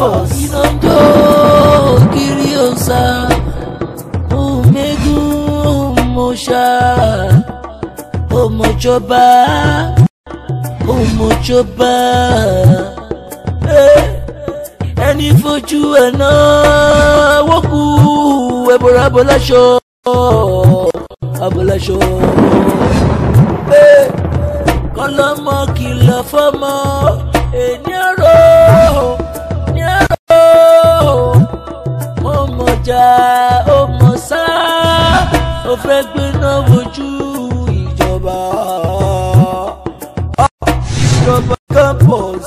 force. iná Omegu jó kiri òòsà òun mẹ́gùn òun mọ̀ṣá òun mọ̀jọba òun mọ̀jọba ẹni fojú ẹ̀ náà wọ́kù ẹ̀bùrọ̀ abọ́láṣọ abọ́láṣọ eh, kọlọmọ kìlọ̀ fọmọ ènìyàn rò o ó mọ̀ jà ó mọ̀ sá ó fẹ́ gbéná wojú ìjọba ìjọba campus.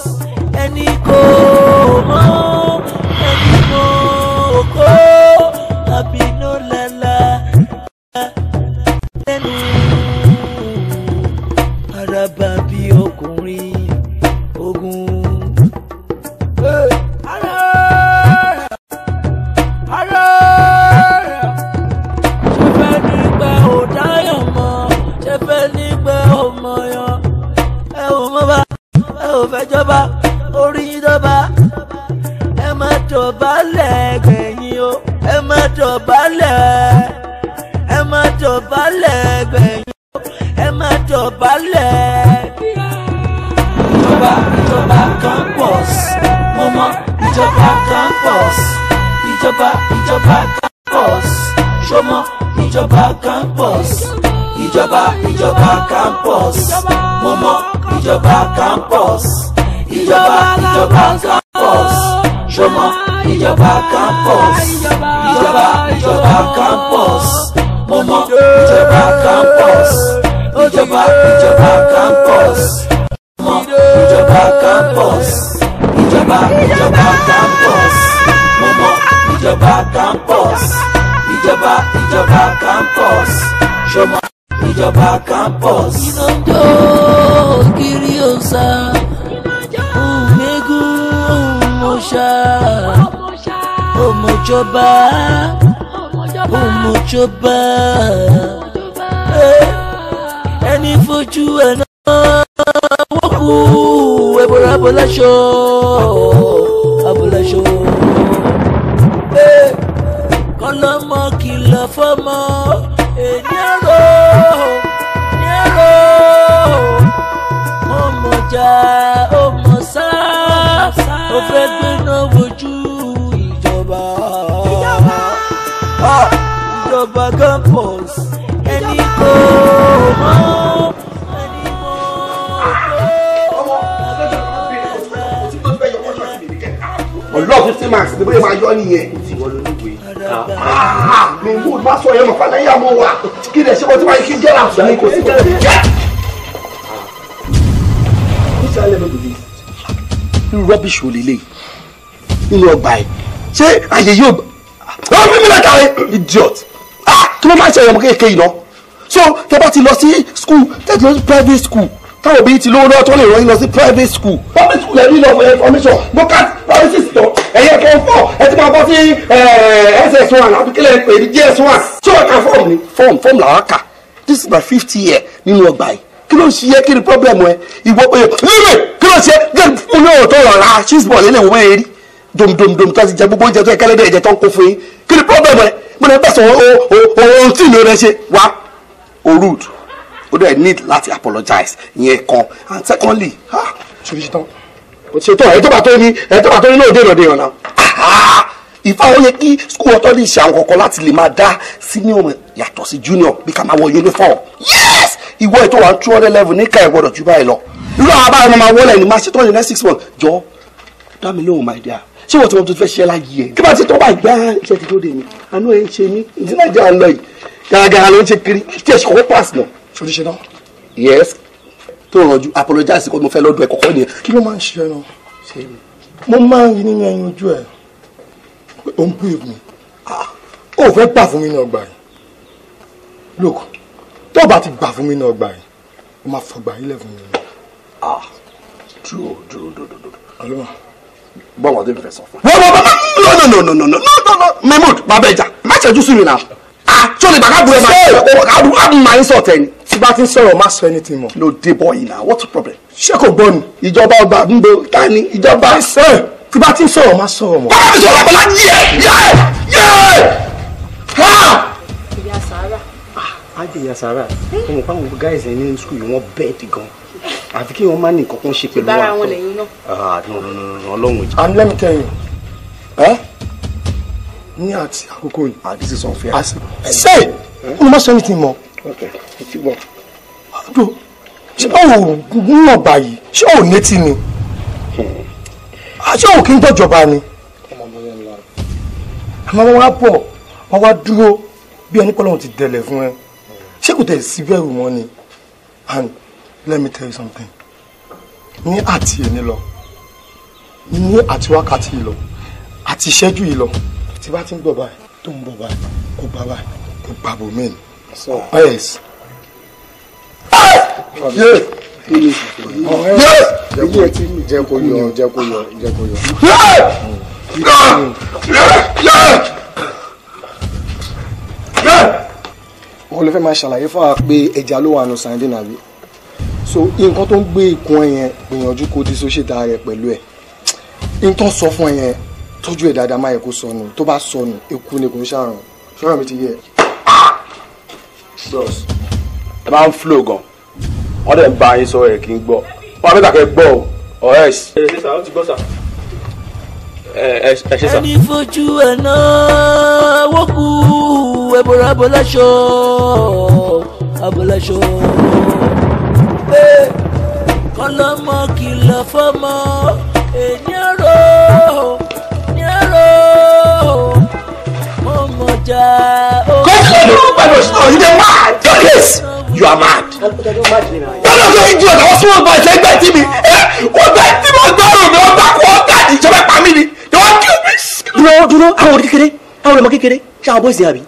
Omojoba Omojoba. rubbish wò lélẹ̀ nínú ọgbà ẹ̀ ṣé àyè yóò bá ah, ọ mímí lọ́kà rẹ idiot ah, kí ló máa ṣe ọmọ kékeré yìí náà so tẹ bá ti lọ sí school tẹ ti lọ sí private school táwọn òbí ti lówó náà tó lè rán yín lọ sí private school. public school ẹ̀ nílò information bókàtí privacy tán ẹ̀yẹ kan fọ́ ẹ ti máa bọ́ sí eh, ss1 àbíkílẹ̀ pè ní js1 tí wọ́n ka fọ́ọ̀mù ni. fọ́ọ̀mù fọ́ọ̀mù làwọn kà this is my fifth year nínú ọgbà yìí kí ló ń ṣiyẹ kí ni problem ẹ ìwọ pé eh, lórí yóò ṣe mo ní òótọ́ rọra cheese ball lélẹ̀ wọ́n eri domdomdom tó ti jẹ gbogbo oúnjẹ tó yẹ kẹlẹ́dẹ̀ ẹ̀jẹ̀ tó ń kó fún yín kí ni problem rẹ mo ní bẹ́sẹ̀ ohun tí ìlú rẹ ṣe wá o rude o I need láti apologize yẹn kan and secondly ha. ṣe ṣe tán ṣe tán ẹ̀jọba tó ní ẹ̀jọba tó ní lóde ìrọ̀dẹ̀ ìrọ̀nà ìfà ó yẹ kí school authority ṣe àwọn kọ̀ọ̀kan láti lè máa dá senior yàtọ̀ sí junior bí ká máa wọ uniform yes ìwọ ètò wa two hundred level ní ká ẹ̀ gbọ́dọ̀ jù báyìí lọ irú àwọn abáyọ máa wọlé ẹni máa ṣetán yìí next six months jọ dá mi lóhùn my dear ṣé wọ́n ti wọ́n tó fẹ́ ṣe láyé ẹ̀ kí bá ti tọ́ báyìí gbá iṣẹ́ ti dóde mi àánú ẹ̀ ń ṣe mí ìdí nàìjíríà ń lọ yìí gàràgàrà ló ń ṣe kiri tí ẹ̀ ṣọwọ́ pass náà. ṣòrí ṣe náà. yes tó rànjú apologize kó mo fẹ́ lọ́dọ̀ ẹ̀ kọ̀kọ́ nìyẹn. kí ló máa ń ṣe ẹ náà. mo máa ń rí nínú ẹyin ojú ẹ o ń believe mi o ah, fẹ́ gbà fún mi ní ọgbà yìí look tó o bá ti gbà fún mi ní ọgbà yìí o máa fọgbà yìí lẹ̀ mi ah true true true true ọlọ́wọ́ gbọ́ wọn tó ń fẹ́ sọ fún mi. no no no no no no no mahmood bàbá ẹja má ṣẹ́jú sí mi náà ah tí o lè gbàgbọ́ ẹ máa ṣe o a máa ń sọ tẹ́ni. tí bá ti ń sọ̀rọ̀ má sọ anything mọ́. no dey boy na what's the problem. ṣé kò gbọ́ ni. ìjọba ọba ń gbé ta ni ìjọba. ṣe tí bá ti ń sọ̀rọ̀ má sọ̀rọ̀ mọ́. bàbá mi sọ̀rọ̀ àpọ̀lá yẹ yẹ yẹ ha. ìyá sàárà. ah á jẹ ìyá sàárà mo mọ̀ pé àwọn guys ẹ̀ ní school you want bẹ́ẹ̀ to go àfi kí wọn má ní nǹkan kan ṣe pẹ̀lú wa. ìbára wọn lẹ́yìn náà. Ah, ọlọ́run jẹ́. and let me tell you ẹ eh? ní àti àkókò yìí. àti sísan fẹ́. ṣe mo má sọ ní ti mọ. ok mo ti gbọ́. àdó ṣé báwo náà báyìí ṣé òun létí ni hmm. ah, ṣé òun kì í gbọ́jọba ni. àmọ́ wọn wá bọ̀ wọn wá dúró bí ẹni pọ́lọ́run ti dẹ̀lẹ̀ fún ẹ ṣé kò tẹ̀ sí bẹ́ẹ̀ wù wọ́n ni. and let me tell you something ní àti èmi lọ ní àti wákàtí yìí lọ àti ìṣẹ́jú yìí lọ tí bá ti ń gbọ̀ báyìí tó ń bọ̀ báyìí kò gbà báyìí kò gbà bò mí ni. yes. jẹ́ kó yọ jẹ́ kó yọ jẹ́ kó yọ. wọ́n ló fẹ́ máa ṣàlàyé fún wa pé ẹja ló wà nù sàǹdínà bíi so nǹkan tó ń gbé ikùn ẹ yẹn gbìyànjú kó dissociate ara rẹ pẹ̀lú ẹ nǹkan sọ fún ẹ yẹn tọ́jú ẹ dáadáa má yẹ kó sọnù tó bá sọnù eku ni kò ń ṣàrùn ṣọ́ra mi ti yẹ. bros ẹ máa ń flow gan wọn dẹ̀ ń bá yín sọ̀rọ̀ ẹ̀ kí n gbọ́ wọn àbẹ́ta kẹ́ gbọ́ o ọ̀rẹ́ ẹ̀ sí. ẹ ṣe sá ó ti gbọ́ sá ẹ ṣe sá. ẹni fojú ẹ̀ náà wọ́n kú ẹ̀bùrọ̀ abọ́láṣọ́ abọ́láṣọ́ pé kọ́lọ́mọ kìlọ̀ fọ́mọ ènìyàn rò ó ènìyàn rò ó mo mọ̀jà ó. kọ́sọ̀ ló ń gbàdúrà sọ̀rọ̀ yìí dé máa jọ́lí èsì you are mad. Bọ́lá ọ̀sẹ̀ yìí jìnnà àwọn small boys ẹgbẹ́ tí mi wọ́n gbà tí mo gbọ́rọ̀ mi wọ́n gbà kó wọ́n gbà ìjọba pa mí ni they wan kill me. Dúró dúró àwọn ọmọ kékeré àwọn ọmọ kékeré ṣé àwọn bóyìí sí àbí?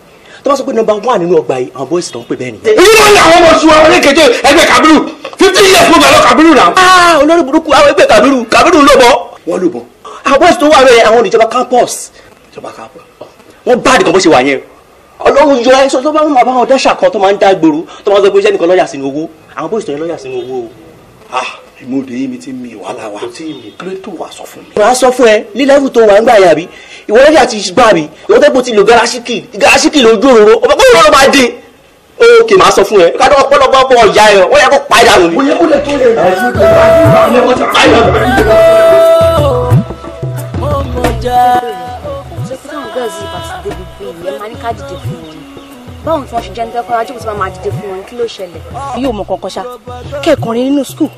tó bá sọ pé nọmba one nínú ọgbà yìí àwọn boys tó ń pè bẹ́ẹ̀ nìyẹn. èyí ló ní àwọn ọmọ oṣù àwọn oníkejì ẹgbẹ́ Kabiru fifty years mo gbà lọ Kabiru náà. aa ah, olórí burúkú àwọn ẹgbẹ́ Kabiru Kabiru ló bọ. wọ́n ló bọ. àwọn boys tó wà rẹ̀ àwọn olùjọba campus ìjọba campus wọ́n bá àdìgbọ́n bó ṣe wà yẹn ọlọ́run yọ ẹ sọ tó bá wọn bá wọn dáṣà kan tó máa ń dá gbòòrò tó máa ń sọ pé iṣẹ́ nìkan lọ́ọ̀yà sínú owó àwọn bóyìí sọ̀rọ̀ lọ́ọ̀yà sínú owó o. ah ìmọ̀ọ́dé yìí mi ti mi wàhálà wa kí ló tó wàá sọ ìwọ lórí àti ìṣùgbọ́n mi ìwọ tẹ́gbọ́n ti lo garasiki garasiki lójú òróró ọmọ kó lóòrò máa dín òkè máa sọ fún ẹ ká tó ọ̀pọ̀lọpọ̀ ọkọ ọjà ẹ wọn yẹ kó pa ìdá lórí. báwo ni wọ́n ṣe jẹ́ ní tẹ́kọ̀ọ́ ajé kò tí wọ́n máa dìde fún wọn kí ló ṣẹlẹ̀. yóò mọ kankan ṣá kẹ́ẹ̀kan rí nínú skul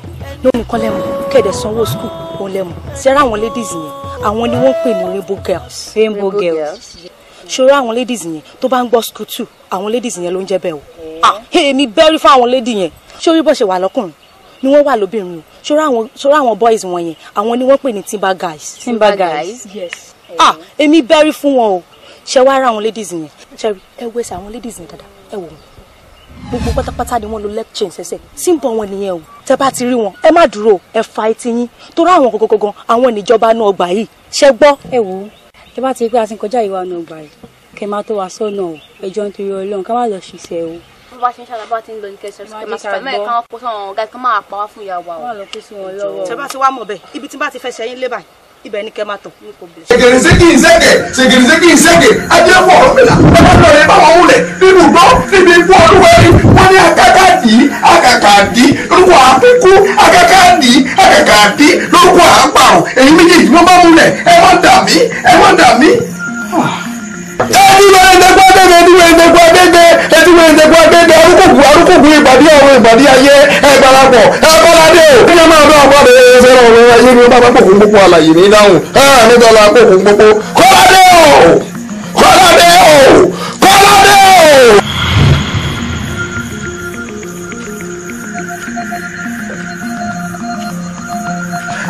lónìí kan lẹ́mu kẹ́ẹ̀dẹ̀ sanwó skul òun lẹ́mu sí ara àwọn ladies yẹn àwọn ni wọ́n pè ní rainbow girls. rainbow girls. ṣòro àwọn ladies yẹn tó bá ń gbọ́ school too àwọn ladies yẹn ló ń jẹ́ bẹ́ẹ̀ o. Eh. Ah, èmi bẹ́rí fún àwọn lady yẹn ṣórí bó ṣe wà lọ́kùnrin ni wọ́n wà lóbìnrin o ṣòro àwọn boys wọn yẹn àwọn ni wọ́n pè ní timber guys. timber guys. yes. ah èmi bẹ́rí fún wọn o ṣẹ wá ra àwọn ladies yẹn ṣe ẹ wẹsẹ àwọn ladies yẹn dáadáa ẹ wò wọn gbogbo pátápátá ni wọ́n lo left chain ṣẹ̀ṣẹ̀ símbọ̀ wọn nìyẹn o tẹ bá ti rí wọn ẹ má dúró ẹ fa etí yín torí àwọn kọ̀ọ̀kan gan àwọn ìníjọba náà gbà yìí ṣẹ gbọ́. ẹ wò ó tẹ bá ti rí pé a ti kọjá ìwà náà gbà yìí kẹ máa tó wa sọ́nà o ẹjọ́ nítorí Ọlọ́run ká má lọ ṣiṣẹ́ o. bí wọ́n bá ti ń ṣàlàyé bá ti ń lọ ní kẹsàn-án kẹ máa sọ̀rọ̀ mẹ́rin káwọn wọ́n máa pa ibẹ̀ ni kẹ́ máa tàn. ṣègèrèsé kì í ṣègè ṣègèrèsé kì í ṣègè ajé fún ọ̀rọ̀ mi là bàbá mi lọ́ọ̀rẹ́ báwọn wulẹ̀ nínú gbọ́ níbi ikú olúwa rí wọ́n ní akakadì akakadì lórúkọ àfikún akakadì akakadì lórúkọ àpàrọ̀ èyí méjèèjì wọ́n bá wulẹ̀ ẹ wọ́n dà mí ẹ wọ́n dà mí. Ah ẹdínwó ẹdẹgbọ dẹdẹ ẹdínwó ẹdẹgbọ dẹdẹ ẹdínwó ẹdẹgbọ dẹdẹ arúgbòkú arúgbòkú ìbàdí ọ̀run ìbàdí ayé ẹgbàlápọ̀ ẹgbàládé o kí ni máa bẹ ọgbà rẹ fẹ́ràn ọ̀run ayé ni bàbá kòkó gbogbo àlàyé ní dáhùn ẹ nídọ́là kòkó gbogbo kọ́ládé o kọ́ládé o kọ́ládé o.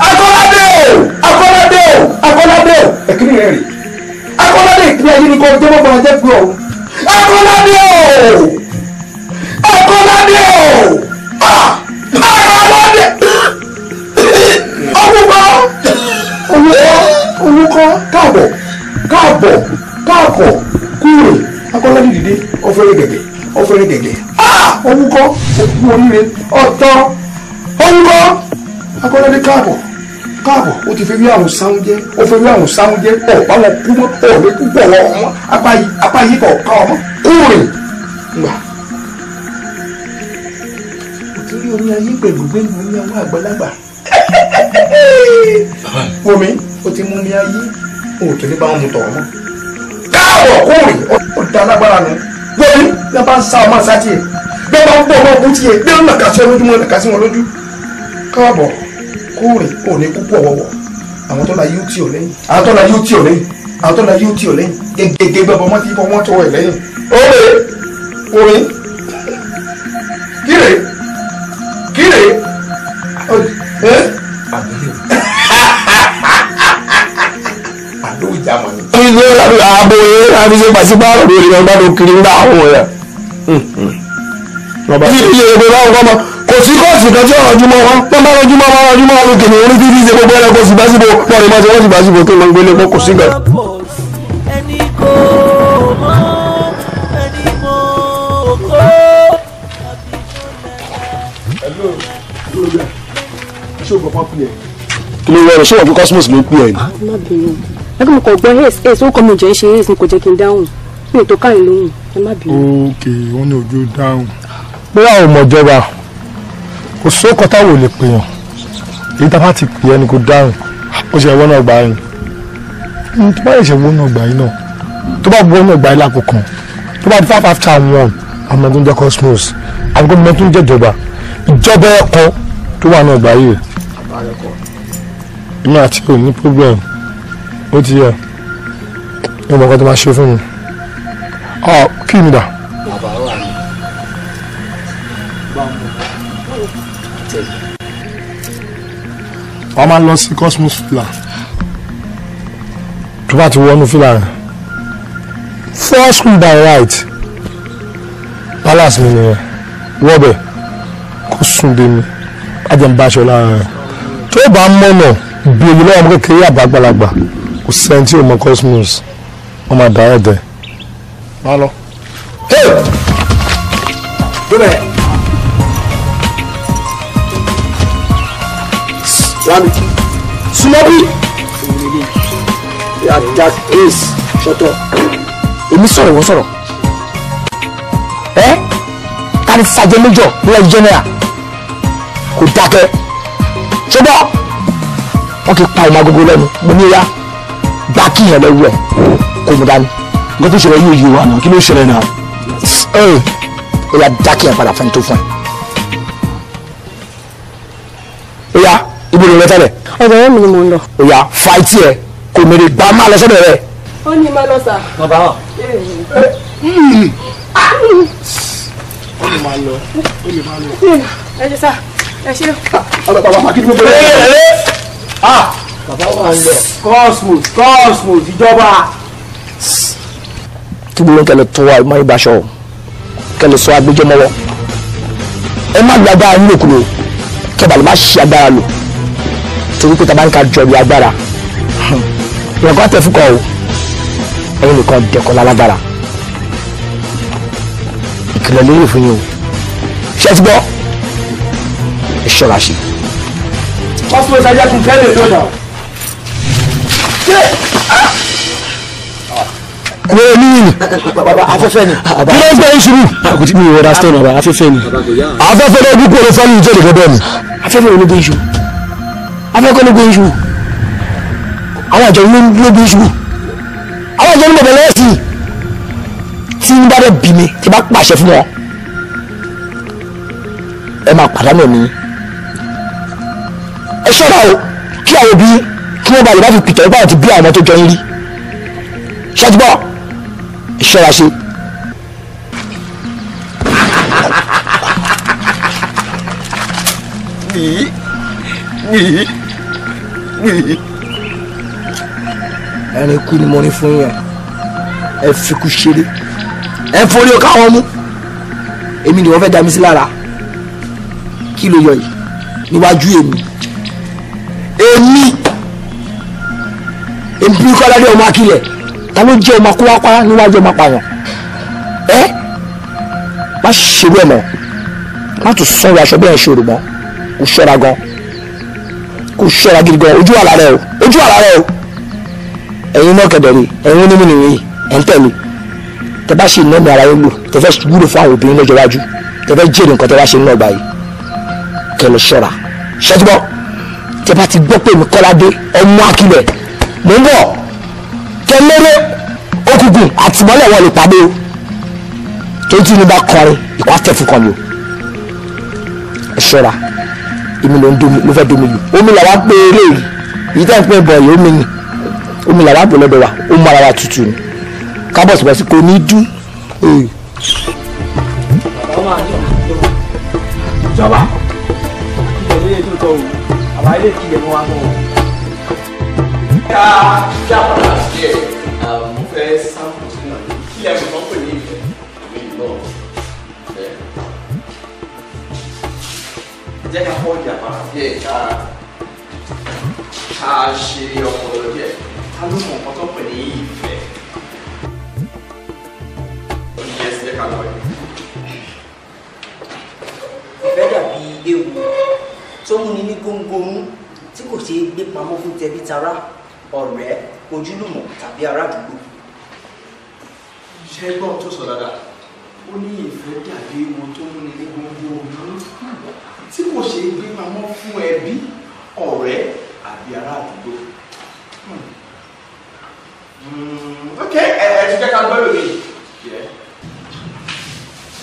akọ́ládé o akọ́ládé o akọ́ládé o ẹ̀kíní rẹ̀ rèé akọ́ládé ìpínlẹ̀ yìí ni kò jẹ́ mọ́ bọ̀rọ̀ jẹ́ pé o akọ́ládé o akọ́ládé o akọ́ládé olùkọ́ olùkọ́ olùkọ́ káàbọ̀ káàbọ̀ káàkọ̀ kúrè akọ́ládé dìde ọ̀fẹ́rẹ́ gẹ̀gẹ̀ ọ̀fẹ́rẹ́ gẹ̀gẹ̀ olùkọ́ ah! òkú oríire ọ̀tọ̀ olùkọ́ akọ́ládé káàbọ̀ káàbọ̀ ó ti fẹ́ wí àrùn sáwọn jẹ́ ó fẹ́ wí àrùn sáwọn jẹ́ ọ̀ báwọn kú mọ́ ọ̀ lè púpọ̀ wọ ọmọ apá yìí kọ̀ ká ọmọ kúrìn gbà. òtírí omi ayé pẹ̀lú gbẹ̀lú ní àwọn àgbàlagbà. omi ó ti mú mi ayé o tó ní bá wọn mu tọ̀ ọmọ. káàbọ̀ kúrìn ó da alágbára nù wọ́n ní bí wọ́n bá ń sá ọmọ sátì yẹ bí wọ́n bá ń bọ̀ ọmọ ọkùnrin tiẹ̀ bí wọ́n nàka sí ọ lójú wọn nàka sí wọn lójú káàbọ̀ kúrin òní púpọ̀ wọ̀wọ̀ àwọn tó la yóò tì ọ́ lẹ́yìn àwọn tó la yóò tì ọ́ lẹ́yìn àwọn tó la yóò tì ọ́ lẹ́yìn gègé gbọ́ ọmọ tí wọ́n tọwọ́ ẹ̀ lẹ́yìn òwe òwe kíre kíre ẹ. àló ìjà mọ̀ ni. ìlú ààbò yẹn àti ṣe pàṣípààrọ̀ lórí ọgbàdo kiri ń bá àwọn ọ̀rẹ́. kí ni iye ìgbẹ́ báwọn kọ́ mọ́ sí kóòsì kan tí ọ̀rọ̀ ojúmọ́ wọn wọ́n bá rọjúmọ́ wọn rọjúmọ́ wọn kìnnì orí títí ṣe gbogbo ẹranko sì bá síbo wọn rí máa ṣe wọ́n sì bá síbo kí wọ́n gbélé wọn sí gan. kí ló wẹ̀rẹ̀ ṣé wọ́n fi cosmos ló ń pè ẹ́ ni. Ah, ẹgbẹ́ mi kò gbọ́ ace ace ó kọ́ mi jẹ́ ṣe ace ni kò jẹ́ kí n dáhùn mi ò káyìn lóhùn ẹ má bínú. ok wọn ni ojú dáhùn. bóyá ò mọ̀ jọba kò sóko táwọn ò lè pèèyàn èyí tá a bá ti pè ẹni kò dáhùn ó ṣe wọnà ọgbà yín tó bá yẹ ṣe wọnà ọgbà yín náà tó bá wọnà ọgbà yín lákòókò tó bá di five after one àmọ́ tó ń cosmos àbíkó mi tó ń jẹ́ ìjọba ìjọba ẹ̀kọ́ tó wà ní ọgbà yìí inú àti kò ní problem ó ti yẹ ẹ mọ̀ ọ́ kó tó máa ṣe fún mi ah, kí ni dà. wàá máa lọ sí cosmos fila. tó bá ti wọnú fìlà rẹ̀ first school by right palace nìyẹn wọ́bẹ̀ kó sùn dé mi ajẹ́nbáṣọ lára rẹ̀ tó bá ń mọ̀nà bèrè lọ́wọ́ ọmọ kékeré àbágbàlagbà kò sẹ́ni tí ò mọ cosmos wọ́n máa dá ẹ̀ dẹ́. má lọ. Hey! Do sami sumobi yàda kéésì sọtọ. èmi sọ̀rọ̀ ìwọ sọ̀rọ̀ ẹ́ ta ni sàjẹ́ méjọ̀ nílẹ̀ jẹ́nẹ́ra kò dákẹ́ ṣùgbọ́n wọ́n ti pa ìmọ̀ agogo lẹ́nu mo ní ya gbà kí yẹn lọ́wọ́ ẹ̀ kò mú dání. nǹkan tó ṣẹlẹ̀ yóò yí wa náà kí ló ṣẹlẹ̀ náà. ẹ ẹ dákẹ́ yẹn padà fẹ́ni tó fún ẹ lè lọ tẹ́lẹ̀. ọ̀dọ̀ ọ̀rẹ́ mi ni mo ń lọ. ó yá fáìtì ẹ kò mèrè gbà má lọ sọ́dọ̀ rẹ. ó ní ma lọ sà. bàbá wa. Hmm. ó lè máa lọ ó lè máa lọ. Hmm. ẹ ṣe sá ẹ ṣe. ọ̀dọ̀ bàbá wa kí ni mo bẹ̀rẹ̀. Eh, eh, eh. ah! bàbá wa ń lọ cosmos cosmos ìjọba. kí gbogbo kẹlẹ tó wa ìmọ̀ ìbáṣọ kẹlẹ sọ agbẹjẹmọwọ ẹ má gbàgbá yín lòkulò kẹbàlì má ṣe agbára lò torí pé taba ń ka jọ̀bi agbára ìyẹn kan o ẹ̀yin nìkan dẹ̀kọ́ lálágbára ìkìlọ̀ lórí fún yín o ṣé ti gbọ́ ẹ ṣọ́ra ṣe. hospital sajá kun fẹ́ lè lọ́dà o. wo ni afẹ́fẹ́ ni kí ń gbé ìṣubú. kò mi ò rẹ́ra stone ọba afẹ́fẹ́ ni afẹ́fẹ́ ló dúpọ̀ ló fẹ́ ní ìjọ́ ìgbẹ́ bẹ́ẹ̀ ni afẹ́fẹ́ ló dé ìṣubú afẹ́kọ́ ló gbé iṣu àwọn àjọ ló gbé iṣu àwọn àjọ níbo bẹ̀rẹ̀ sí tí ń bá dẹ̀ bì mí tí bá pàṣẹ fún wọn ẹ máa pàdánù ẹ̀mí ẹ ṣọ́ra o kí àwọn òbí kí wọ́n bá lè bá fi pìtọ́ báwọn ti bí àwọn tó jọ ń rí ṣàtúbọ̀ ẹ ṣọ́ra ṣe. yìí ẹni kú ni mo ní fún yín ẹ fi kú ṣeré ẹ forí ọkà wọn mú èmi ni wọ́n fẹ́ dá mi sí lára kí ló yọ yìí níwájú èmi èmi èmi bí kọ́ládé ọmọ akílẹ̀ ta ló jẹ́ ọmọ akówápá níwájú ọmọ apààyàn ẹ má ṣerú ẹ mọ́ má tún sọ̀rọ̀ aṣọ bẹ́ẹ̀ ṣòro mọ́ kò ṣọ́ra gan-an kò ṣọ́ra gidi gan ojú àlá rẹ o ojú àlá rẹ o ẹ̀yin náà kẹ̀dẹ̀ rè ẹ̀yin onímọ̀ nìyí ẹ̀ ń tẹ̀lé tẹ bá ṣe ìnáwó ara yín lò tẹ fẹ́ wúlò fún àwọn obìnrin lọ́jọ́ iwájú tẹ fẹ́ jèrè nǹkan tẹ bá ṣe nínú ọgbà yìí kẹ lọ ṣọ́ra tẹ bá ti gbọ́ pé mi kọ́ládé ọmọ akilẹ̀ mò ń bọ̀ tẹ lérè okùnkùn àtìmọ́lẹ̀ wọn lè pàdé o tó ń tún ní bá kọrin ìkọ́ àtẹ̀fù kan ni o ẹ ṣọ́ra èmi ló ń domi ló fẹ́ domi lù omi làwa pé eléyìí èyí tẹ́ ń pè bọ̀ yìí omi ni omi làwa pè lọ́dọ̀ wa ó mú wa tutù ni kábọ̀sibọ̀sì kò ní dú. ìjọba ìjọba ilé díẹ̀ ká ká ṣe ọpọlọ díẹ̀ ká ló mọ nǹkan tó pè ní ìfẹ́ ìyẹn sì jẹ́ ká lọ yìí. ìfẹ́ dàbí ewu tó múni ní góńgóń tí kò ṣeé gbé pamọ́ fún tẹbí tará ọ̀rẹ́ ojúlùmọ̀ tàbí tí kò ṣe é gbé pamọ́ fún ẹbí ọ̀rẹ́ àbí ará àdúgbò. Hmm. Hmm, ok ẹ ẹ ti jẹ́ ká gbọ́ lórí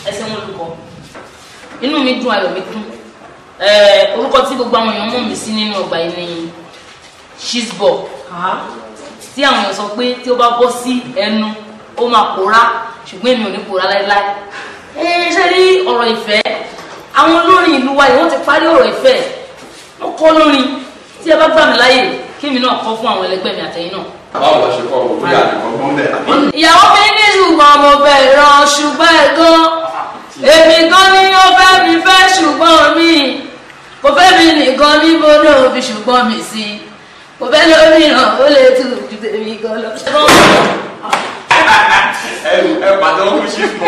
ẹ ṣe wọn olùkọ́ inú mi dùn ayọ̀ mi kún orúkọ tí gbogbo àwọn èèyàn mọ̀ mí sí nínú ọgbà yìí ni ṣíṣbọ̀ tí àwọn èèyàn sọ pé tí ó bá bọ́ sí ẹnu ó máa pòórá ṣùgbọ́n èmi ò ní pòórá láéláé ṣé rí ọ̀rọ̀ ìfẹ́ àwọn olórin ìlú wa yìí wọ́n ti parí ọ̀rọ̀ ìfẹ́ wọ́n kọ́ lórin tí ẹ bá gbà mí láyè kémi náà kọ́ fún àwọn ẹlẹgbẹ́ mi àtẹ̀yìn náà. báwo la ṣe kọ owó bí àdìgbò gbọ́n bẹ́ẹ̀ àbí. ìyàwó mi nílùú mọ mo fẹ́ ràn ṣùgbọ́n ẹ̀ gan èmi gan ni ó fẹ́ mi fẹ́ ṣùgbọ́n mi kò fẹ́ mi nìkan ní mo náà fi ṣùgbọ́n mi sí i kò fẹ́ lórí ràn ó lè tù ju tèmi gan lọ. ẹ ẹ pàtẹ́wọ́ fún ṣífù.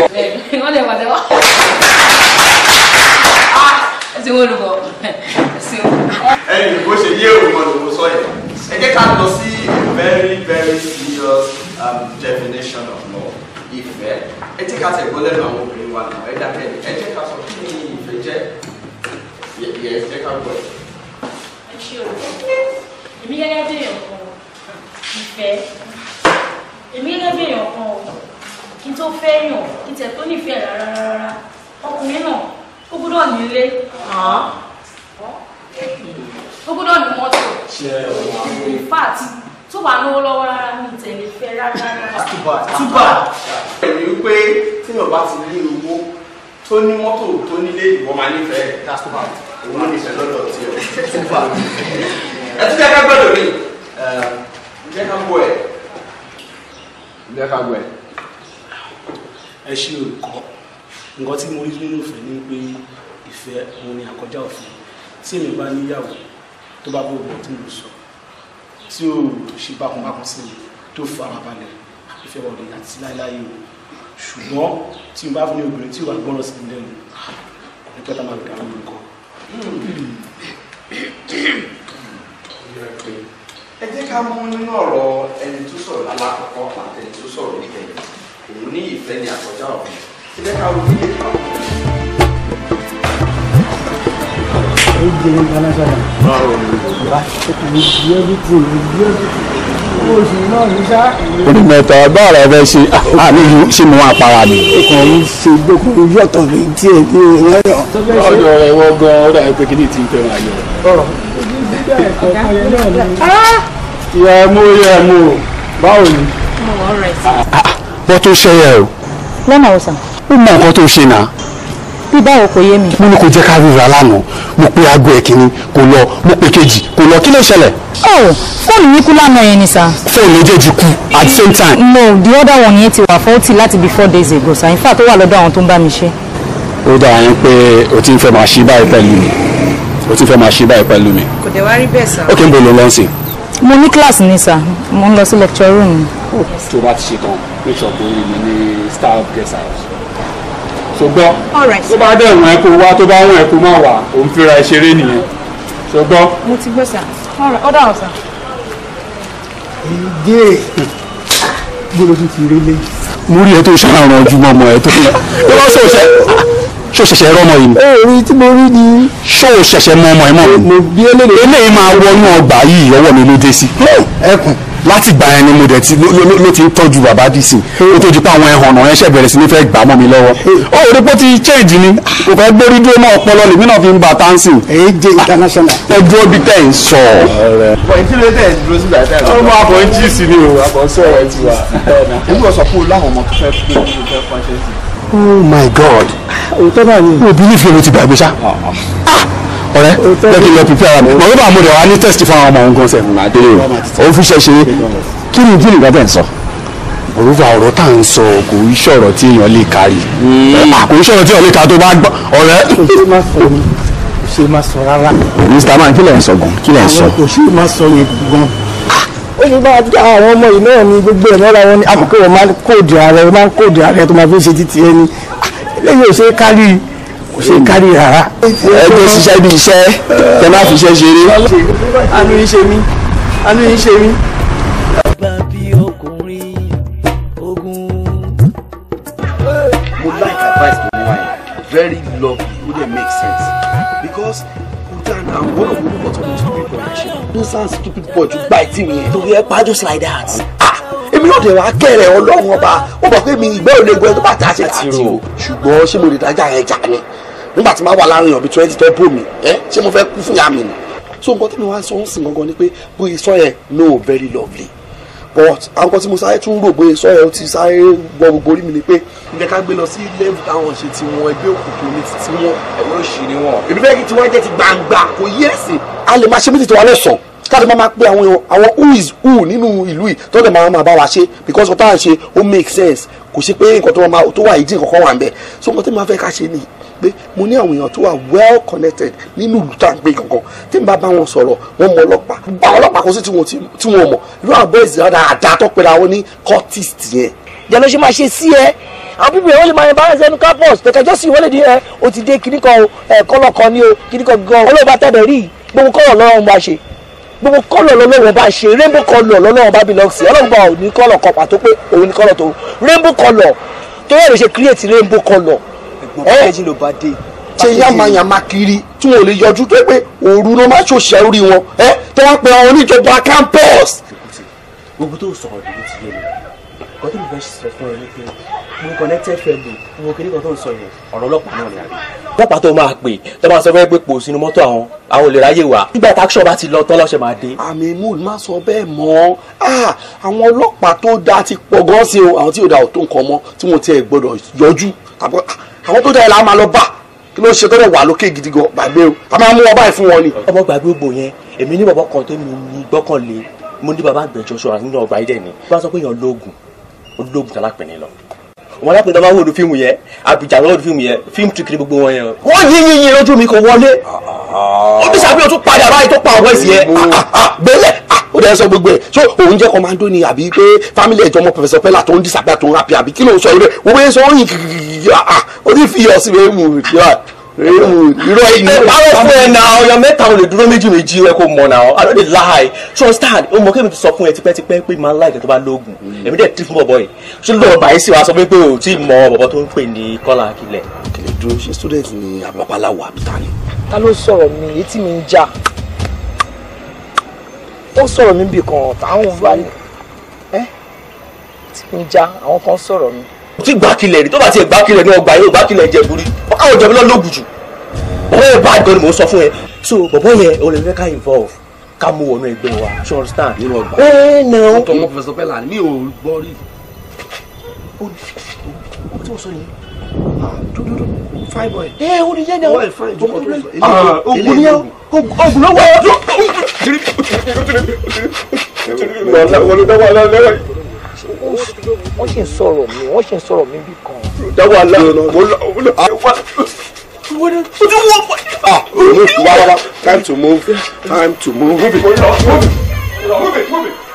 wọ́n lè pàtẹ́wọ́ tí wọ́n lù bọ̀. ẹnì bó ṣe yé òun olùkó sọ yẹn ẹ jẹ́ ká lọ sí very very serious um, definition of law. ìfẹ́ ẹ jẹ́ ká tẹ̀gbọ́ lẹ́nu àwọn obìnrin wa náà ẹ dákẹ́ ẹ jẹ́ ká sọ kí ni ìfẹ́ jẹ́ yẹ ẹ jẹ́ ká gbọ́ ẹ. ẹ ṣe o èmi gẹ́gẹ́ bí èèyàn kan ìfẹ́ èmi gẹ́gẹ́ bí èèyàn kan kí n tó fẹ́ yàn kí n tẹ̀ tó nífẹ̀ẹ́ rárá rárá ọkùnrin náà ó gbúdọ̀ nílé ó gbúdọ̀ mọ́tò in fact tó wà lówó lọ́wọ́ rárá ní ìtẹ̀lé fẹ́ rárá. túbà ah, túbà ẹ̀rí wípé tíyàn bá ti rí owó tó ní mọ́tò tó nílé ìwọ máa nífẹ̀ẹ́ òun ní ìfẹ́ lọ́dọ̀ tí ọ túbà. ẹ tún jẹ́ ká gbọ́dọ̀ mi jẹ́ ká gbọ́ ẹ̀ jẹ́ ká gbọ́ ẹ̀ ẹ ṣe olùkọ́ nǹkan tí mo rí nínú ìfẹ́ ni pé ìfẹ́ òun ni àkọjá òfin tí èmi bá níyàwó tó bá gbogbo tí mo sọ tí ó ṣe bákunbákun sí mi tó farabalẹ̀ ìfẹ́ wọlé àti láéláé o ṣùgbọ́n tí mo bá fún ní obìnrin tí ò wá gbọ́rọ̀ sí mi kò ní pẹ́ta máa dàrú nǹkan. ẹ jẹ́ ká mú nínú ọ̀rọ̀ ẹni tó sọ̀rọ̀ lálákọ̀ọ́kọ́ àti ẹni tó sọ̀rọ̀ nígbẹ̀yìn òun ní ìfẹ́ ni àkọjá òfin ilé ka wò nílé. Oúnjẹ international. Báwo ni? Bá mi di everything, mi di everything. Oṣù náà ní sá. Olùmọ̀tọ̀ báàrà ọ̀fẹ́ ṣe àmì ṣe mú apara mi. Ọkàn mi ṣe gbókùn yọ̀tọ̀ mi díẹ̀ ní ìrẹ́yọ̀. Ọ̀dọ̀ rẹ̀ wọ́n gan-an ó dàbí pé kí ni ti ń tẹ̀wọ̀n àyọ̀. Ọ̀rọ̀ yẹmu yẹmu báwo ni. mo wọ ọ̀rẹ́ sí. bọ́tún ṣe o. lọ́nà ọ̀sán ó mọ nǹkan tó ṣe náà. bí báwo kò yé mi. mo ní kò jẹ́ ká ríra lánàá mo pe aago ẹ̀ kìíní kò lọ mo pe kejì kò lọ kí ló ṣẹlẹ̀. oh fóònù yín kú lánàá yẹn ni sá. fóònù méjèèjì kú at the same time. no the other one yẹn ti wà faulty láti bí four days ago sá in fact tó wà lọ́dọ̀ àwọn tó ń bá mi ṣe. ó dára yín pé o ti ń fẹ́ máa ṣe báyìí pẹ̀lú mi o ti ń fẹ́ máa ṣe báyìí pẹ̀lú mi. kò dé wá rí bẹ́ẹ̀ sá. ó kí n bò ló lọ sí. mo ní kíláàsì ni sá mo ń lọ sí oh, o bá ti ṣe tán ṣùgbọ́n tó bá dẹ̀ wọ́n ẹ kó wá tó bá wọ́n ẹ kó má wà òun fira ẹ ṣeré nìyẹn ṣùgbọ́n. mo ti gbọ́ sà ọ̀dà ọ̀sà. ìdí gbọ́dọ̀ ti ti rí lé. mo rí ẹ tó ṣàrànjú mọ́mọ́ ẹ tó fi. ó lọ sọ̀ṣẹ́ ṣó ṣẹ̀ṣẹ̀ rọmọ yìí. èrí tí mo rí ni. ṣó ṣẹ̀ṣẹ̀ mọ ọmọ ẹ mọ mi. mo bí eléyìí. eléyìí máa wọnú ọgbà yìí ọwọ́ mi ló dé sí. ẹkùn láti gbà yẹn ni mo dẹ̀ ti ló ti ń tọ́jú bàbá dì sí o tó di pa àwọn ẹ̀hàn ọ̀nà ẹ̀ṣẹ̀ bẹ̀rẹ̀ sí ní fẹ́ gbà mọ́ mi lọ́wọ́ ó rí pé ti change ni kò fẹ́ gbórí dúró mọ́ ọpọlọ lèmi náà fi ń ba tansi. èyí jẹ international. ẹ dúró bí tẹ̀ ń sọ. bọ̀ ìdílé tẹ̀ dúró sí ìgbà tẹ̀ lọ. ọmọ àbọ̀ ń jí sí ni o àbọ̀ ń sọ̀rọ̀ ẹ ti wà. ẹgbẹ́ ọ̀sán fún un láwọn ọmọ tó fẹ́ fún un tó fẹ́ fún un ṣe é sí oh my god òótọ́ believe you mo ti gbàgbé ṣá ah, ah. Ah, ọ̀rẹ́ lẹ́kìn lọ pípẹ́ ara mi mọ̀ nípa àmúlẹ̀ wa ní test fún àwọn ọmọ òun gan sẹ́yìn àdéhùn òun fi ṣe ṣe kí ni kí ni nǹkan tẹ̀ ń sọ òrùka ọ̀rọ̀ tá à ń sọ kò í ṣọ̀rọ̀ tí èèyàn lè kárí hmm. kò í ṣọ̀rọ̀ tí èèyàn lè ká tó bá gbọ́ ọ̀rẹ́. ṣe máa sọ rárá. Mr. Man kí lẹ̀ ń sọ gan kí lẹ̀ ń sọ. kò ṣe máa sọ yẹn gan ó ṣe bá dá àwọn ọmọ yìí náà ní gbogbo ẹ̀ lọ́ra wọn ni àmọ́ pé máa ń kóòdù ààrẹ wọ́n máa ń kóòdù ààrẹ tó máa fi ń ṣe títí ẹni eléyìí ò ṣe é kárí kò ṣe é kárí rárá. ẹ tó ṣiṣẹ́ bí iṣẹ́ tẹ má fi iṣẹ́ ṣeré. anú yín ṣe mí anú yín ṣe mí. like advice to my very lovely wey dey make sense because kúta na one of the nonsense stupid boy ju gba ìtì mi yẹn. torí ẹ just like that. Ah, èmi náà dẹ̀ wá kẹrẹ̀ ọlọ́run ọba ó bọ̀ pé mi ìgbẹ́ ò lè gbọ́ ẹ tó bá ta ṣe ti rò ṣùgbọ́n ṣé mo lè dájà ẹ jà ni nígbà tí màá wà láàrin ọ̀bí twenty tó bò mí ẹ ṣé mo fẹ́ kú fún yàmi ni. so nǹkan tí mi wá sọ ń sìn gangan ni pé bóyá sọ yẹn no very lovely but àwọn kan tí mo sáré tún rò bóyá sọ yẹn ó ti sáré gbọ́ gbogbo orí mi ni pé. ǹjẹ́ ká gbé lọ sí lẹ́wù táwọn ṣe ti wọn ẹgbẹ́ òkùnkùn ní ti wọn. ẹ̀rọ ìṣìírí wọn. èmi fẹ́ kí tiwọn jẹ́ ti gbangba kò yí ẹ̀sìn. a lè máa ṣe méjì tí wọn lọ sàn káàdì máa máa pe àwọn àwọn who is who nínú ìlú yìí tó lè máa máa bá wa ṣe because ọ̀tá à ń ṣe ó make sense kò ṣe pé nǹkan tó máa tó wà ìdí nǹkan kan wà ń bẹ̀ so nǹkan tí mo fẹ́ ká ṣe nìyí pé mo ní àwọn èèyàn tó wà well connected nínú ìlú tá à ń gbé kankan tí n bá bá wọn sọ̀rọ̀ wọn mọ ọlọ́pàá àwọn ọlọ́pàá kan sí tí wọn mọ̀ irú àwọn bẹ́ẹ̀ rárá àdá tó pera wọn ní cultist yẹn. jẹ́ ṣe máa ṣe sí ẹ àwọn ìwọ́n lè máa bá ẹsẹ̀ ní campus tẹ̀kẹ́jọ́ sí ìwọ́n lè dín ẹ o ti dé kíníkan kọ́lọ́kan ní o kíníkan gan olóòbá tẹ̀lé rí gbogbo kọ́rọ̀ gbogbo kọ́lọ̀ lọ́lọ́wọ́ bá ṣe rainbow kọ́lọ̀ lọ́lọ́wọ́ bá belong sí ọlọ́run òní kọ́lọ̀ kan pàtó pé òun ní tó rainbow kọ́lọ̀ tó yẹ lè ṣe create rainbow kọ́lọ̀. ẹ̀gbọ́n méjì ló bá dé. ṣe yamayama kiri tí wọn ò lè yọjú tó pé òru ló má ṣòṣìṣẹ́ orí wọn ẹ tó wọn pe àwọn oníjọba campus. gbogbo tó sọ̀rọ̀ ló ti yé mi nǹkan tí mo fẹ́ sọ fún ẹ ní pé mo connected fẹ́ẹ̀bù mo kéde kan tó ń sọ yẹn ọ̀rọ̀ ọlọ́pàá náà ni àbí. ọlọ́pàá tó máa pè tó máa sọ fẹ́ pé pò sínú mọ́tò àwọn àwọn olè ráyè wá nígbà táṣọ bá ti lọ tán lọ́sẹ̀ máa dé. àmì mood má sọ bẹ́ẹ̀ mọ́ ah, àwọn ọlọ́pàá tó dáa ti pọ̀ gan sí o àwọn tí ò dáa ò tó nǹkan mọ́ tí wọ́n tiẹ̀ gbọ́dọ̀ yọjú àwọn tó dáa yẹn la máa lọ bá kí ló ṣe tọ́lẹ̀ wà lókè gidi gan gbàgbé o a máa ni. ọmọ gbàgbé gbò yẹn èmi ní bàbá ó lóògùn kan lápẹ̀ní lọ wọn lápẹ̀ tó máa wò ló fíìmù yẹn àbíjà lọ́wọ́ fíìmù yẹn fíìmù tìkiri gbogbo wọn yẹn wọ́n yí yín yín lójú mi kò wọlé ọ́fíìsì àbí o tún padà báyìí tó pa ọ̀wọ́ ìsì yẹn ah, ah, ah, gbélé ó dẹ́ sọ gbogbo ẹ̀ so òun jẹ́ kọ́mándó ni àbí pé fámìlì ẹ̀jọ̀ ọmọ pẹ̀fẹ̀sọ̀ pẹ́lá tó ń disapia tó ń rapi àbí kí ló ń sọ yìí bẹ́ẹ̀ wọ́n bẹ́ẹ̀ sọ ó kìkìkì irọ́ ìlú parọ́ fún ẹ náà ọyọ mẹ́ta ò lè dúró méjì méjì ẹ kò mọ̀ náà I no dey lie trust am oh, ó mọ kémi ti sọ fún ẹ tipẹ́tipẹ́ pé máa ń láì tó bá lóògùn èmi dẹ̀ tí fún bọ̀bọ̀ yìí ṣé lọ́ọ̀ báyìí sì wá sọ pé o ti mọ bọ̀bọ̀ tó ń pè ní kọ́lá akílẹ̀. kìlẹ̀ dúró ṣé student ni àbápaláwo àbíta ni. ta ló sọ̀rọ̀ mi etí mi ń já ó sọ̀rọ̀ mi bì kan táwọn wá ní ẹ́ etí mi ń já tí gbàkilẹ̀ rí tó bá ti gbàkilẹ̀ ní ọgbà yóò gbàkilẹ̀ jẹ burú àwọn ìjọba náà lóògùn jù bàbá yẹn bá àgbọn ni mò ń sọ fún ẹ so bàbá yẹn o lè fẹ́ ká involve ká mú wọnú ẹgbẹ́ wa ṣé o understand. nínú ọgbà ẹ nà ó. ọtọ mọ pẹsọ pẹlá mi ò gbọ́ rí. o tí mo sọ yẹn dúdúdú ah, fine boy. ẹ o ní yẹn náà ah, ogun ni ogun ló wọ ọ. lọ́la wọlé dáwọ́ lọ́la lẹ́wọ̀ yìí wọ́n ṣì ń sọ̀rọ̀ mi wọ́n ṣì ń sọ̀rọ̀ mi bí kan. dáwọ́ alá mo lọ mo lọ wá. Ah, move, wow, wow, wow. Time to move. Time to move. Move it, move it, move it.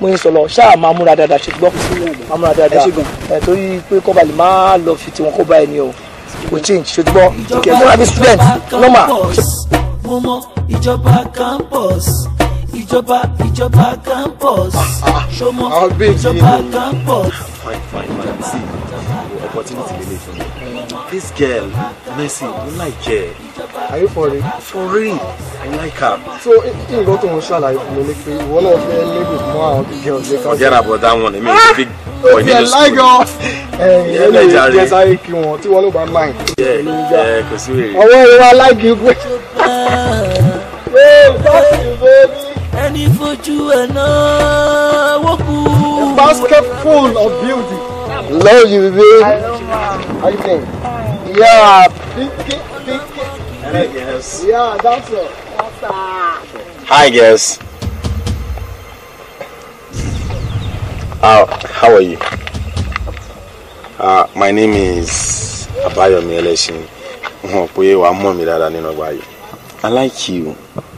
mo yín sọlọ ṣáà máa múra dáadáa ṣe gbọ́ máa múra dáadáa torí pé kọ́ba lè má lọ fi tiwọn kó bá ẹni o kò change ṣe gbọ́ kẹ múra bí student normal. mo mọ ìjọba campus ìjọba ìjọba campus ṣọmọ ìjọba campus. fine fine man see opportunity lele fún mi. This girl, Mercy, you like her. Are you for real? For real, I like her. So, if you go to Moshala, you make me one of the ladies more of the girls. Forget about that one. I mean, ah! big oh, boy. Yeah, like Yeah, oh. like Eh, yeah, like yes, I like you. Tí wọ́n ló like mind. Yeah, yeah, kò sí wèrè. Ọwọ́ oh, ìwà like you. Ẹni fojú ẹ̀ náà wọ́pù. A basket full of beauty. Love you, baby. How you think? Fine. Yeah, pick it, Hello, girls. Yeah, that's it. Hi, guys. How, uh, how are you? Uh, my name is Abayomi Eleshin. Mo pe wa mọ̀ mí dáadáa nínú ọgbà yìí. I like you.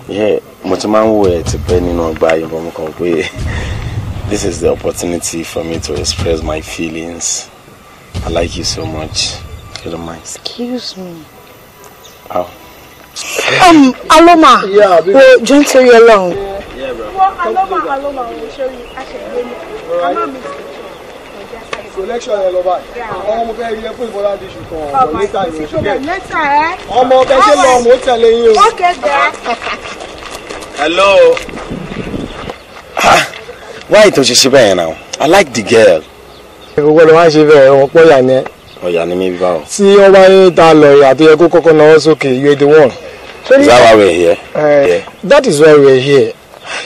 Yeah, mo ti máa ń wo ẹ ti pẹ́ nínú ọgbà yìí, but mo kàn pé this is the opportunity for me to express my feelings. I like you so much. you don't mind. Excuse me. Oh. Um, Aloma. Yeah, oh, baby. Wait, don't tell you alone. Yeah, yeah bro. Well, Aloma, Aloma, we'll show you. Actually, let me. Right. Come on, collection yẹn lọ báyìí ọmọ mo fẹ́ rí ẹ fún ìbọlá di ṣù kan oh eh? ọmọ níta ìwé ṣùgbẹ́ ọmọ bẹ ṣe lọ mo tẹ̀lé yín o. hello. Ah, why don't you ṣe bẹ́ẹ̀ náà I like the girl owó ló máa ṣe bẹ́ẹ̀ wọn pọ̀ yà ni ẹ. ọ̀yà ni mi bá wọn. tí wọ́n bá ní ta lọ àti ẹ kó kọ́kọ́ sókè you are the one. is that why we are here. Eh, that is why we are here.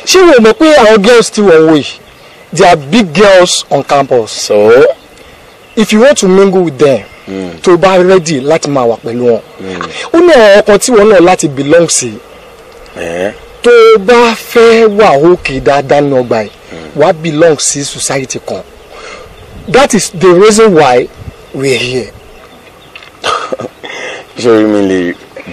ṣé wo mọ̀ pé àwọn girls ti wọ̀n wò yìí they are big girls on campus. so. if you want to mingle with them. Mm. tó bá rẹ́dì láti máa wà pẹ̀lú wọn. Hmm. ó ní àwọn ọkàn tí wọn náà láti belong sí. Eh? tó bá fẹ́ wà òkè dáadáa ní ọgbà yìí hmm. wàá belong sí society kan. That is the reason why we are here. ṣé rí mi lè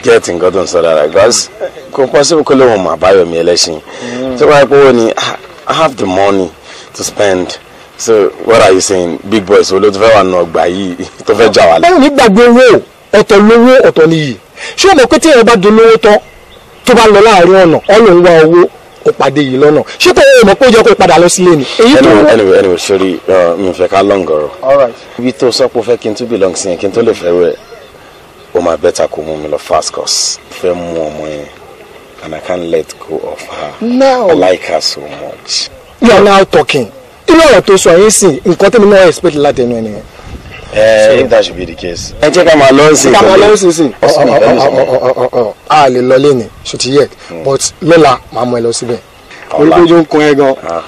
get nǹkan tó ń sọ dára because kò possible kó lóun mà báyọ̀ mi ẹlẹ́sìn mm. ah, I have the money to spend so what are you saying big boys wo ló tó fẹ́ wà nù ọgbà yìí tó fẹ́ jà wá lẹ. báwo ni gbàgbé owó ọ̀tọ̀ lówó ọ̀tọ̀ nìyí ṣé o mọ̀ pé tí èèyàn bá dolówó tán tó bá lọ láàrin o pàdé yìí lọ́nà ṣé tó o mọ̀ pé ó kó padà lọ sílé ni. anyway anyway anyway sorry uh, mi fẹ́ ká long ọ̀rọ̀ ibi tó sọ pé o fẹ́ kí n tún belong sí yẹn kí n tó lè fẹ́ rẹ̀ o máa bẹ́ta kó mú mi lọ fast cause fẹ́ mú ọmọ yẹn and I can't let go of her now I like her so much. you are now talking irú ọ̀rọ̀ tó sọ yín sìn nǹkan tẹ́mi náà expect látẹnu ẹni yẹn Eh, ẹ if that should be the case. ẹ jẹ́ ká máa lọ sí ká máa lọ sí sí. a lè lọ lé ṣùtì yẹ hmm. but lọ́la màá mọ ẹ lọ síbẹ̀ olùkójú ń kun ẹ gan ah.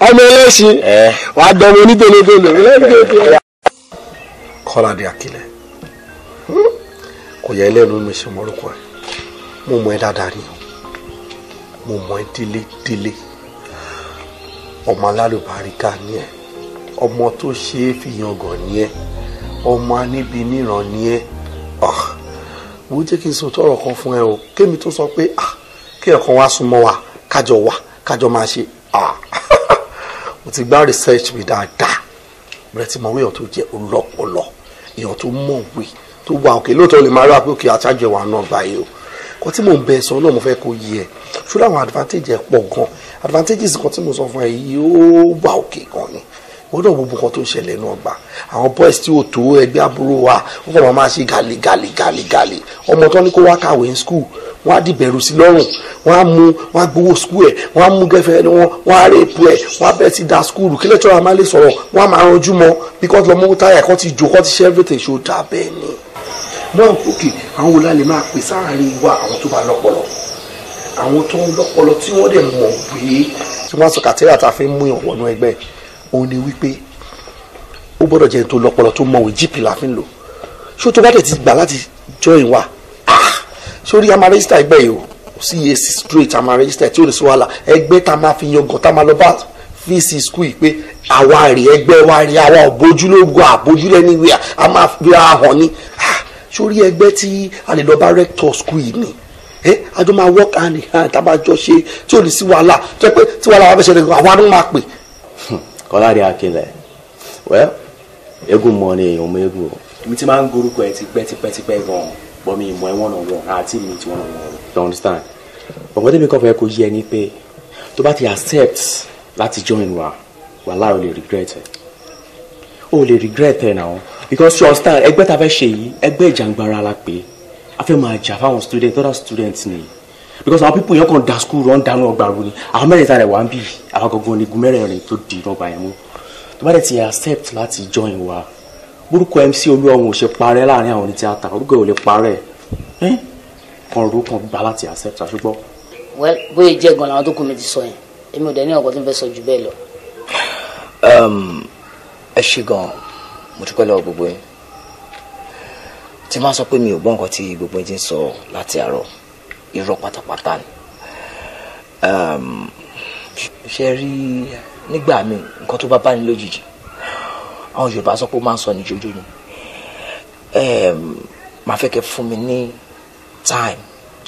ọmọ ẹlẹ́sìn eh. wà á dánwó onítẹ̀lẹ́tẹ̀lẹ́. kọ́ládé akílẹ̀ kò yẹ ẹlẹ́nu mi ṣe mọ́rúkọ ẹ̀ mo mọ ẹ dáadáa ni mo mọ ẹ délé délé ọmọ alálùbáríkà ni ẹ ọmọ tó ṣeé fi yangàn ni ẹ ọmọ aníbi níran ni ẹ wo ah, jẹ́ kí n sọ tọrọ kan fún ẹ o kémi tó sọ pé ah, kí ẹ̀kan wá súnmọ́ wa kájọ wà kájọ máa ṣe ah, mo ti gbá research mi dáadáa bẹ̀rẹ̀ tí mo rí èèyàn tó jẹ́ ọlọ́pọlọ èèyàn tó mọ̀wé tó wà òkè lóòótọ́ lè máa rí àpò òkè àtàjọ ìwà náà báyìí o kò tí mò ń bẹ sọ náà mo fẹ́ kó yí ẹ ṣúlẹ̀ àwọn advantage ẹ̀ pọ̀ gan advantages kan tí mo sọ fún ẹ yìí ó wà òkè gan ni wọ́n náà gbogbo kan tó ń ṣẹlẹ̀ ní ọgbà àwọn boys tí ò tó ẹgbẹ́ àbúrò wa wọ́n kàn máa máa ṣe gàlè gàlè gàlè gàlè ọmọ tó ní kó wá kàwé ní school wọ́n á dìbẹ̀rù sí lọ́rùn wọ́n á mú wọ́n á gbowó school ẹ̀ wọ́n á mú gẹ́fẹ́ ni wọ́n wọ́n á rèépù ẹ̀ wọ́n á bẹ̀rẹ̀ sí da school kí lẹ́tọ́ra máa lè sọ̀rọ̀ wọ́n á máa ranjú mọ́ because lọ́mọ táyà kan ti jò kan ti ṣe everything ṣó dà bẹ́ẹ̀ ni. náà òkè àwọn wòlá lè máa pè sáàárín wa àwọn tó bá lọ́pọlọ àwọn tó ń lọ́pọlọ tí wọ́n dẹ̀ mọ̀ pé tí wọ́n á sọ kàtẹ́rà tá a fi ń mú ìwọ̀nú ẹgbẹ́ òun ni wípé ó gbọ́dọ̀ jẹ́ tó lọ́pọlọ tó mọ̀wé gp la fi ń lò ṣó tó bá dẹ̀ ti gbà láti join wa sórí ah! amarẹ́sítà ẹgbẹ́ yìí o cac straight amarẹ́sítà tí ò ní sí wàhálà ẹgbẹ́ tá a máa fi yangàn tá a máa lọ bá fíìsì skul yìí pé àwa rè ẹgbẹ́ wa rè àwa òbójúlógún àbójúlẹ̀ níwì a máa fi ra ni sórí ah! ẹgbẹ́ tí a lè lọ bá rector skul yìí ni ẹ àjọ máa work hand in hand tá a máa jọ ṣe tí ò ní sí wàhálà tó yẹ pé tí wàhálà wa fẹ́ ṣẹlẹ̀ àwa ni wọ́n máa pè hmm kọ́ládé akínlẹ̀ wẹ́ eégún mọ ni èèyàn mọ eégún o. èmi ti máa ń gorúkọ ẹ tipẹ́ tipẹ́ tipẹ́ gan-an bọ́ mi ìmọ̀ ẹ̀wọ̀n náà wọ̀n àti mi ti wọ̀n wọ̀n. you understand ọ̀gbọ́n tẹ́mi kọ́ fẹ́ kó yé ẹ ní pé tó bá ti accept láti join wa wàhálà ò lè regret ẹ ò lè regret ẹ náà because you understand ẹgbẹ́ ta fẹ́ ṣe yìí ẹgbẹ́ ìjàngbara la pé a fẹ́ máa jà fáwọn student other students nìyí because àwọn pípọ̀ yẹn kàn da school run dànù ọgbà ru ni àwọn mẹ́rẹ̀ẹ̀ta rẹ̀ wá ń bì àwọn gangan ni igun mẹ́rẹ̀ẹ̀rin tó di rọgbà yẹn mú tó bá dẹ̀ ti accept láti join wa orúkọ MC Olúọ̀run ò ṣe parẹ́ láàrin àwọn onítìátà orúkọ ò lè parẹ́ kan ro kan gba láti accept àṣùgbọ́. well bóyá jẹ́ gan làwọn tó kù mi ti sọ yẹn èmi ò dẹ̀ ní ọ̀kọ́ tó ń fẹ́ sọ jù bẹ́ẹ̀ lọ. Um, ẹ ṣe gan-an mo dúpẹ́ lọ́wọ́ gbogbo yín tí máa sọ pé mi ò gbọ́ nǹkan tí gbogbo yín ti ń sọ láti àárọ̀ irọ́ pátápátá ni ṣe rí nígbà míì nǹkan tó bá bá ní lójijì àwọn Yorùbá sọ pé ó máa ń sọ ní jojo ni màá fẹ́ kẹ́ fún mi ní time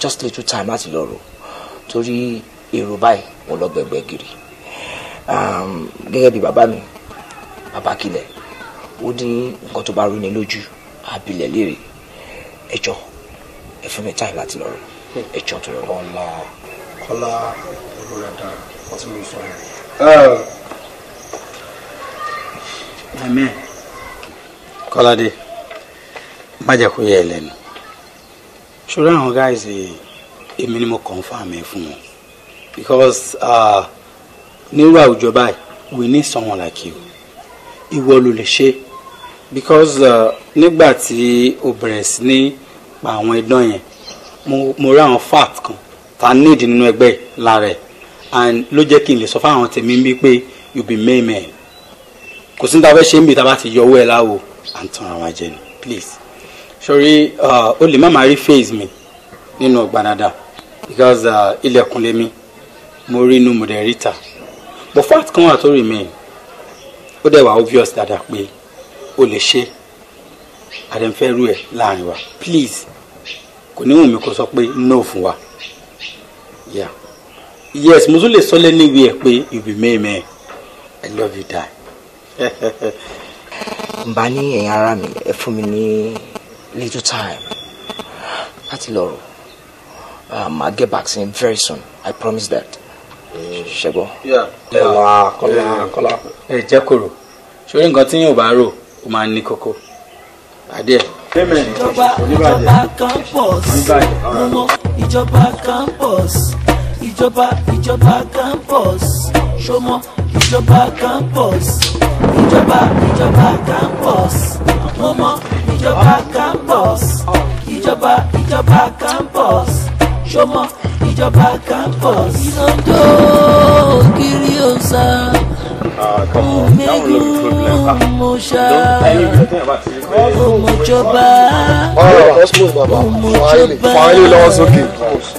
just little time láti lọ rò torí èrò báyìí mo lọ gbẹgbẹ gírí gẹ́gẹ́ bí bàbá mi bàbá kilẹ̀ ó ní nǹkan tó bá rú ni lójú àbílẹ̀ léèrè ẹjọ́ ẹ fún mi time láti lọ rò ẹjọ́ tó yọ kọ́lá kọ́lá olùrẹ̀dà wọ́n ti mú sọ ẹ̀. ẹ̀mí kọ́ládé má jẹ́ kó yẹ ẹ lẹ́nu ṣòro àwọn ni mo confirm ẹ fún wọn because ah, nírú àwùjọ báyìí we need someone like you ìwọ ló lè ṣe because ah, nígbà tí o bẹ̀rẹ̀ sí ní pa àwọn idán yẹn mo rí àwọn fact kan tá a need nínú ẹgbẹ́ lára and ló jẹ́ kí n lè sọ fáwọn tèmi bíi pé you be main man kò sí ní ta fẹ́ ṣe ń bì tá a bá ti yọ owó ẹ̀ láwo à tan ara wa jẹ ni please sori o lè má máa rí face mi nínú ọgbànada because ilẹ̀kùn lèmi mo rí inú mo dẹ̀ rí ta but fat kan wà tó remain ó dẹ̀ wà obvious dáadáa pé o lè ṣe àdẹ̀fẹ́rú ẹ̀ láàrin wa please kò ní wù mí kó sọ pé no fún wa yeah yes mo tún lè sọ lẹ́nu ìwé ẹ̀ pé ìbí mẹ́ẹ̀mẹ́ i love you die. n bá ní ẹ̀yin ara mi ẹ fún mi ní little time láti lọ rò um, i'll get back to you very soon i promise that. ṣẹ́gbọ́. kọ́lá kọ́lá kọ́lá. ẹ jẹ́ kòrò ṣorí nǹkan tí yóò bá rò ó máa ń ní kókó adé ẹ̀ ìjọba ìjọba campus mímọ́ ìjọba campus ìjọba ìjọba campus ṣọmọ ìjọba campus ìjọba ìjọba campus mímọ́ ìjọba campus ìjọba ìjọba campus ṣọmọ ìjọba campus. ìnáwó kiri ọ̀sán.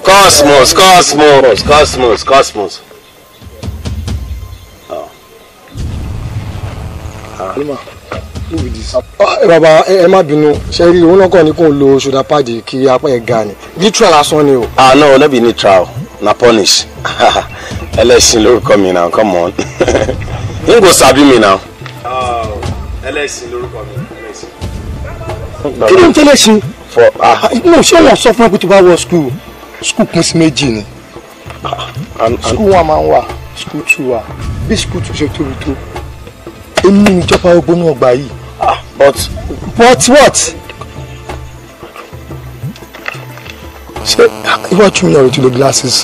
Cosmos, cosmos, cosmos, cosmos. bàbá ẹ má bínú ṣe rí òun náà kàn ní kò ń lo ṣùdà pàdé kí apá ẹ ga ni neutral lásán ni o. ah no let me neutral na punish ẹlẹ́sìn lórúkọ mi na come on. n go sabi mi na. Ah, ẹlẹ́sìn lórúkọ mi ẹlẹ́sìn. kí ló ń tẹ́lẹ̀ sí. fọ ah. ah no ṣé wọn sọ fún ẹ pé tó bá wọ skul skul pín sí méjì ni ah, skul one máa ń wà skul two wà bí skul two ṣe tóbi tó èmi ni ìjọba ogbónú ọgbà yìí. but but what. ṣé iwájú mi náà ló ti lo glasses.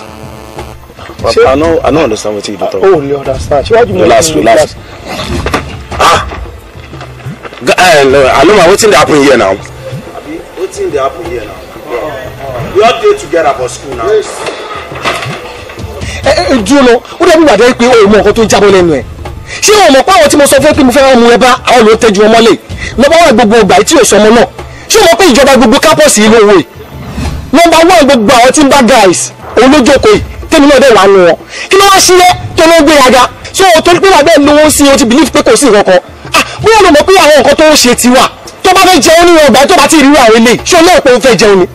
Papa, I know, I know understand what you do. Oh, you understand. Ṣíwájú mi. Relax, relax. Ah, Aloma, wetin dey happen here now? Abi, wetin dey happen here now? We all dey together for school now. Ẹ ẹ eh, eh, eh, dúró lọ, ó dàbí ìgbàdá pé o mọ nǹkan tó ń jábọ́ She ẹ̀. Ṣé o mọ̀ pé àwọn tí mo sọ fún pé mo fẹ́ mú ẹ bá àwọn ló tẹ́jú ọmọ lè? Lọ́ba wà gbogbo ọgbà tí ò sọmọ náà. Ṣé o mọ̀ pé ìjọba gbogbo kápọ̀sì ìlú òwe? Nọ́mbà one gbogbo àwọn What's in bá guys, òun ló jókòó tèmi náà dẹ̀ wà nù wọn kí ló wá sí ẹ tó ló gbé yaga so torí pé bàbá ẹ lówó sí i o ti believe pé kò sí nǹkan kan ah bóyá ló mọ̀ pé àwọn nǹkan tó ń ṣe ti wà tó bá fẹ́ jẹun ní ọgbà tó bá ti rí àwọn ilé ṣé olóò pé ó fẹ́ jẹun ni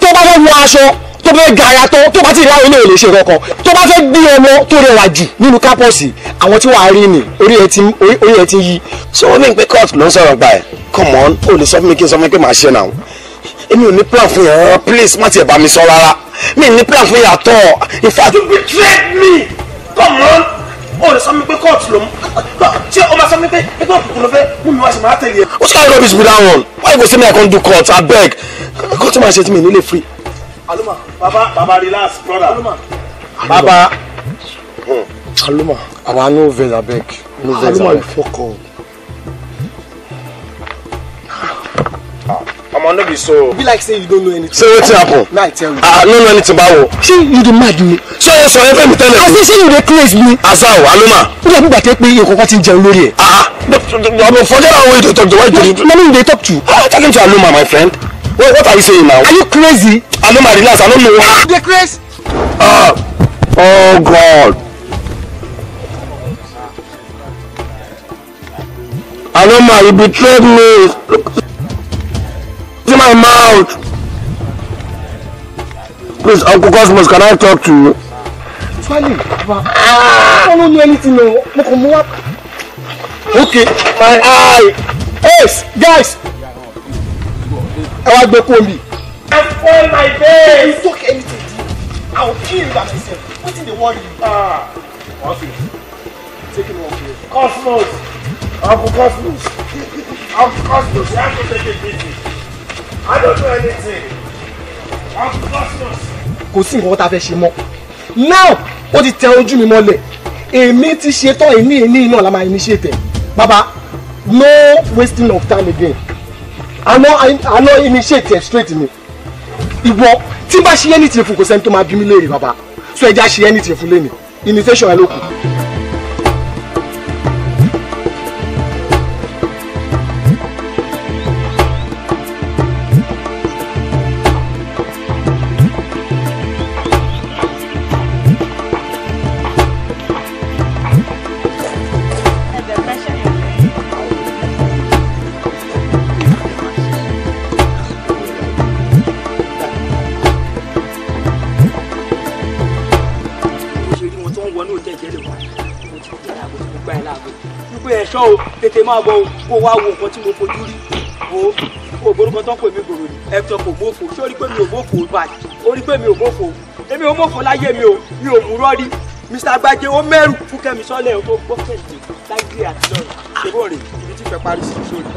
tó bá fẹ́ wọ aṣọ tó bá fẹ́ ga ara tó tó bá ti rí àwọn ilé ò lè ṣe kankan tó bá fẹ́ gbé ọmọ tó rẹwà jù nínú kápọ́ọ̀sì àwọn tí wàá rí ni orí ẹ ti orí ẹ ti yí. so omi pé court ló ń sọ̀rọ̀ gbà ẹ̀ come on o lè sọ fún mi kí n sọ fún mi pé màá ṣe náà èmi ò ní plan fún yẹn rárá please má tiẹ̀ bá mi sọ rárá mi ní plan fún yàtọ̀ in you betrayed me come on o lè sọ mi pé court ló mú ṣé o máa sọ mi pé pé kóòtù ló fẹ́ mú mi wá ṣe máa tẹ̀lé ẹ. what's kind of rubbish be that one why you go say me i come do court abeg court ma ṣe ti mi nílé free. aluma baba baba relax brother aluma baba. Hmm. aluma baba no vex abeg no vex abeg. aluma you fok o omo no be so. be like say you don't know anything. say wetin happen. na i tell you. ah uh, no know anything about bawo. ṣé you dey mad ni. so o sọ ẹgbẹ́ mi tẹ́lẹ̀. àṣé ṣé you dey craze ni. asao aloma. ó yẹ kó gbàtẹ́ pé èkó kan ti ń jẹun lórí ẹ̀. ah ọmọ fọjọ́ àwọn ètò ìtọ́jú wáyé tó. mami you dey talk to. ah talking to aloma my friend. Wait, what are you saying now? are you crazy? aloma relax i no know. you dey craze. ah oh god. aloma you betrayed me to my mouth. Please, Uncle Cosmos, can I talk to you? Charlie, I don't know anything. No, come Okay, my eye. Yes, guys. I want to go me. I fall my bed. If you talk anything, I will kill you by myself. What in the world? Ah, Cosmos. Take it, off here. Cosmos. Uncle Cosmos. Uncle Cosmos. I have to take it easy. I don't know anything. I'm pastors. Kò sí nǹkan tá a fẹ́ ṣe mọ́. Now ó ti tẹ ojú mi mọ́lẹ̀. Èmi ti ṣe tán èmi èmi náà la máa initiate. Bàbá no wasting of time again. Àná àná initiate ẹ̀ straight ni. Ìwọ tí bá ṣe anything fún kò sẹ́ni tó máa bí mi léèrè bàbá. So ẹ já ṣe anything fún lẹ́nu. Initiation ẹ ló kù. máa bọ̀ kó wá wo nǹkan tí mo fojú rí o o gbórúkọ tó ń pè mí gbòòrò ni ẹ̀tọ́ kò mọ́fò ṣé o rí pé mi ò mọ́fò báyìí o rí pé mi ò mọ́fò èmi ò mọ́fò láyé mi ò mi ò mú rọ́rí Mr. Agbaje ó mẹ́rù fún Kẹ́mi sọ́lẹ̀ tó gbọ́ kẹ̀lé láyé àtijọ́ ṣe bó rè ibi tí fẹ́ parí sí sórí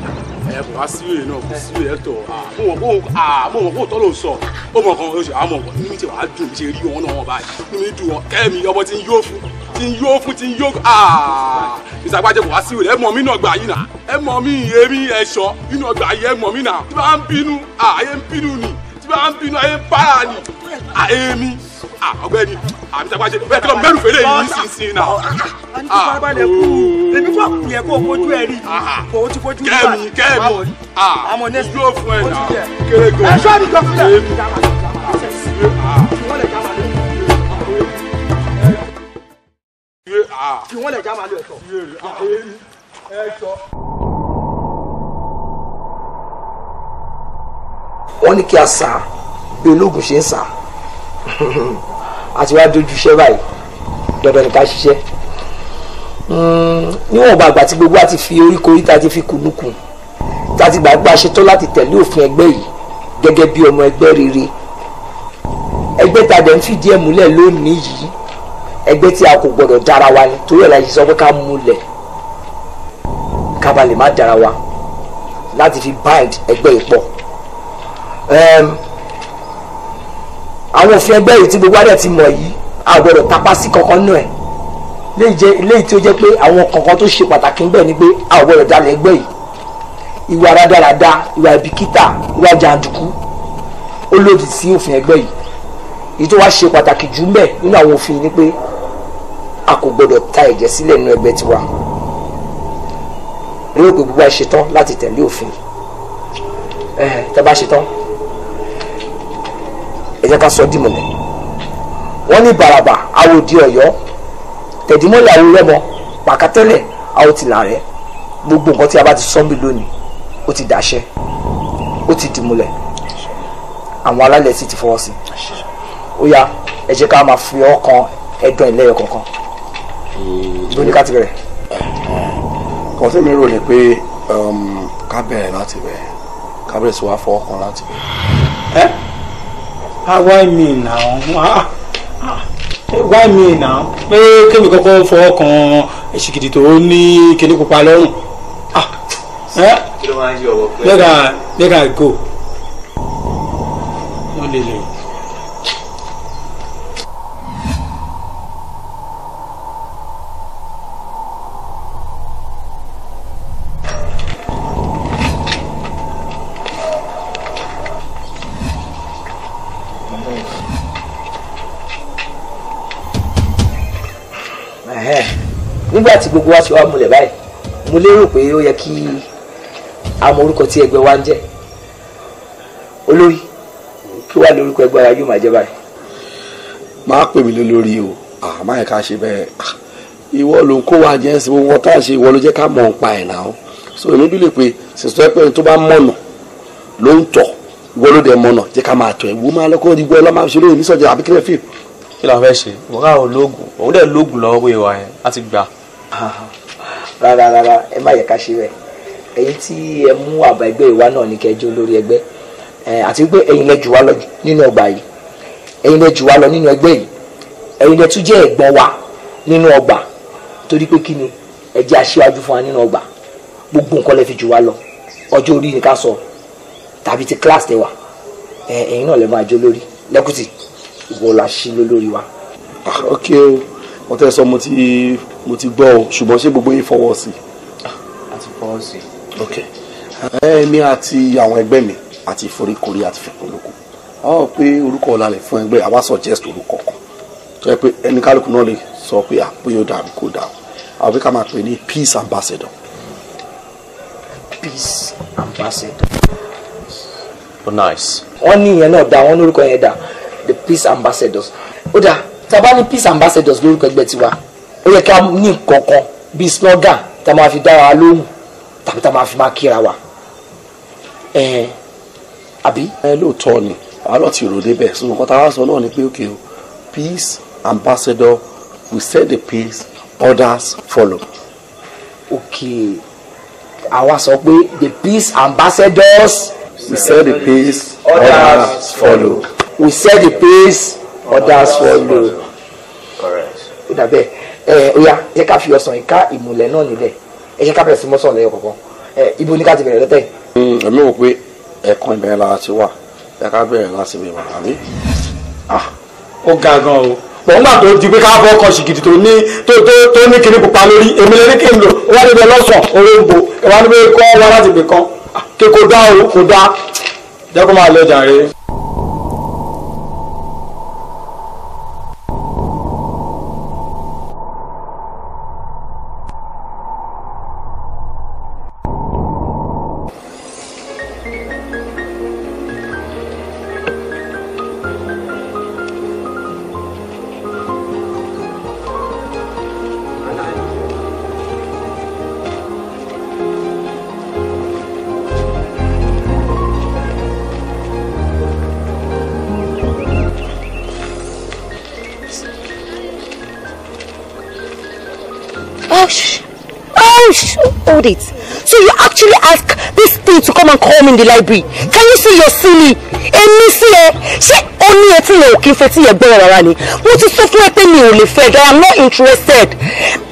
ẹ kò wá sí ìrìn náà kò sí ìrìn ẹtọ mo mọ kó tọ́ ló ń sọ ó kan ó ṣe àmọ̀ nínú tí wàá dùn ṣe rí wọn náà wọn báyìí nínú ìdùn wọn kẹ́mi ọmọ tí ń yóò fún ti ń yó fún ti ń yó ah, Mr. Gbadebo wá sí rẹ̀ ẹ mọ̀ mí náà gbà yín náà ẹ mọ̀ mí èmi ẹ̀ṣọ́ inú ọgbà yìí ẹ mọ̀ mí náà tí bá ń bínú àyè ah, ń bínú ni tí bá ń bínú àyè ń para ni àyè ah, mi ọ̀gbẹ́ni àmì tàgbà jẹ mẹrù fẹlẹ yìí nísinsìnyí náà. a ní kú èmi kò kú yẹ kó o fojú ẹ rí kó o ti fojú rí báyìí. kẹ́mi kẹ́mi àmọ́ yóò fún ẹ náà kéré gan. ẹ sọ́ọ́ mi fún ẹ. fi wọ́n lẹ̀ já màálù ẹ̀ tọ̀. wọ́n ní kí a sà bí ológun ṣe ń sà àti wá dojú iṣẹ́ báyìí dandan ni ká ṣiṣẹ́ hmm, níwọ̀n bá àgbà tí gbogbo àti fi oríkorí tá a ti fi kùnúkùn tá a ti gbàgbà ṣetán láti tẹ̀lé òfin ẹgbẹ́ yìí gẹ́gẹ́ bí ọmọ ẹgbẹ́ rere ẹgbẹ́ tá dẹ̀ ń fìdí ẹ̀ múlẹ̀ lónìí yìí ẹgbẹ́ tí a kò gbọdọ̀ dára wa ni torí ẹ̀ la ṣe sọ pé ká múlẹ̀ ká má dára wa láti fi bind ẹgbẹ́ yìí pọ̀ àwọn òfin ẹgbẹ́ yìí tí gbogbo adẹ̀ ti mọ̀ yìí a gbọdọ̀ tapá sí kankan náà ẹ̀ léyìí tí ó jẹ́ pé àwọn kankan tó ṣe pàtàkì ń bẹ ni pé a gbọdọ̀ dalẹ̀ ẹgbẹ́ yìí ìwà rádaràda ìwà ìbìkítà ìwà jàǹdùkú ó lòdì sí òfin ẹgbẹ́ yìí èyí tó wá ṣe pàtàkì jù ń bẹ nínú àwọn òfin ni pé a kò gbọdọ̀ ta ẹ̀jẹ̀ sílẹ̀ nínú ẹgbẹ́ tiwa lérò pé gbogbo àṣetán láti tẹ̀lé òfin tá a bá ṣetán ẹ jẹ́ ká sọ dìmọ̀lẹ̀ wọ́n ní bàràbà àwòdì ọ̀yọ́ tẹ̀dímọ́lẹ̀ àwòrẹ́mọ pàkátẹ́lẹ̀ àwòtìlà rẹ̀ gbogbo nǹkan tí a bá ti sọ́ńbì lónìí ó ti dàṣẹ ó ti dìmúlẹ̀ àwọn alálẹ̀ sì ti fọwọ́ sí ó yá ẹ ká máa fi ọkàn ẹ̀dùn ẹ̀lẹ́yọ̀ kọ̀ọ̀kan ìbò ní ká ti bẹ̀rẹ̀. kàn sí mi rò ní pé um, ká bẹ̀rẹ̀ láti bẹ̀rẹ̀ ká bẹ̀rẹ̀ sí wa fọwọ́ kan láti bẹ̀rẹ̀. ẹ àwa mi nà án wá mi nà án pé kémi kọ́kọ́ fọwọ́ kan èsìkìtì tó ní kíní pupa lọ́rùn lẹ́ka ah, lẹ́ka go wọ́n lè lè. nígbà tí gbogbo wa ti wá múlẹ̀ báyìí mo lérò pé ó yẹ kí àwọn orúkọ tí ẹgbẹ́ wa ń jẹ́ olórí kí wàá lórúkọ ẹgbẹ́ wa yóò máa jẹ́ báyìí. máa pè mí lólórí o àmọ́ ẹ̀ka ṣe bẹ́ẹ̀ ìwọ ló ń kó wa jẹ́ ẹ̀sìn wọn tá ṣe ìwọ ló jẹ́ ká mọ̀ ń pa ẹ̀ náà so èmi bí lè pe sísọ ẹ̀pẹ́ tó bá mọ̀nà ló ń tọ̀ ìwọ ló dẹ̀ mọ̀nà jẹ́ ká máa tọ̀ ẹ̀ wọ́n máa lọ́kọ́ ìdìbò ẹ̀ lọ́mọ àṣírí òní sọ̀jọ̀ àbíkẹ́rẹ́ fíìmù. kí ló ń fẹ́ ṣe wọ́n káwọn lóògùn òun dẹ̀ lóògùn lọ́wọ́ wíwá yẹn láti gbà rárá rárá ẹ má yẹ ká ṣe bẹ́ẹ̀ ẹ̀yin tí ẹ mú àbá ẹgbẹ́ ìwá náà ní kẹjọ lórí ẹgbẹ́ àti pé ẹ̀yin lẹ jù wá lọ nínú ọgbà yìí ẹ̀yin lẹ jù wá lọ nínú ẹgbẹ́ yìí ẹ̀yin lẹ tún jẹ́ ẹ̀gbọ́n wa nínú ọgbà torí pé kí ni ẹ jẹ́ aṣíwájú fún wa nínú ọgbà gbogbo nǹkan lẹ fi jù wá lọ ọjọ́ orí ni ká sọ tàbí ti class tẹ wa ẹ̀yin náà lẹ máa jó lórí lẹ́kùtì ìwọ la ṣí lórí wa. Ah, ok o wọ́n tẹ́ sọ mo ti mo ti gbọ́ o ṣùgbọ́n ṣé gbogbo yín fọwọ́ sí. a ti fọwọ́ sí. ok èmi àti àwọn ẹgbẹ́ mi àti ìforíkorí àti fìpolóko a ó pé orúkọ ọ̀la lè fún ẹgbẹ́ àwa suggest orúkọ kan tó yẹ pé ẹni kálukú náà lè sọ pé àpé yóò kó dà àwọn pé ká máa pè ní peace ambassador. peace ambassador. oh nice. wọ́n ní ìyẹn náà dá wọ́n lórúkọ yẹn dá the peace ambassadors ó dáa tàbá ní peace ambassadors lórúkọ ẹgbẹ́ tiwa ó yẹ ká ní nǹkan kan bíi slogan tá a máa fi dára lóhùn tàbí tá a máa fi máa kíra wa ẹ̀ẹ́n àbí. ẹ lóòótọ́ ni àárọ̀ ti rò débẹ̀ sọ nǹkan tá a wá sọ náà ni pé okay o peace ambassador we set the peace. others follow. okay àwa sọ pé the peace ambassadors. we set the peace. others follow. we set the peace ọ̀dà swallow ó dà bẹ́ẹ̀ ẹ ó yá jẹ́ ká fi ọsàn ìka ìmùlẹ̀ náà nílẹ̀ ẹ jẹ́ ká bẹ̀rẹ̀ sí mọ́sàn lẹ́yọ kọ̀ọ̀kan ẹ ibo ní ká ti bẹ̀rẹ̀ lọ́tẹ̀. Hmm, èmi wò pé ẹ̀kan ìbẹ̀rẹ̀ la ti wà ẹ ká bẹ̀rẹ̀ láti bẹ̀rẹ̀ wà àbí. Ah, ó ga gan o mọ̀ nígbà tó di pé ká bọ́ ọkọ̀ ṣìgìdì tó ní tó tó tó ní kiri pupa lórí èmi lẹ́ni kí n lò wá níbi ọlọ́sàn orógbó wá níbi kọ́ wá láti gbè kan ah, kí dá o kò dá jẹ́ kó máa lọ jàre. hold it. So you actually ask this thing to come and call me in the library. Can you see you're silly? Èmi sí ẹ, ṣé o ní etí yẹn ò kí n fetí yẹn gbọ́rọ̀ rárá ni? Mo ti sọ fún ẹ pé mi ò lè fẹ́ that I am not interested.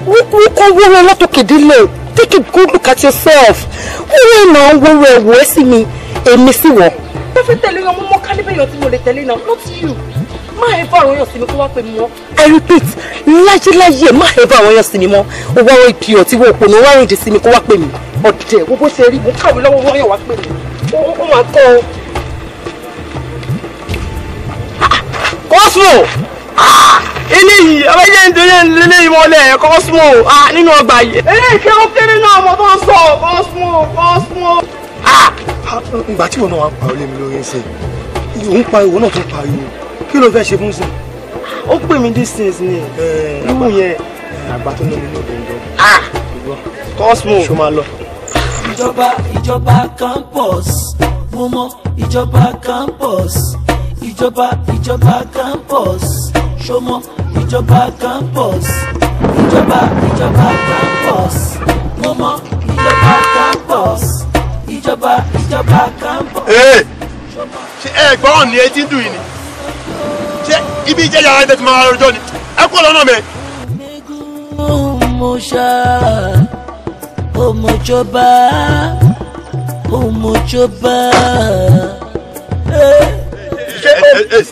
Wọ́n kọ́ wọ́rọ̀ látòkèdílé. Take a good look at yourself. Wọ́rọ̀ ìnà wọ́rọ̀ ẹ̀wọ̀ ẹ́ sí mi. Èmi sí wọ̀. Mo fẹ́ tẹ̀lé yan, mo mọ kálíbẹ̀ yan tí mo lè tẹ̀lé náà, not you. Má ẹ bá ọ̀rọ̀ yàn sí mi kó wá pè mí mọ́. I repeat, láyéláyé má ẹ bá àwọn èèyàn sí mi mọ́ o wá wọ́n ìpìyàn tí wọ́n òpònà wá rìndì sí mi kó wá pè mí ọ̀dẹ̀ wo bó ṣe rí mo kàwé lọ́wọ́ wọ́n yàn wá pè mí ó máa kọ́ ọ. Cosmo ah! eléyìí ọmọ ilé ìdílé eléyìí mọ́lẹ̀ Cosmo ah, nínú ọgbà yìí. eléyìí kí ó kéré náà mo tó ń sọ Cosmo Cosmo. Ah! ìgbà tí wọn náà wà pa olé mi lórí ẹsẹ òun pariwo náà tún pariwo kí ló fẹ́ ṣe fún sìn ó pè mí distance ni irú eh, yẹn. àgbà tó lómi ló dùn jọ. ṣó máa lọ. ìjọba ìjọba campus mo mọ ìjọba campus ìjọba ìjọba campus ṣó mọ ìjọba campus ìjọba ìjọba campus mo mọ ìjọba campus ìjọba ìjọba campus. Eh! ṣé ẹ gbọ́ràn ní etí dùn yìí ni ibi ìjẹ́ yàrá ibẹ̀ tí mo máa rojọ́ ni ẹ kú lọ́nà mi. mọ́ṣá òmùjọba òmùjọba. ṣé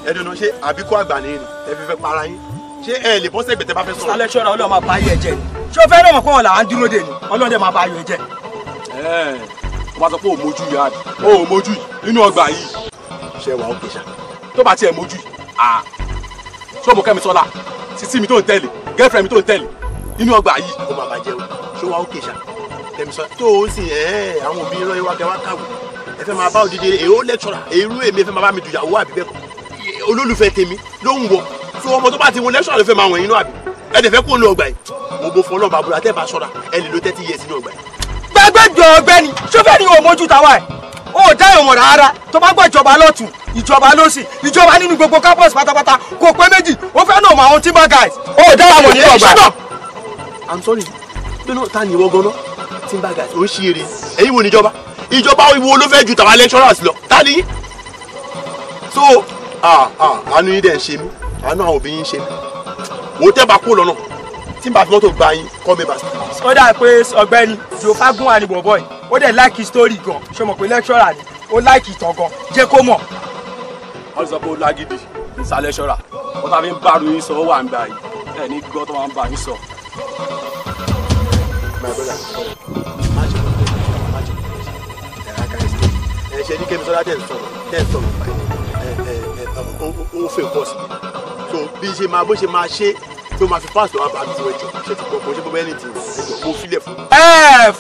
ẹdùnú ṣé àbíkú àgbà ni ẹ fi fẹ́ para yín ṣé ẹ lè bọ́ sẹ́gbẹ̀ẹ́ tẹ́ bá fẹ́ sọ̀rọ̀. alẹ́ ṣọ́ra ọlọ́run máa bá yẹ jẹ́ ṣé o fẹ́ rẹ̀ mọ̀ pé ọ̀la à ń dúró dè ní ọlọ́run dẹ̀ máa bá yẹ jẹ́. ẹ ẹ o bá sọ pé o mojú yà á o mojú nínú ọgbà yìí ṣé wàá ó kéṣà tó bá tiẹ̀ mojú yìí ṣé ọmọ kẹ́mi sọ́la sisi mi tó ń tẹ̀lé girlfriend mi tó ń tẹ̀lé inú ọgbà yìí. ó máa bàjẹ́ o ṣé wàá òkè ṣá kẹ́mi sọ tó o sì ẹ́ àwọn òbí rán iwájú wa káwé ẹ fẹ́ máa bá òdìdí èrò lẹ́tọ̀rà èrú èmi ẹ fẹ́ máa bá mi dùyàwó àbí bẹ́ẹ̀ kọ́ olólùfẹ́ tèmi ló ń wọ fún ọmọ tó bá ti wọ lẹ́tọ̀rà ló fẹ́ máa wọ̀nyí náà àbí ẹ dẹ̀ fẹ́ kó lọ ọgbà yìí mo bó fún ọlọ́ọ̀bà àbúrò àtẹ́bà sọ́ra ẹ lè lo tẹ́tí yẹ sínú ọgbà yìí. gbẹgbẹjọ ọ̀gbẹ́ni ṣọfẹ ni òun mójú tàwa ẹ ó dá ìwọ̀n rárá tó bá gbọ́ ìjọba lọ́tún ìjọba lọ́sì ìjọba nínú gbogbo campus pátápátá kò pé méjì ó fẹ́ nà mọ́ àwọn timber guys. ó dá àwọn yẹn ìṣọ́nà. i'm sorry nínú ta ni ìwọ ganan timber guys ò ń ṣe eré ẹ̀yin wo níjọba ìjọba ìwo ló fẹ́ ju tàwa lecturers lọ ta ni yín. so àánú yín dẹ̀ ń ṣe mí àánú àwọn òbí yín ṣe mí wò ó tẹ́ bá kó lọ́nà tí n bá fi mọ́tò gba yín kọ́ mi bá. ó dà pé ọ̀gbẹ́ni jòfá gún àníbọ̀ bọ́ọ̀ ó dẹ̀ láìkì sítórì gan ṣe mọ̀ pé lẹ́kṣọ́rà ni ó láìkì ìtàn gan jẹ́ kó mọ̀. wọ́n sọ pé ó lágídí ìsàlẹ̀ ṣọ́ra wọ́n tàbí ń bárò yín sọ ó wà ń gbà yìí ẹ̀ ní gbọ́ tó máa ń bà yín sọ. ẹ ṣe ní kẹ́mi sọ́dá dẹ̀ sọ̀rọ̀ dẹ̀ sọ̀rọ̀ ó fẹ́ pọ̀ sí i so bí ṣe máa bó ṣe máa ṣe tó máa fi pásítọ̀ wá bá mi sọ ẹjọ́ ṣe ti gbọ́ kó ṣe gbọ́ bẹ́ẹ̀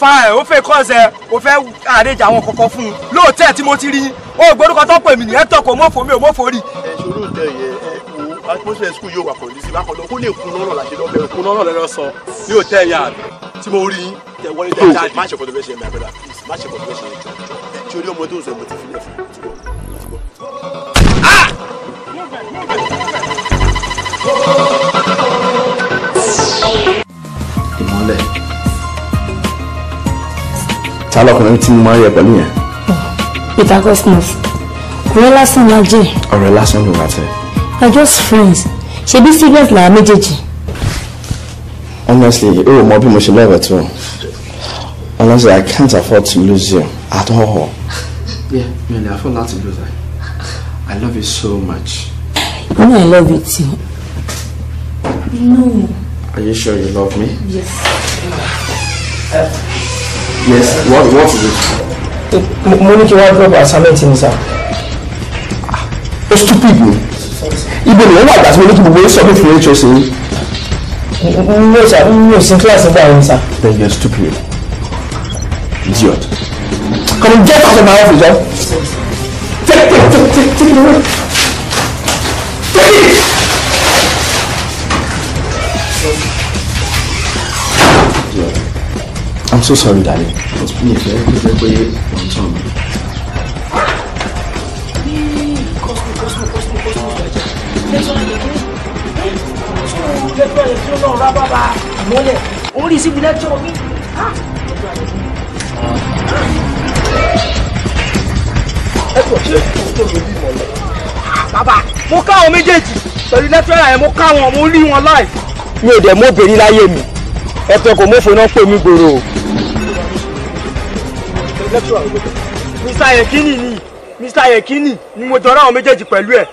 fine ó fẹ́ cause. ó fẹ́ àrèjì àwọn kọ̀ọ̀kan fún un lóòótẹ́ tí mo ti rí ó gbórúkọ tó pè mí nìyẹn tọ̀ kó mọ́ fòmí ò mọ́ fòrí. ẹ ṣòro ń tẹ ìyẹn ẹ wo atmosphere school yóò wà pọ̀ ní síbá kan lọ kó lè kun náà láti lọ bẹ̀rẹ̀ kun náà lọ́dọ̀ sọ ní òtẹ́ yà tí mo rí tẹ wọlé tẹ jáde. má ṣe kọ́ tó fẹ́ ṣe ẹ̀mí àgbẹ̀dà má ṣe kọ́ tó fẹ́ ṣe ẹ̀jọ̀ ẹ̀jọ̀ ti filẹ̀ fún un. ìmọ́lẹ̀ ta lọkùnrin tí mo máa ń yẹ pẹ̀lú yẹn. Peter Cosmos ọ̀rẹ́ lásán la jẹ́. ọ̀rẹ́ lásán ló wà tẹ́. we just friends ṣebí serious làá méjèèjì. honestly o mọ bí mo ṣe lọ́ọ̀rẹ́ tó honestly I can't afford to lose you at all. yeah mi ò lè afford láti lose her I love you so much. you know I love you too. no. Are you sure you love me? Yes. Uh, yes, what, what is it? Mo ní kí wọ́n drop assignment ní sá. Ó stupid ni. Ibi ni wọ́n wà gbà tí mo ní kí gbogbo yín submit fún HOC yín. Mi ò sá mi ò sin kíláàsì Then you're stupid. Idiot. Come and get out of my office, huh? Take it, take it, take it away. Take it. I'm so sorry, darling. But me say for you on time. Orí síbi mo ká àwọn méjèèjì pẹ̀lú lẹ́tírà yẹn, mo ká wọn, mo rí wọn láì. Mi ò dẹ̀ mọ́ obìnrin láyé mi. Ẹ̀tọ́ kò mọ́fọ́ iná pè mí gbòòrò o lecturer ló gbẹdẹ. mr yekini ni mr yekini ni mo jọra àwọn méjèèjì pẹ̀lú ẹ̀.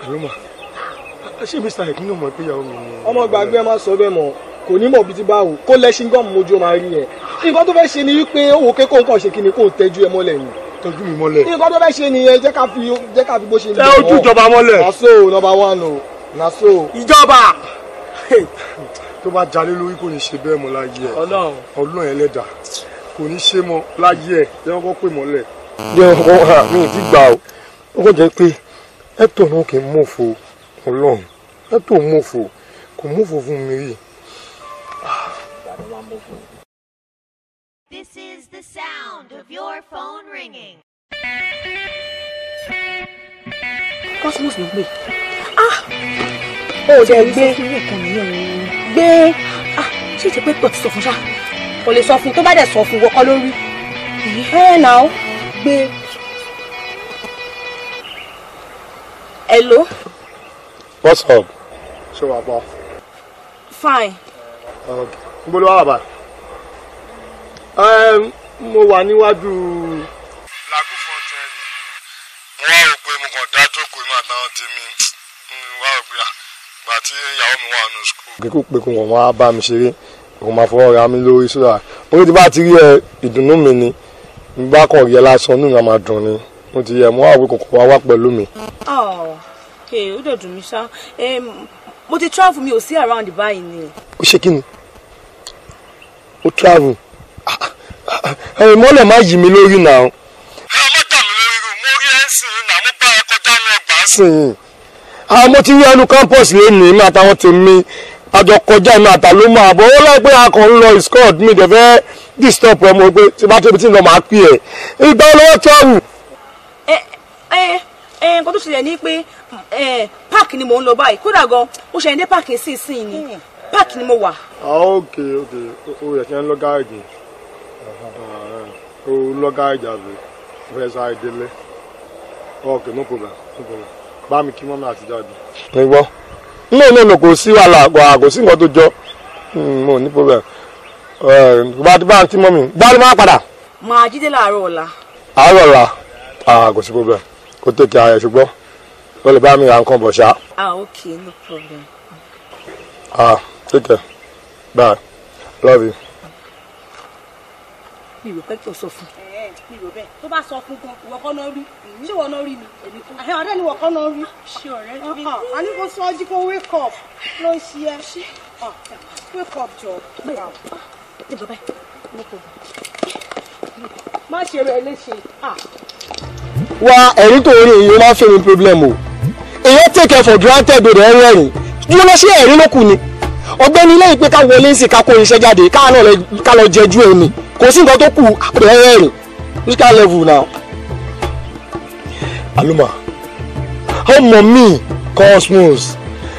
ṣé mr yekini ò mọ̀ pé ìyàwó mi ni. ọmọ gbàgbé ẹ má sọ bẹ́ẹ̀ mọ́ kò ní mọ̀ bí ti báwo kó lẹ́sìn gọ́ọ̀mù mojú máa rí ẹ̀ nǹkan tó fẹ́ ṣe ni wípé owó kékòó nǹkan ṣe kíni kó tẹ́jú ẹ mọ́lẹ̀ ni. tẹ́jú mi mọ́lẹ̀. nǹkan tó fẹ́ ṣe nìyẹn jẹ́ ká fi jẹ́ ká fi bó ṣe ń bọ̀. ẹ ojú ìjọba mọ́lẹ̀. na so number one o na so. ìjọba. tó bá jalè lórí kò ní ṣe bẹ́ẹ̀ mọ́ láyé ẹ̀ ọlọ́run ẹlẹ́dàá kò ní ṣe mọ láyé ẹ jẹ́ kọ́kọ́ pè mọ́lẹ̀. jẹ́ ọkọ ha mi ò ti gbà o ó kò jẹ́ pé ẹ̀tọ́ náà kì í mọ̀fọ́ ọlọ́run ẹ̀tọ́ mọ̀fọ́ kò mọ̀fọ́ fún mi rí. This is the sound of your phone ringing. Cosmos ló gbé. Ah! Ó dẹ̀ gbé. Gbé. Ah! Ṣé ìjẹ́ pé pọ̀ kò lè sọ fún tó bá dẹ̀ sọ fún wọ́kọ́ lórí ẹ̀ náà gbé hello. what's up. ṣé wàá bọ̀. fine. n bolo wà bàbá. mo wà níwájú. làágùn fún ọjọ́ ẹ̀yìn. wọ́n rò pé mo kàn dá jókòó inú àtàwọn tèmi wọ́n á rò pé ìgbà tí ìyàwó mi wà nù sùkúl. kíkú pé kí wọ́n wá bá mi ṣeré kò máa fọwọ́ ra mi lórí sódà mo ní ti bá ti rí ẹ ìdùnnú mi ni mo bá kàn rí ẹ lásán nínú àmà dùn ni mo ti yẹ mo wà wí kòkò wá wá pẹ̀lú mi. Oh, ó dẹ̀ dùn mí ṣá mo ti travel mi ò sí around báyìí ni. ó ṣe kí ni ó travel ẹ̀rìn mọ́lẹ̀ má yí mi lórí náà. ẹ ah, má dà mí lórí mo rí ẹ̀sìn náà mo bá ẹ kọjá ní ọgbà ẹ̀sìn yìí. àwọn ah, mo ti rí ẹnu campus lónìí mi àtàwọn tèmi àjọ kọjá ìmọ̀ àtà ló máa bọ̀ ó lẹ́gbẹ́ akọ̀ ń lọ scott mi dẹ̀ fẹ́ disturb ẹ mo pé tí bá tóbi tí ń lọ máa pè ẹ́ ìgbà olówó travel. ẹ ẹ ẹ nǹkan tó ṣẹlẹ̀ ni pé páàkì ni mò ń lọ báyìí kódà gan mo ṣẹ̀yìn dé páàkì sí ìsìn ni hmm. páàkì ni mo wà. Ah, ok ok o yẹ kí n lọ gáàjì ah, o lọ gáàjì àbí fẹ́ sáré délé ok no problem no problem bá mi kí mọ́mí àti dáàbì. ẹ gbọ́ no no no kò sí wàhálà kò sí nǹkan tó jọ hmm, mo ní problem eh, bá ti bá ti mọ́ mi gbá ló máa padà. màá jíde láàárọ̀ ọ̀la. àárọ̀ ọ̀la kò sí problem kò tètè ààyè ṣùgbọ́n o lè bá mi ra nǹkan bọ̀ ṣá. ah okay no problem. ah take care bye love you. mi ò pẹ́ kí o sọ fún. mi ò bẹ́ẹ̀ tó bá sọ fún gan ìwọ kọ́ náà rí àbí. ṣé wọn náà rí mi. èmi kò. àhẹ ọ̀rẹ́ ni wọn kàn náà rí. ṣé ọ̀rẹ́ mi. a ní kó sọ ọjí kó wake up ló ń ṣe ẹ. wake up jọ. ẹ bàbá má ṣe rẹ léṣe. wá ẹ̀rí tó rí èyí máa ń fẹ́ mi problem o èyí take care for granted o rẹ̀ ń rẹ̀rìn dúró lọ sí ẹ̀rí ló kù ni ọ̀gbẹ́ni lẹ́yìn pé ká wọlé sí ká kó irinṣẹ́ jáde ká lọ jẹjú ẹni kò sí nǹkan tó kù rẹ̀ ń rẹ̀rìn musical level now. Aluma, ọmọ mi Cosmos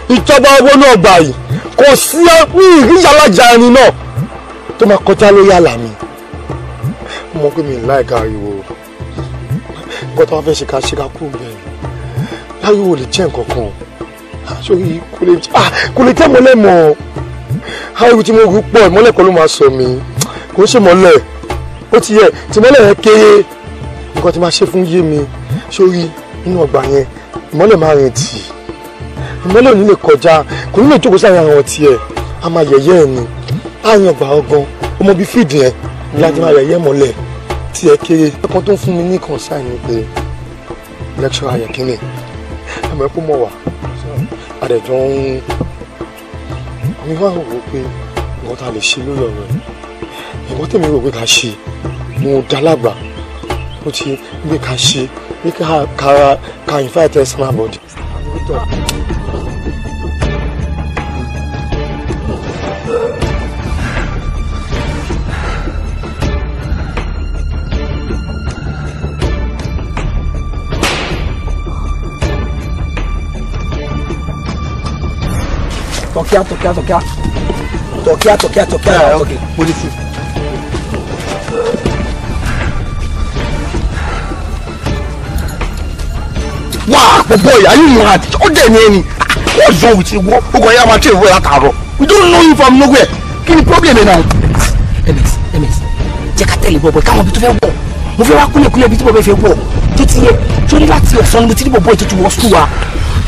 ìjọba owó náà gbà yìí kò sí ìyálàjà ẹni náà tó máa kọjá lórí àlà mi mo pé mi láìka ariwo nǹkan tó wá fẹ́ ṣe ká ṣe ká kú bẹ́ẹ̀ láriwo lè jẹ́ nǹkan kan sórí ah, kò lè jẹ́ mọ́lẹ̀ mọ́ ariwo tí mo rú pọ̀ ìmọ́lẹ̀ kan ló máa sọ mi kò ń ṣe mọ́lẹ̀ ó ti yẹ tìmọ́lẹ̀ yẹn kéré nǹkan tí máa ṣe fún yé mi sórí inú ọgbà yẹn ìmọ́lẹ̀ máa rìn tì í ìmọ́lẹ̀ ò ní lè kọjá kò ní lè jókòó sára àwọn ọtí ẹ̀ a máa yẹ̀yẹ́ ẹ̀ ni àyàn ọgbà ọgàn ọmọ bíi fídì yẹn láti máa yẹ̀yẹ́ mọ́lẹ̀ tí ẹ kéré ẹ̀kan tó ń fún mi ní concern ni pé lecturer yẹn kíni àmọ́ ẹ̀kú mọ̀ wá àdẹ̀jọ́ ń mi wá rò pé nǹkan tá a lè ṣe lórí ọ̀rọ̀ ẹ̀ nǹkan tèmi rò pé ká ṣe mo dá lágbàá ó ti gbé ká ṣe pé kára ká invite ẹ sinmi àbọ̀dì. Tokia, tokia, tokia. Tokia, tokia, tokia, tokia. Polisi. Wow, but boy, are you mad? Oh, then, any. What's wrong with you? What go ya ma tell where that aro? We don't know you from nowhere. Kí ni problem now? MS, MS. Jẹ́ ká tẹ̀lé bobo, ká mọ bí tó fẹ́ wọ̀. Mo fẹ́ wá kúnlẹ̀ kúnlẹ̀ bí tó bobo fẹ́ wọ̀. Tó ti yẹ, torí láti ọ̀sán ni mo ti rí bobo ètò ìwọ̀ sùn wa.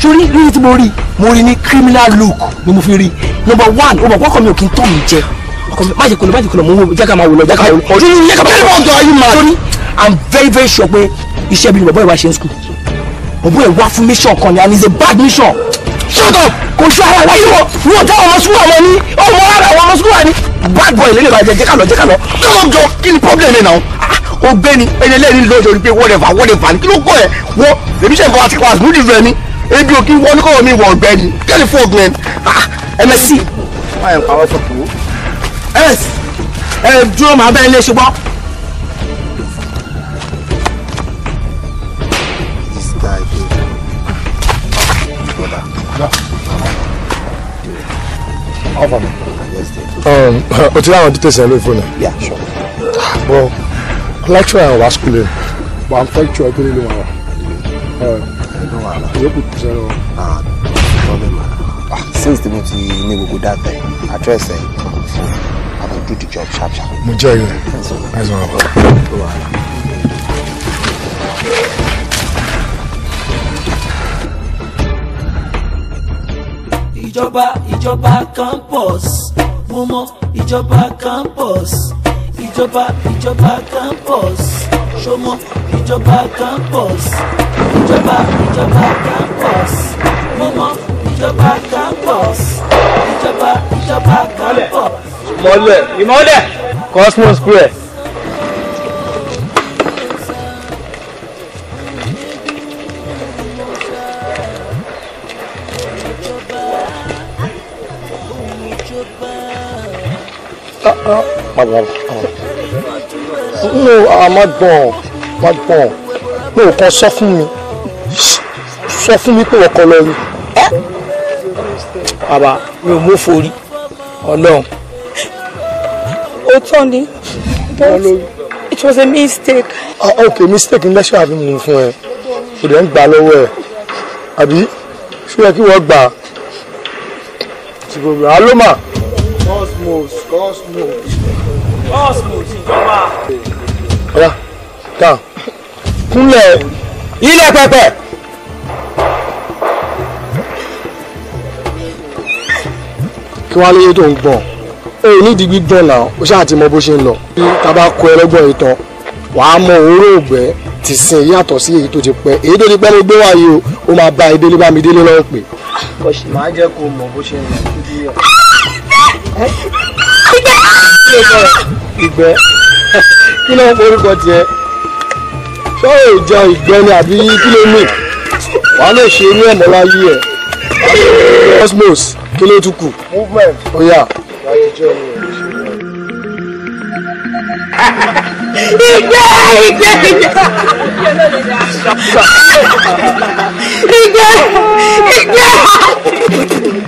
Torí rírí tí mo rí, mo rí ní criminal look ni mo fi rí. Number one, o mọ̀ kọ́kọ́ mi ò kí n tọ́ mi jẹ. Má jẹ́ kọlọ, má jẹ́ kọlọ, mo ń wo jẹ́ ká máa wò lọ, jẹ́ ká máa wò lọ. Torí I'm very very sure pé iṣẹ́ bí ni bàbá ìwà ṣe ń sùkúl òbú ẹ̀ e wá fún mission kan ni and it's a bad mission. shut up kò ṣe ara wáyé wọ wọn jẹ ọmọ sùúrù àwọn ni ọmọ ara àwọn ọmọ sùúrù àní. bad boy lè lè bàjẹ́ jẹ́ ká lọ jẹ́ ká lọ kí ló ń jọ kí ni problem yẹn náà ọ̀gbẹ́ni ah, ẹni ẹlẹ́ni lọ́jọ́ rí pé whatever whatever ni kí ló kọ́ ẹ̀ wọ èmi ṣe ń bọ́ àti kọ́ àtúndì rẹ ni ebi ò kí wọ́n ní kọ́wọ́ mi wọ ọ̀gbẹ́ni kẹ́lí fún ọ̀gbẹ́ni msc. ẹ ẹ dúró màá bẹ́ẹ̀ lé ṣùgbọ́n Offer me. Um, o ti láwọn details yẹn lórí fóònù. Yeah, sure. Bọ̀ lecturer yẹn wá school yẹn. Bọ̀ I'm lecturer tó nílùú wọn. Ẹ̀ẹ́dùn wà náà. Yóò kù kù sẹ́yìn wọn. Uh, problem uh, ah. Since the moment you ní gbogbo dat time, address ẹ̀ kò kò fún mi. I go do the job sharp sharp. Mo jẹ́ yẹn. Ẹ̀sán wà bọ̀. ìjọba ìjọba campus mo mọ ìjọba campus ìjọba ìjọba campus ṣọmọ ìjọba campus ìjọba ìjọba campus mo mọ ìjọba campus ìjọba ìjọba campus. ìmọ́lẹ̀ ìmọ́lẹ̀ Cosmos square. no má gbọ̀n má gbọ̀n pé No, kàn sọ fún mi sọ fún mi pé ọkọ lọ rí eh? bàbá mi ò mú forí ọlọ́run. òótọ́ ni but it was a mistake. ah ok mistake ńlẹ́ ṣáà fi mú fún ẹ kò dẹ̀ ń gbà lọ́wọ́ ẹ àbí ṣé ẹ kí wọ́n gbà ṣùgbọ́n àlọ́ mà cosmos cosmos cosmos ìjọba. ọ̀rá kan kúnlẹ̀ ilé pẹpẹ. kí wọ́n á lóye tó ń gbọ̀n ó nídìí gbígbọ̀n náà ó ṣáà ti mọ bó ṣe ń lọ. bí tá bá kọ ẹlẹ́gbọ̀n ìtàn wàá mọ òórùn ògbẹ́ ti sin yàtọ̀ sí èyí tó ti pẹ́ èyí tó ti pẹ́ ló gbé wáyé o ó máa bá ìdílé bá mi délé lọ́wọ́ pé. kò sì máa jẹ́ kó mọ̀ bó ṣe ń lọ ìgbẹ́ kí ló ń forúkọ tiẹ̀ ṣọ́ ìgbẹ́ ìgbẹ́ ìgbẹ́ ìgbẹ́ ìgbẹ́ ìgbẹ́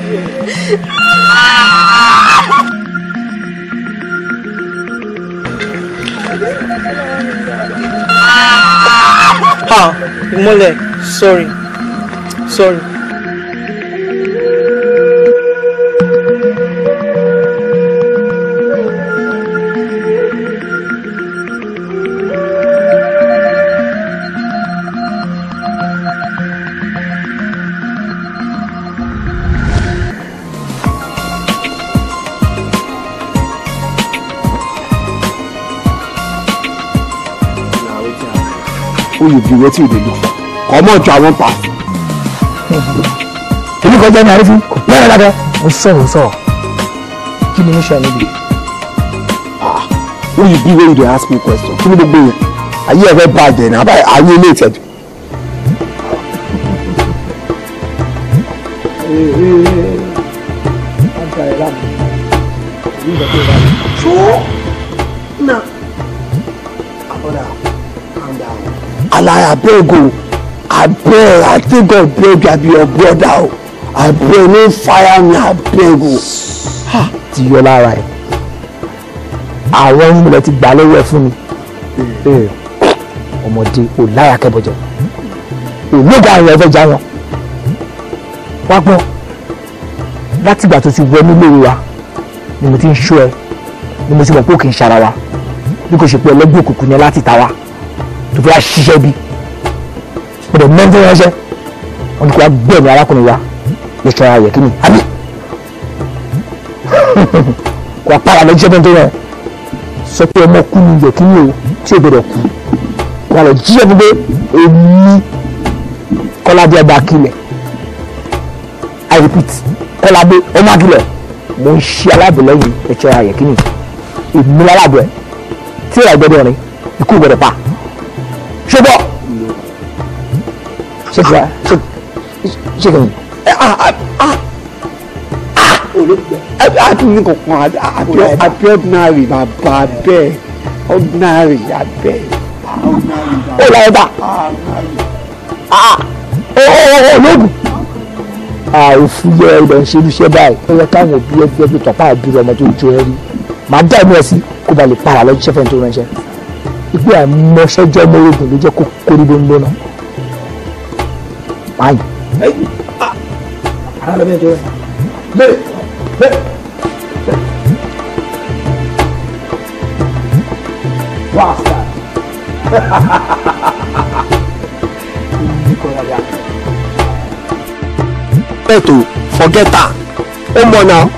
ah mole. sorry sorry. if you wetin you dey look for comot your own path. èmi kò jẹ́ ní àrífín kò pẹ́ẹ́rẹ́ lábẹ́ mo sọ̀rọ̀ sọ̀rọ̀ kí ni mo ṣe àníbi. Ah, who you be when you dey ask me question kí ni gbogbo yẹn ayé ẹ fẹ́ bàjẹ́ ní abáyé ayé ilé ìtẹ́jú. ṣó. man i you. I pray. i think god beg i be your brother oh. I pray no fire me abeg o. ti yọ lára ẹ àwọn ìmùlẹ̀ ti gbà lọ́wọ́ ẹ fún mi ọmọdé ò láyà kẹbọjọ òmùgà àwọn ẹfẹ já wọn wá gbọ́ látìgbà tó ti wọnú lóru wa ni mo ti ń ṣọ́ ẹ ni mo ti mọ̀ pé ó kì í ṣara wa bí kò ṣe pé ẹlẹ́gbẹ́ òkùnkùn ni láti ta wa tó fi wá ṣiṣẹ́ bí mẹ́ntẹ́ ránṣẹ́ wọn ni kò wá arákùnrin wa lè ṣọra rẹ̀ kí ni àbí kò wá para lọ́jọ́ mẹ́ntẹ́ rẹ̀ sọ pé ọmọ kú ni yẹ̀ kí ni o tí o gbọdọ̀ kú kò lọ jíṣẹ́ fún èmi kọ́ládé ọba akílẹ̀ i repeat kọ́ládé ọmọ akílẹ̀ mo ń ṣe alábẹ̀lẹ́yìn ẹ̀ṣọ́ ayẹ̀kínì ìmúlálábẹ̀ tí ìrà ìgbẹ́dẹ̀ rin ikú gbọ́dọ̀ pa. ìyá ṣe kàn àdúgbò kankan àbí ah, ah, ah, ordinary bàbá bẹ́ẹ̀ ordinary abẹ́ ó láyé bá ológun àìfúyẹ́ ilẹ̀ ìṣerúṣẹ́ báyìí ó yẹ káwọn òbí ẹgbẹ́ bí tọ́pá àbí ọmọ tó jó ẹ rí màá dá ẹ̀mí ẹ̀ sí kó ba lè para lọ́jọ́ sẹ́fẹ̀ẹ́ tó ránṣẹ́ ìgbé àmọ́ṣẹ́jọ́ mọ́rògùn ló jẹ́ kó kórìbó ń lónà pa yìí. ara lọ bẹ́ẹ̀ tó rẹ̀ bẹ́ẹ̀ bẹ́ẹ̀. Bastard! Beto, forget her. Oh, man, now.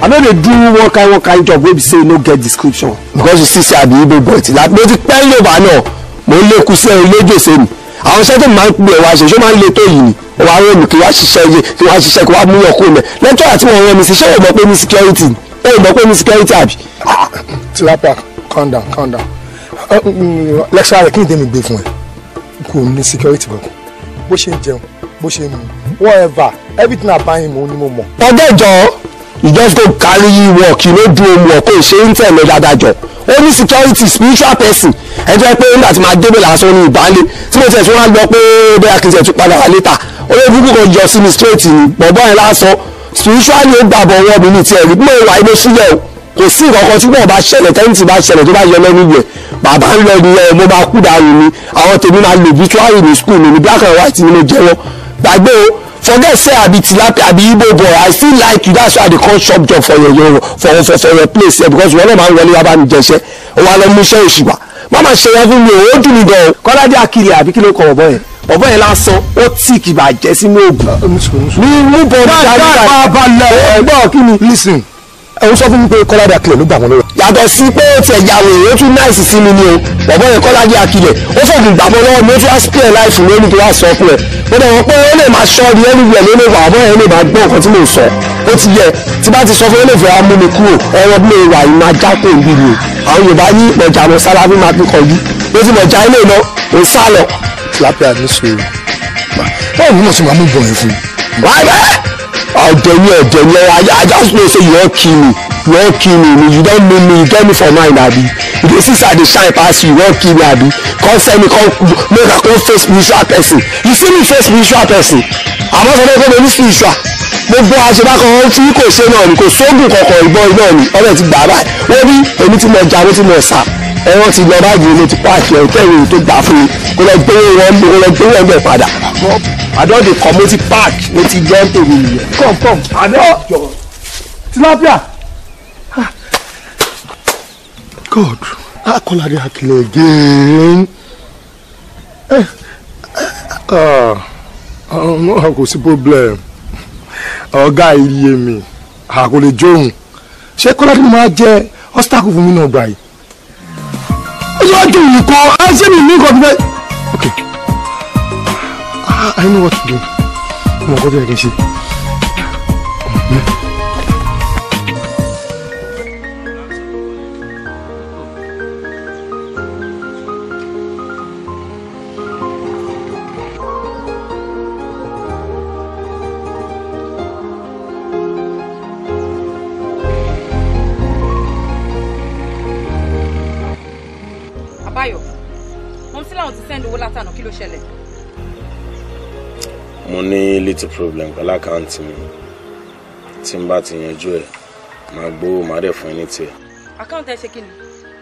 I no dey do one kind one kind job wey be say no get description because you see say I be Igbo boy till I no ti pẹ́ lóba náà mo lékun sí ẹ lójú òsèlú àwọn iṣẹ́ tó máa ń gbé wa ṣe ṣó máa ń le tó yìí ni wà á rẹ̀mí kí wàá ṣiṣẹ́ yẹ kí wàá ṣiṣẹ́ kí wàá mú yọ̀ kó mẹ́ lẹ́tọ́ àti wọn rẹ̀mí sí ṣé o mọ̀ pé ní security ẹ ò mọ̀ pé ní security àbí. Ah, tilapa calm down calm down uh, mm, lẹ́kṣọ́ rẹ̀ kí ni tèmi gbé fún ẹ kò ní security kankan bó ṣe ń jẹun bó ṣe ń mu whatever everything about him ni mo mọ̀. ọjọ́ ìjọ you just go carry work you no do homework kò ṣe ń tẹ̀lé dáadáa jọ. Only security spiritual person ẹ jẹ́ pé nígbà tí màá débè lásán ní ìbálẹ̀ tí mo tẹ̀ tí wọ́n á gbọ́ pé bẹ́ẹ̀ kì í tẹ̀ tún padà wá létà olóògùn kò yọ sí mi straight ni bọ̀bọ́ yẹn lásán spiritually ó gbàgbọ́ wọn mi ní tiẹ̀ rí pé wà inú sílẹ̀ o kò sí nǹkan tí wọ́n bá ṣẹlẹ̀ tẹ́ǹtì bá ṣẹlẹ̀ tó bá yẹ lẹ́nu yẹ bàbá ń lọ ní ẹ mo bá kú dànù ni àwọn tèmi máa lò bituary ní school mi ní black and white ni mo jẹ́ wọn gbàgbé o forget say i be tilapia i be igbo boy i still like you that's why i dey come chop job for your your for for for your place here because wọlé màá wọlé wá bá mi jẹṣẹ òun àlọ mú iṣẹ òṣùwà má má ṣe ẹfún mi ò dùn mí gan o. kọ́ládé akiri àbí kí ló kọ ọ̀bọ yẹn ọ̀bọ yẹn lásán ó tì kì bàjẹ́ sínú òògùn. mi mú bọ̀ ní ìdájọ́ bá a balẹ̀ kí ni. listen ẹ ń sọ fún mi pé kọ́ládé akilẹ̀ ló gbà wọ́n lọ́wọ́. yàtọ̀ sí pé ó ti ẹ̀yà àwọn èèyàn tún náìsì sí mi ni o bàbá yẹn kọ́ládé akilẹ̀ ó fòògùn gbà wọ́n lọ́wọ́ mẹ́tí aspire láìsí lórí tó wà sọ fún ẹ. mo dẹ̀ wọ́n pé ó lè máa ṣọ́ ni ẹni yẹ̀ lórí wà bọ́ ẹ̀ lè máa gbọ́ nǹkan tí mo sọ ó ti yẹ tí bá ti sọ fún ẹlẹ́fẹ̀ẹ́ á mú mi kúrò ẹran bí wà yìí máa já kó ìbí mi àwọn Yorùbá yí ìpọ̀jà àwọn sálábí máa fi kọ̀ yìí ó ti mọ̀jà ilé lọ kò sá lọ. lápẹ́ àdúsù báwo ni wọ́n ti máa mú bọ̀ yẹn fún un ọ̀jẹ̀ni ọ̀jẹ̀ni I I just know say you're wan kill me you're wan kill me you don't know me you get me for mine, abi This is see say shine pass you you're wan kill me abi come send me come make a come face spiritual person you see me face spiritual person àmọ́ sọ fẹ́ fẹ́ mi spiritual gbogbo àṣebákan tí kò ṣe náà ni kò sóògùn kankan ìbọn náà ni ọ̀rẹ́ ti gbà báyìí wọ́n ní èmi ti mọ̀ ọjà mo ti mọ̀ ọ̀sà ẹ wọ́n ti lọ báàgì ilé ti páàkì ẹ̀ tẹ̀wé tó gbà fún mi kó lọ gbé wọn mú kó lọ gbé wọn bẹ̀ padà. àdó the community park ló ti jẹ́ tèmi nìyẹn. come come àdó tilapia. God Akolade ah, Akile again. ọ̀nà eh, eh, ah, um, kò sí problem ọ̀gá ilé mi àkọlé ṣé kọ́ládé máa jẹ́ ọ́sítákù fún mi náà gbà yìí rọ́jò nìkan á ṣe mi ní nǹkan okay ah, I, know what to do mo kọ́ bí ẹ kì í pẹ̀lú àkáǹtì mi tí n bá ti yanjú ẹ̀ máa gbowó máa dẹ̀ fún ẹ ní tiẹ̀. àkáǹtì ẹ ṣe kí ni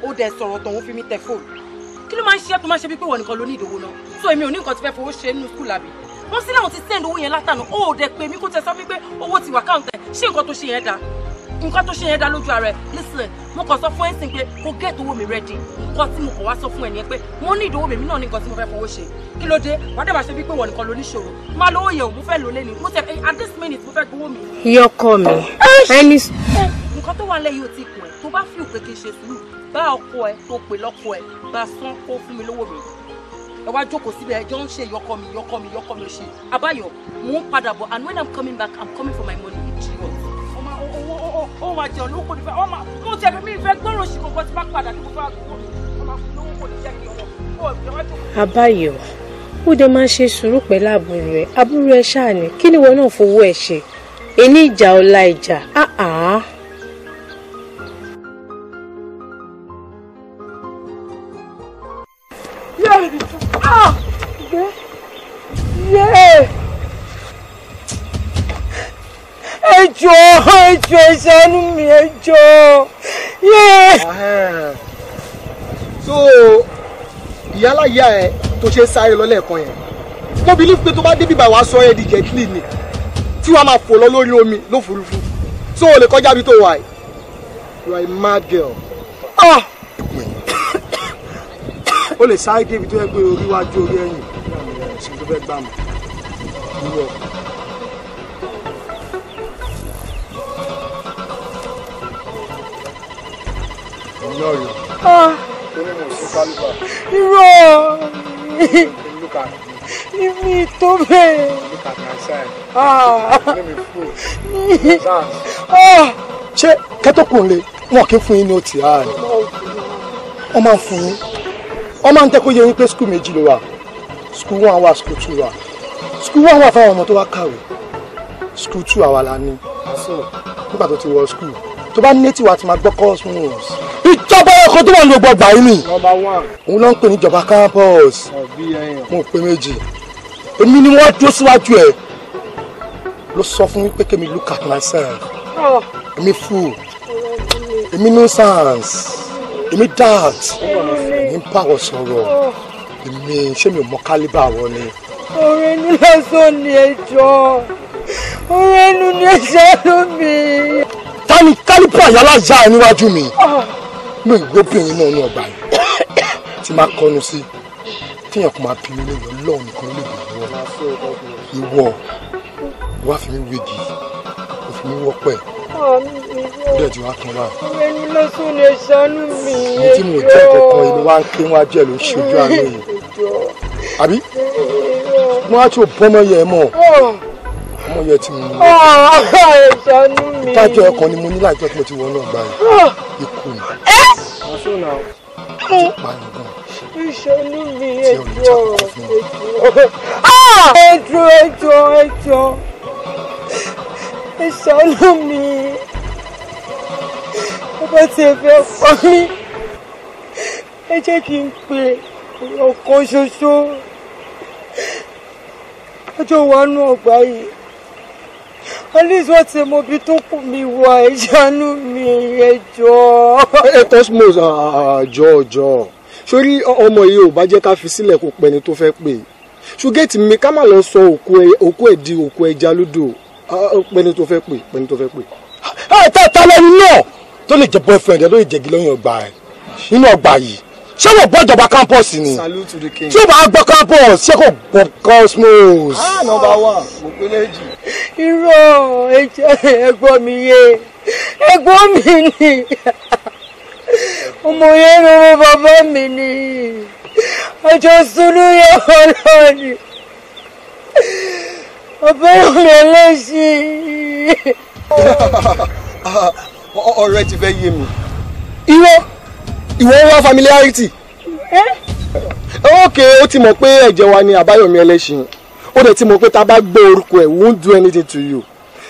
ó dẹ sọ̀rọ̀ tọ̀hún fi mí tẹ fóònù kí ló máa ń ṣe é tó máa ṣe bí pé wọ́n nìkan ló ní ìdòwò náà tó èmi ò ní nǹkan ti fẹ́ fowó ṣe nínú skul àbí wọ́n sílẹ̀ wọn ti send owó yẹn látànà ó dẹ pé mi kó tẹ sọ wípé owó ti wà káǹtì ṣé nǹkan tó ṣe yẹn dáa nǹkan tó ṣe yẹn dá lójú ara ẹ listen mo kàn sọ fún ẹ sìn pé kò gẹ́ẹ̀tì owó mi ready nǹkan tí mo kàn wá sọ fún ẹ nìyẹn pé mo ní ìdánwò mi náà ní nǹkan tí mo fẹ́ fowó ṣe kí ló dé wà á dábàá ṣe bíi pé wọ́n nìkan ló ní ṣòro máa lówó yẹn o mo fẹ́ lò lé ní mo tẹ eh, at this minute mo fẹ́ gbowó mi. yọkọ mi eh, ẹni. Eh, nǹkan tó wà lẹ́yìn òtí ikùn ẹ̀ tó bá fi òkè kì í ṣe sùúrù bá ọkọ ẹ tó pè lọ́kọ ẹ bá sán kó fún mi lówó mi ẹ wá jókòó síbẹ̀ ẹjọ́ ń ṣe yọkọ mi yọkọ mi yọkọ mi ò ṣe àbáyọ mò ń padà bọ̀ and when i'm coming back i'm coming for my money idiot ó máa jẹun lówó kò ní fẹ́ ọ máa mo tẹ̀ mí ìfẹ́ gbọ́rọ̀ sí gbogbo tí bá padà ní mo fẹ́ àgbo ọ máa fún lówó kò ní jẹ́ kí ọmọ ó dẹ máa ń ṣe sùúrù pẹ̀lú àbúrò ẹ̀ àbúrò ẹ̀ ṣáà ni kí ni wọn náà fowó ẹ̀ ṣe èní ìjà ọ̀la ìjà áà. ẹjọ ẹjọ ìṣàánú mi ẹjọ. so ìyálàyà ẹ tó ṣe sáré lọ́lẹ́ẹ̀kan mo believe pé ba debi ba bàwá sọ ẹ di gẹ̀ẹ́tìlì ni tí wàá ma fò lọ lórí omi lófurufú so o le kọjá bí tó wà yìí you are a mad girl. Ah. o lè sáré débi tó yẹ pé orí wájú orí ẹ̀yìn ṣe tó fẹ́ gbà mọ́. náà yọ. Ah. torí mo sí kálífà. irọ́ ìmí tó bẹ́ẹ̀. Ah. Ah. ṣé kẹ́tọ́kùnrin wọn kì í fún yín ní òtí ààrẹ wọ́n máa ń fún yín wọ́n máa ń tẹ́ kó yẹ yín pé skul méjì ló wà skul one wà skul two wà skul one wà fáwọn ọmọ tó wá kàwé skul two àwa la ní nígbà tó ti wọ skul tó bá ní tiwa ti máa gbọ́ calls fún wọn. ìjọba ẹ̀kọ́ tó wà ní gbogbo ọgbà yìí mi. òun náà ń pè ní ìjọba campus. Oh, mo pè méjì èmi ni wọ́n dúró síwájú ẹ̀ ló sọ fún mi pé kémi look at myself oh. èmi fool èmi nuisance èmi doubt èmi báwọ̀ sọ̀rọ̀ èmi ṣé mi ò mọ kálíbà wọn ni. ọ̀rẹ́ inú lásán ni ẹjọ́ ọ̀rẹ́ inú ni ẹjọ́ lómi tani kálípù àyálà yá ẹ níwájú mi ah. mi ìwé obìnrin náà ní ọgbà yìí tí máa kọnu sí téèyàn kò máa pinnu lóyún ọlọ́run nìkan lè gbogbo ìwọ wá fi mí wéjì kò fi mí wọ́pẹ́ bẹ́ẹ̀ tí wàá kan wá. ẹni lọ́sùn lè ṣàánú mi ẹjọ́ ní tí mo jẹ́ kọ̀ọ̀kan inú wa ń ké wá jẹ́ ló ń ṣojú àárẹ̀ yìí àbí wọ́n á tún bọ́mọ yẹn mọ́. Ah ọmọ yẹn ti mú mi. ìtọ́jú mi. ìtajà ẹ̀kan ni mo ní láìpẹ́ tí mo ti wọ náà gbà yìí ah. ikú eh? mi. ẹ ti ah! pa ní gan. ìṣòlù mi ètò ètò ètò ètò ìṣòlù mi bó ti fẹ́ pọ̀ mí ẹ jẹ́ kí n pè ọkàn ṣoṣo ọjọ́ wa nú ọgbà yìí at least wọ́n ti mọ ibi tó kù mí wá ìṣàánú mi ẹjọ́. ẹ Cosmos àjọ ọjọ́ sórí ọmọ yìí ò bá jẹ́ ká fi sílẹ̀ kó pẹ́ni tó fẹ́ pè ṣùgẹ́tì mi ká má lọ sọ òkú ẹ̀ di òkú ẹja lódò ah, ah, pẹ́ni tó fẹ́ pè pẹ́ni tó fẹ́ pè. ẹ ah, tẹ́ ta lẹ́nu náà tó lè jẹ́ boyfriend ẹ ló lè jẹ́ gí lọ́yìn ọgbà ẹ̀ nínú ọgbà yìí ṣé wọ́n gbọ́ ìjọba campus ni tí ó bá gbọ́ campus ṣé kò gbọ́ cosmos. ah nọ́mbà one mo pe méjì. irọ́ ẹ̀gbọ́n mi yé ẹ̀gbọ́n mi ni ọmọ yẹn ló wọ bàbá mi ni ọjọ́ sunú yẹn ọlọ́ọ̀ ni ọbẹ̀ rẹ̀ lẹ́sìn. ọ̀rẹ́ ti fẹ́ yé mi. irọ́ ìwọ ń wá familiarity. ok ó ti mọ̀ pé ẹ̀jẹ̀ wa ni àbáyọ̀mí ẹlẹ́ṣin ó dẹ̀ ti mọ̀ pé tá a bá gbé orúkọ ẹ̀ won't do anything to you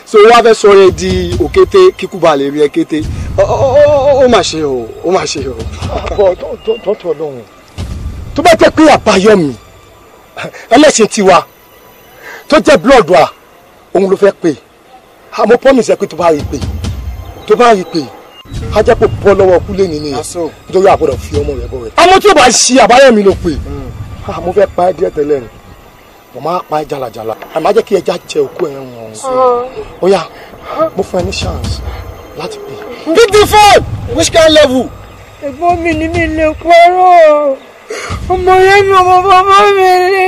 so wá fẹ́ sọ yẹn di òkété kíkú ba lè rí ẹ kété ó mà ṣe o ó mà ṣe o. dọ́tọ̀ lọ́hùn tó bá jẹ́ pé àbáyọ̀mí ẹlẹ́ṣin tiwa tó jẹ́ blood wa òun ló fẹ́ pè àmọ́ promise ẹ pé tó bá rí pè tó bá rí pè ajápò bọ́ lọ́wọ́ kúlé ni nítorí àgbọ̀dọ̀ fi ọmọ rẹ̀ bọ̀ rẹ̀. ọmọ tí o bá ṣe àbáyọ̀ mi ló pè é hmm. ah, mo fẹ́ pa ẹ́ díẹ̀ tẹ́lẹ̀ ni mo máa pa ẹ́ jalajala ẹ má kí ẹja jẹ òkú ẹ̀ ń wọ̀n sí i oh. yá mo fún ẹ ní chance láti pè. pick the phone which kind level. ẹ̀gbọ́n mi ni mi lè pọ́rọ̀ ọmọ yẹn mi ọmọ bàbá mi ni.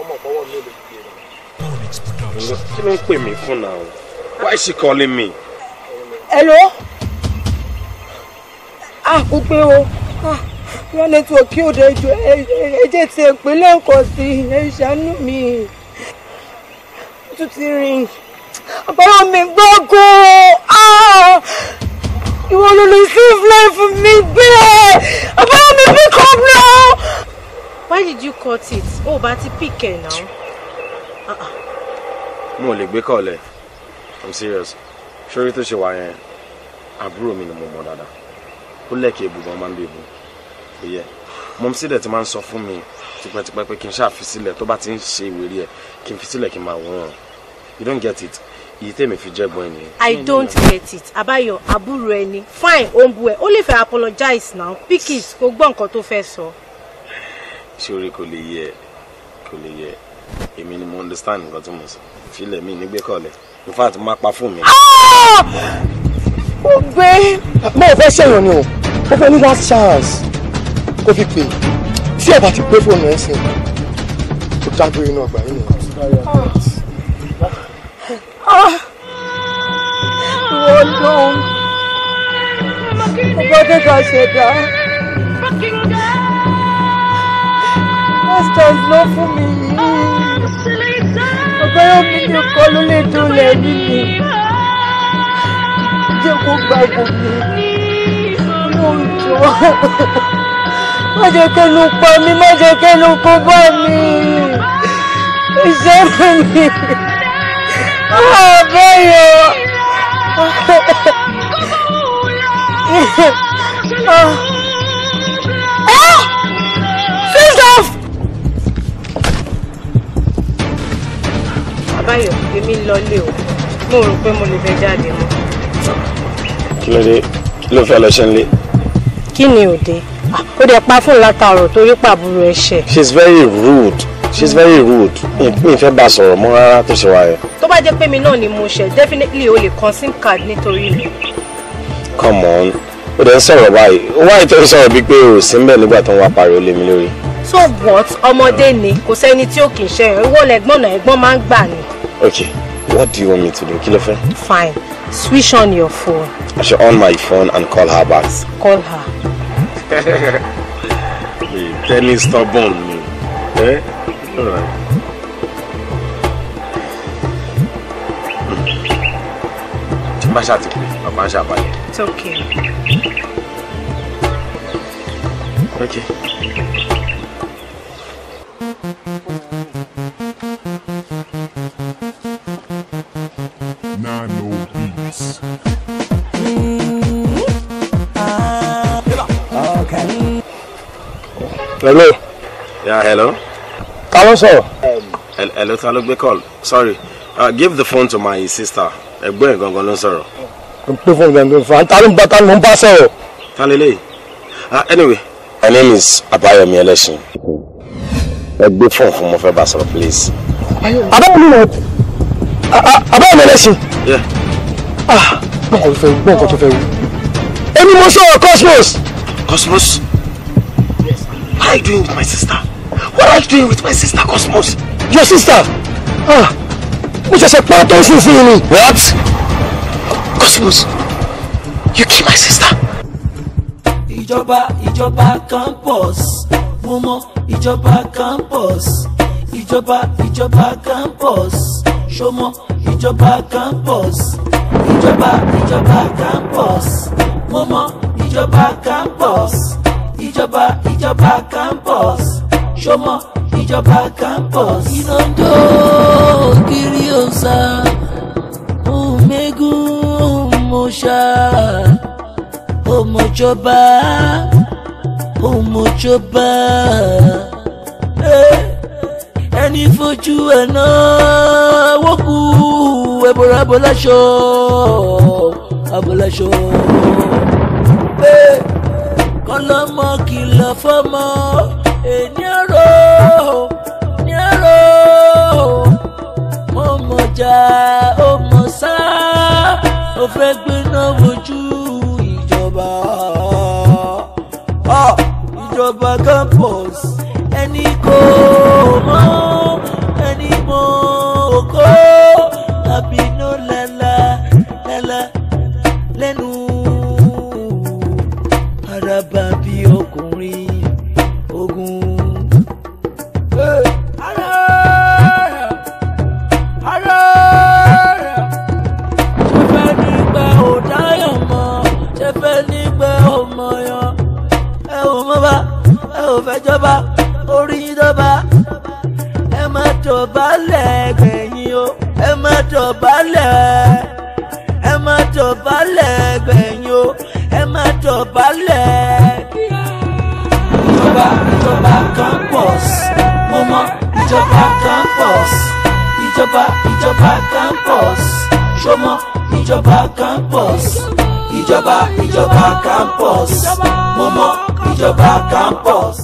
ọmọ ọ̀pọ̀ wọn mi lè pè é. kí ló ń pè mí fún náà why is she calling me hello ah kò ah, pé o wọ́n nẹ́tíwọ̀kì òde ìjọ ẹjẹ́ ti ìpínlẹ̀ nǹkan sí ìṣàánú mi tún ti rìn àbáwọ̀ mi gbọ́gọ́ ah, ìwọ ló lè sí fúlẹ́ẹ̀fù mi gbé àbáwọ̀ mi pick up now. why did you cut it o ò bá ti pick ẹ̀ now. mo ò lè gbé kọ́ọ̀lẹ̀ i'm serious sórí tó ṣe wà yẹn àbúrò mi ni mo mọ dáadáa ó lẹ́ẹ̀kì ebu gan máa ń bí ebu kò yẹ mo sì dẹ̀ ti máa ń sọ fún mi tipẹ́tipẹ́ pé kí n ṣàfi sílẹ̀ tó bá ti ń ṣe ìwérí ẹ̀ kí n fi sílẹ̀ kí n máa wòran you don't get it èyí tèmi fi jẹ́ gbọ́n ẹni. i don't get it abayo àbúrò ẹni fine ó ń bu ẹ ó lè fẹ́ apologize now pick it kó gbọ́ nǹkan tó fẹ́ sọ. sori kò lè yẹ kò lè yẹ èmi ni mo understand nǹkan tó mọ̀ sọ fílẹ̀ mi nígbẹ́kọ̀ọ́lẹ̀ in fact máa pa fún mi. Ah! ó gbé mo ò fẹ́ ṣèyàn ni o ó fẹ́ ní last chance kó fi pè tí ẹ bá ti gbé fóònù ẹ sìn kó Oh! inú ọgbà yìí nìyẹn. Ah! wọ́n lọ́n mo gbọ́dọ̀ ká ṣẹ̀dá last chance ló fún mi yìí. Kaya video call ulit ulit hindi. Diyan ko bago Mucho. Maja ka nung pami, maja ka nung kubami. Isara ni. Ah, bayo. Ah. Báyọ̀ èmi lọlé o mo rò pé mo lè fẹ́ jáde mọ́. kí ló dé kí ló fẹ́ lọ ṣe nílé. kí ni òde ó dẹ pa fún látàrọ torí pàbúrò ẹ she is very rude she is very rude mi fẹ́ bá sọ̀rọ̀ mọ́ rárá tó ṣe wáyọ. tó bá jẹ́ pé mi náà ni mo ṣe definitely o lè kan sim card nítorí mi. come on ó dẹ̀ ń sọ̀rọ̀ báyìí wáyé tó ń sọ̀rọ̀ bíi pé o sì ń bẹ̀ nígbà tó ń wá pariwo lé mi lórí. so what ọmọdé ni kò sẹ́ni tí ó kì í ṣe ẹ̀rọ ìwọ́lẹ̀ ẹ̀gbọ́n náà ẹ̀gbọ́n máa ń gbà ni. Okay, what do you want me to do, Kilofe? Fine. Switch on your phone. I should on my phone and call her back. Call her. the penny stubborn me. Eh? Alright. Masha ti pe, It's okay. Okay. hello. yeah hello. Hello, sir. sọ̀rọ̀. Um, hello ta ló gbé call sorry uh, give the phone to my sister ẹ̀gbọ́n ẹ̀ gangan ló ń sọ̀rọ̀. n pè fún gbẹngàn fún ta ló ń bá ta ló ń bá sọ̀rọ̀. ta lè lè uh, anyway. my name is abayomi ẹlẹ́sìn ẹ gbé fún fún mo fẹ́ bá sọ̀rọ̀ please. abayomi náà abayomi ẹlẹ́sìn. ah gbọ́n kò tó fẹ́ gbọ́n kò tó fẹ́ wú. èmi mo sọ̀rọ̀ cosmos. cosmos. What are you doing with my sister? What are you doing with my sister, Cosmos? Your sister? Ah, which is a part of sùn fún mi. What? Cosmos, you killed my sister. Ìjọba ìjọba campus, mo mọ ìjọba campus, ìjọba ìjọba campus, ṣo mọ campus, ìjọba ìjọba campus, mo mọ campus ìjọba ìjọba campus ṣọmọ ìjọba campus. ìnàdó kiri ọ̀sà òmégún òmòṣà òmòjọba òmòjọba eh, ẹni fojú ẹ̀ náà wọ́kú ẹ̀bùrọ̀ abọ́láṣọ abọ́láṣọ. Hey! Eh ọlọ́mọ kìlọ̀ fọ́mọ ènìyàn. ọjà ọmọ sá ó fẹ́ gbéná wojú ìjọba ah, ìjọba campus. campus.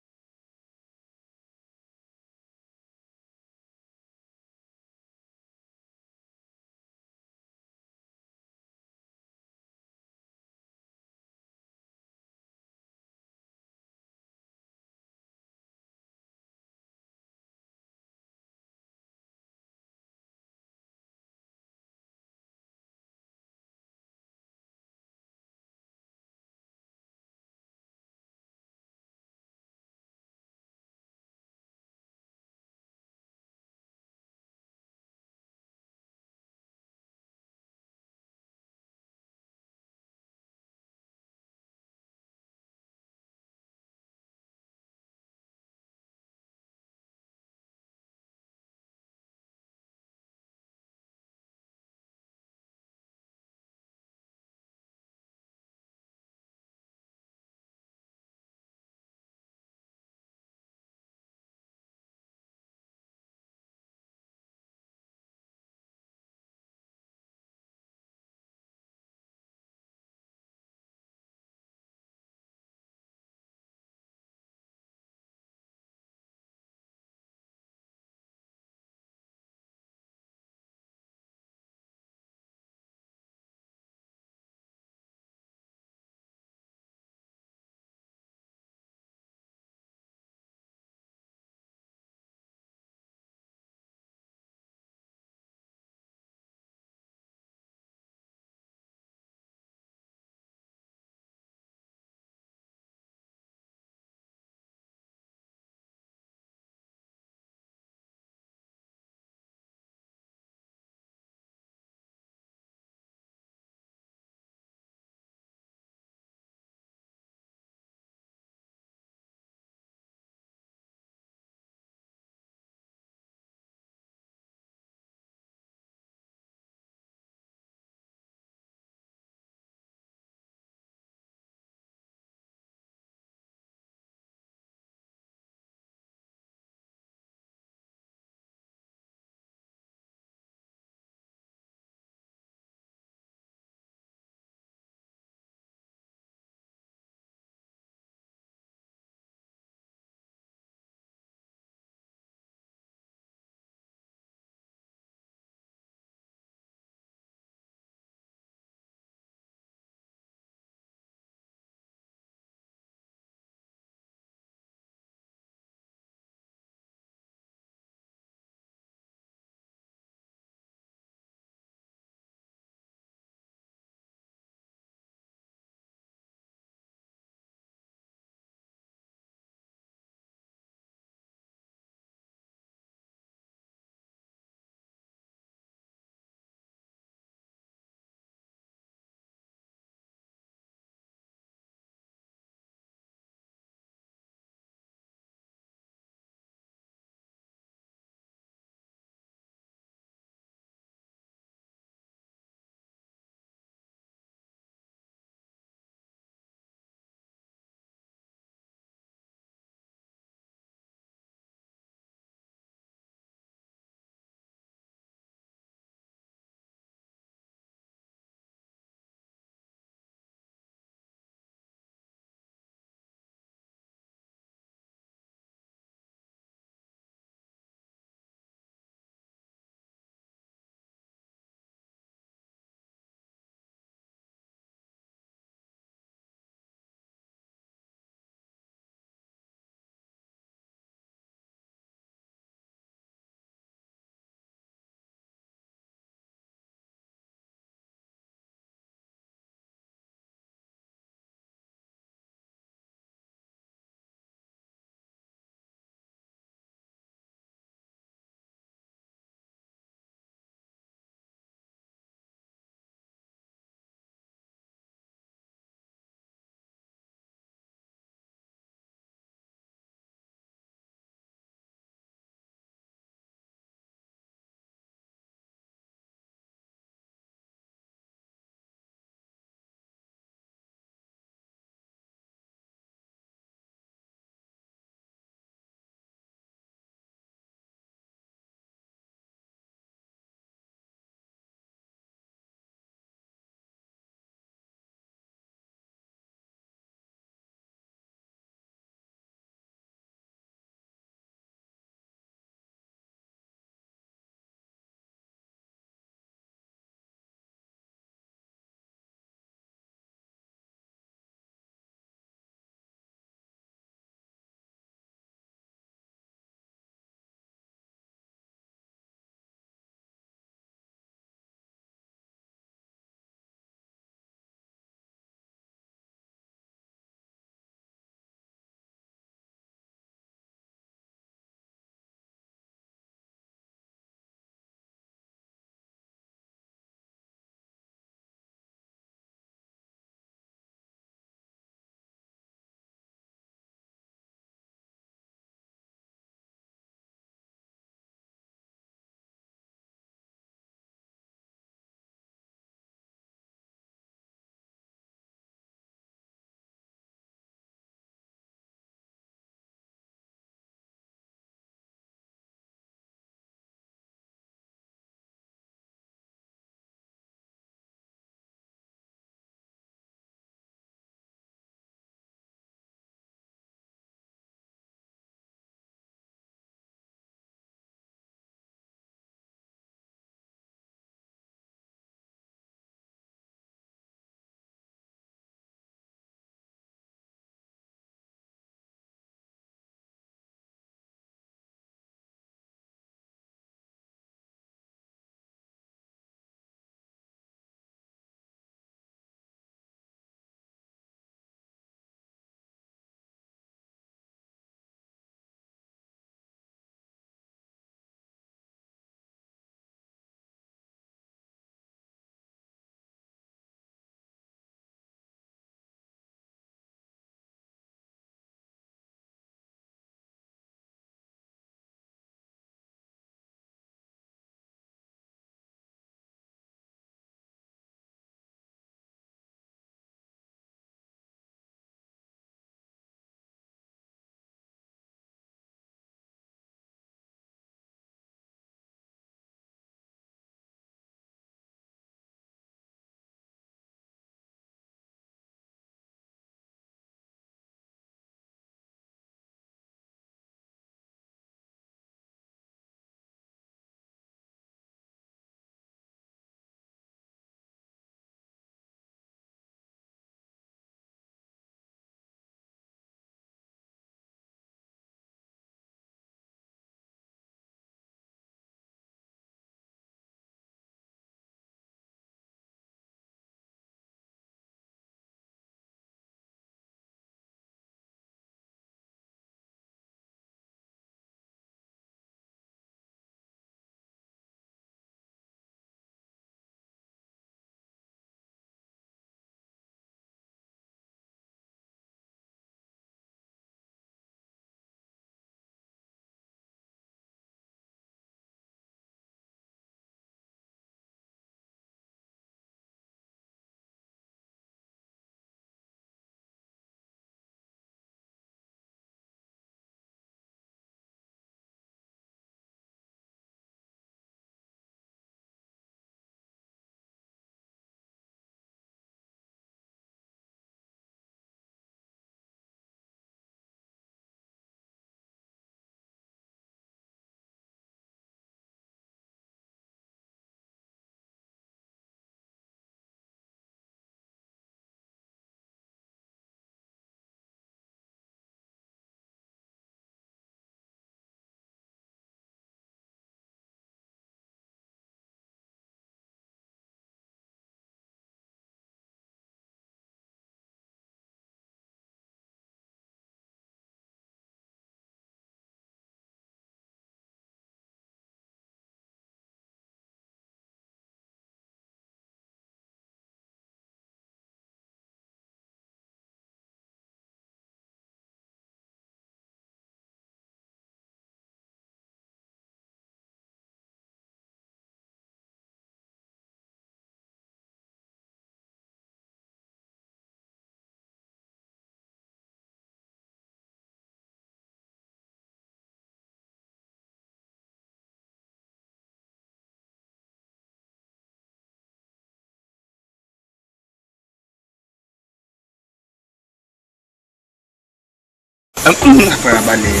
àfarabalẹ̀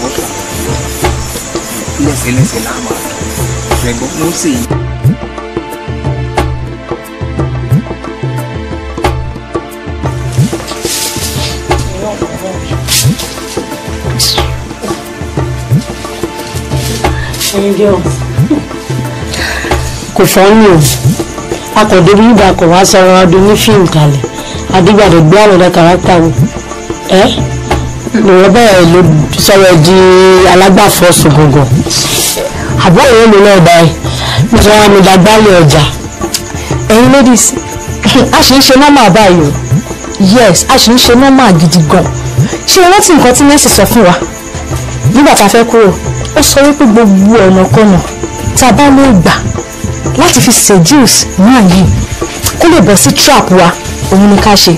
wọ́sà lẹ́sẹ̀lẹ́sẹ̀ láàmà rẹ̀gbọ́n mo sì. kò fọ́nù o akọ̀dé bí ibà kò wá sọ̀rọ̀ ọdún ní fíìmù kalẹ̀ adígbàdo gbé àlọ́ dá kàrákítà wò ẹ́. Eh? lọ́wọ́ bẹ́ẹ̀ ló sọ̀rọ̀ di alágbàfọ̀sùn gangan àbúrò yẹn mi náà báyìí mo sọ wá mi dàgbálẹ̀ ọjà ẹ̀yin ladies a ṣì ń ṣe nọ́mà báyìí o yes a ṣì ń ṣe nọ́mà gidi gan ṣé rántí nǹkan tí nẹ́ẹ̀sì sọ fún wa nígbà tá a fẹ́ kúrò ó sọ wípé gbogbo ọ̀nà kọ̀nà tá a bá lè gbà láti fi seduce náà yìí kó lè bọ́ sí trap wa òun ni ká ṣe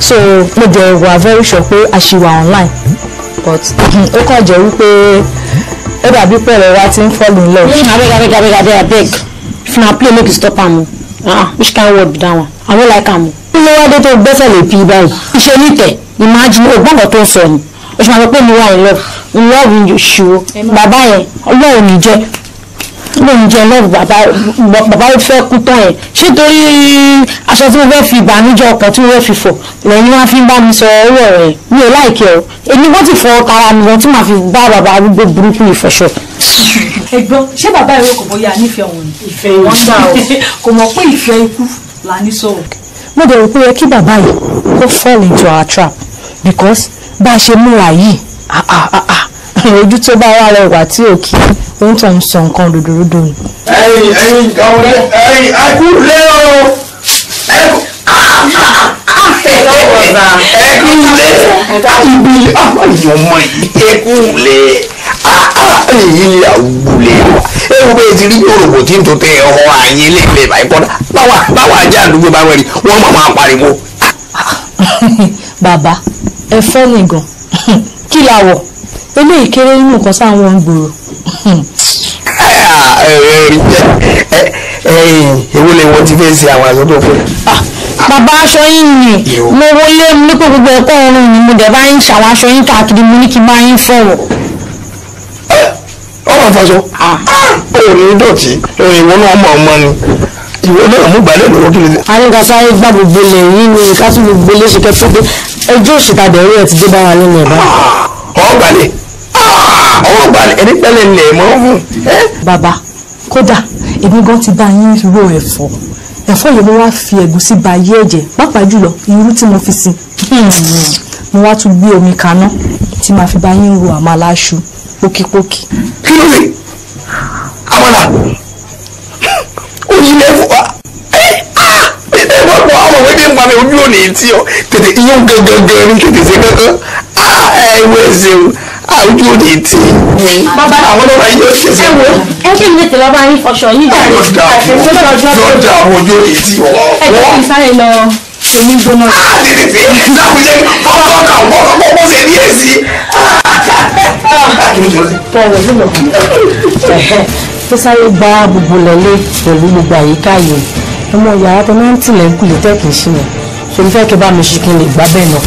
so mo jẹ wà very sure pé a ṣì wà online but mhm, ó kàn jẹ́ wípé ó dàbí pẹ̀lẹ́ wa ti ń fall in love. abeg abeg abeg abeg abeg if na play make you stop am o ah, which kind word be that one i no like am o. ilé wa dé tó gbẹ́sẹ̀ lè pi báyìí iṣẹ́ nítẹ̀ imagine ògbọ́n kan tó ń sọ ni o ṣe máa sọ pé mi wà in love in love you ṣùgbọ́n bàbá yẹn ọlọ́run ní jẹ́ lóun jẹ lọ́rùn bàbá bàbá fẹ́ kú tán ẹ̀ ṣé torí aṣọ tí mo fẹ́ fi ìbànújẹ́ ọkàn tí mo fẹ́ fi fọ̀ lẹ́yìn wá fi ń bá mi sọ ọwọ́ rẹ̀ mi ò láìkẹ́ ọ èmi wọ́n ti fọ tara mi lọ tí màá fi bá bàbá arúgbó burúkú ìfọ̀ṣọ. ẹ̀gbọ́n ṣé bàbá ìwé kò bóyá nífẹ̀ẹ́ òun ìfẹ́ wọn gbà ọ kò mọ̀ pé ìfẹ́ ikú là ní sọ̀rọ̀. mo dẹ̀ pé yẹ kí bàbá yìí kó fall into our trap because bá a ṣe múra yìí ojú tó bá wà rẹwà tí ò kí í ohun tó ń sọ nǹkan ròdòròdò ni. ẹ̀yin ẹ̀yin gàwọlé ẹ̀yin akúlé o ẹkúlé ibi àbáyọ ọmọ yìí ẹkúlé ẹ̀yin ni àwùlé ewu bẹ́ẹ̀ ti rí yorùbá tí n tó tẹ ọkọ àyìn lẹ́gbẹ̀ẹ́ báyìí kọ́dà báwa báwa ajá àdúgbò báwa rí wọ́n máa máa pariwo. bàbá ẹ fẹ́ nìgan kí la wọ̀ eléyìí kéré nínú nǹkan sáwọn gbòòrò. Ah, èwo lè wọ́n ti fẹ́ ṣe àwọn àṣọ tó fún ẹ. Ah, bàbá aṣọ yín ni mo wọlé ní pé gbogbo ẹ̀kọ́ ọ̀run ni mo dẹ̀ bá ń ṣàwọn aṣọ yín káàkiri mo ní kí n bá yín fọ̀rọ̀. ọ̀rọ̀ ìfọṣọ òun ah. ní dọ̀tí ìwọ náà mọ̀ ọmọ ni ìwọ náà mú balẹ̀ lọ́wọ́ kí ni. àyìnká sáré gbà gbogbo lè yín ni ká tún gbogbo lè ṣe kẹ́kẹ́ pé ẹjọ́ òṣìkà dẹ̀rú ẹ̀ ti dé bá wa nínú ẹ̀ báyìí. ọ̀ọ́ balẹ̀ ọwọ́ gbà ẹni pẹ́lẹ́ lè mọ́ fún. bàbá kódà èmi gan ti bá yín ro ẹ̀fọ́ ẹ̀fọ́ yìí mo wá fi ẹ̀gúsí ba ayé ẹ̀jẹ̀ pàápàá jùlọ irú tí mo fi sí mo wá tún gbé omi kaná tí màá fi bá yín ro àmàlà aṣù pókípókí. kí ló dé àmàlà òyìnbó ẹ̀fọ́ wa ọ̀pọ̀ àwọn òwe bí n pamẹ́ ojú òní tí ọ tètè iyún gangan ni tètè ṣe kankan ẹ̀wẹ̀ ṣeun ojú ò ní tì í bàbá àwọn ọlọ́wà yóò ṣe sọ. ẹ wo ẹ kí ni tètè lọ́ba yín fọṣọ yìí jáde àfẹ́fẹ́ lọ́jọ́ tó lọ́jà àwọn ojú ò ní tì í wọ́n. ẹ jẹ́ kí n sáré lọ èmi gbóná. a lè lè fi dákun jẹ́ ọmọ ọkà ọmọ ọmọ ṣe ní èsì. bọ̀wọ̀ ló lọ tó sáré gba gbogbo lẹ́lé pẹ̀lú gbogbo àyíká yìí ọmọ yàrá tó máa ń tìlẹ̀ ń kulè tẹ́ kì í ṣe yẹn ṣe ń fẹ́ kí bá mi ṣe kí n lè gbá bẹ́ẹ̀ náà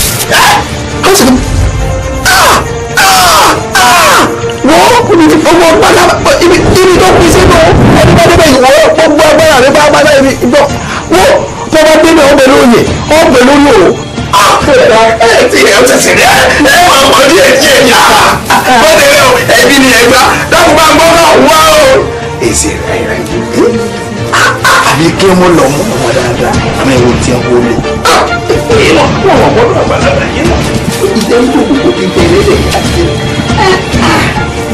wo ibi owó pátá ibi ibi tó fi sínú ẹni bá débẹ̀ ìwọ gbogbo agbára rẹ bá pátá ibi gbọ́ wo tó bá dé náà ó lóye ó lóye o. ẹ ti ẹ ti sìn dẹ ẹ wà ọmọ ní ẹjẹ ẹyà wọn lè rẹ ẹbí ni ẹgbà dákun bá gbọ́ náà wá o. èsì rẹ àbí kí mo lọ mú ọmọ dáadáa àmì ìwé tí ẹ wọ lò. ìwọ̀n wọn àgbàlagbà yẹn náà tó kù ti tẹ̀lé lè ká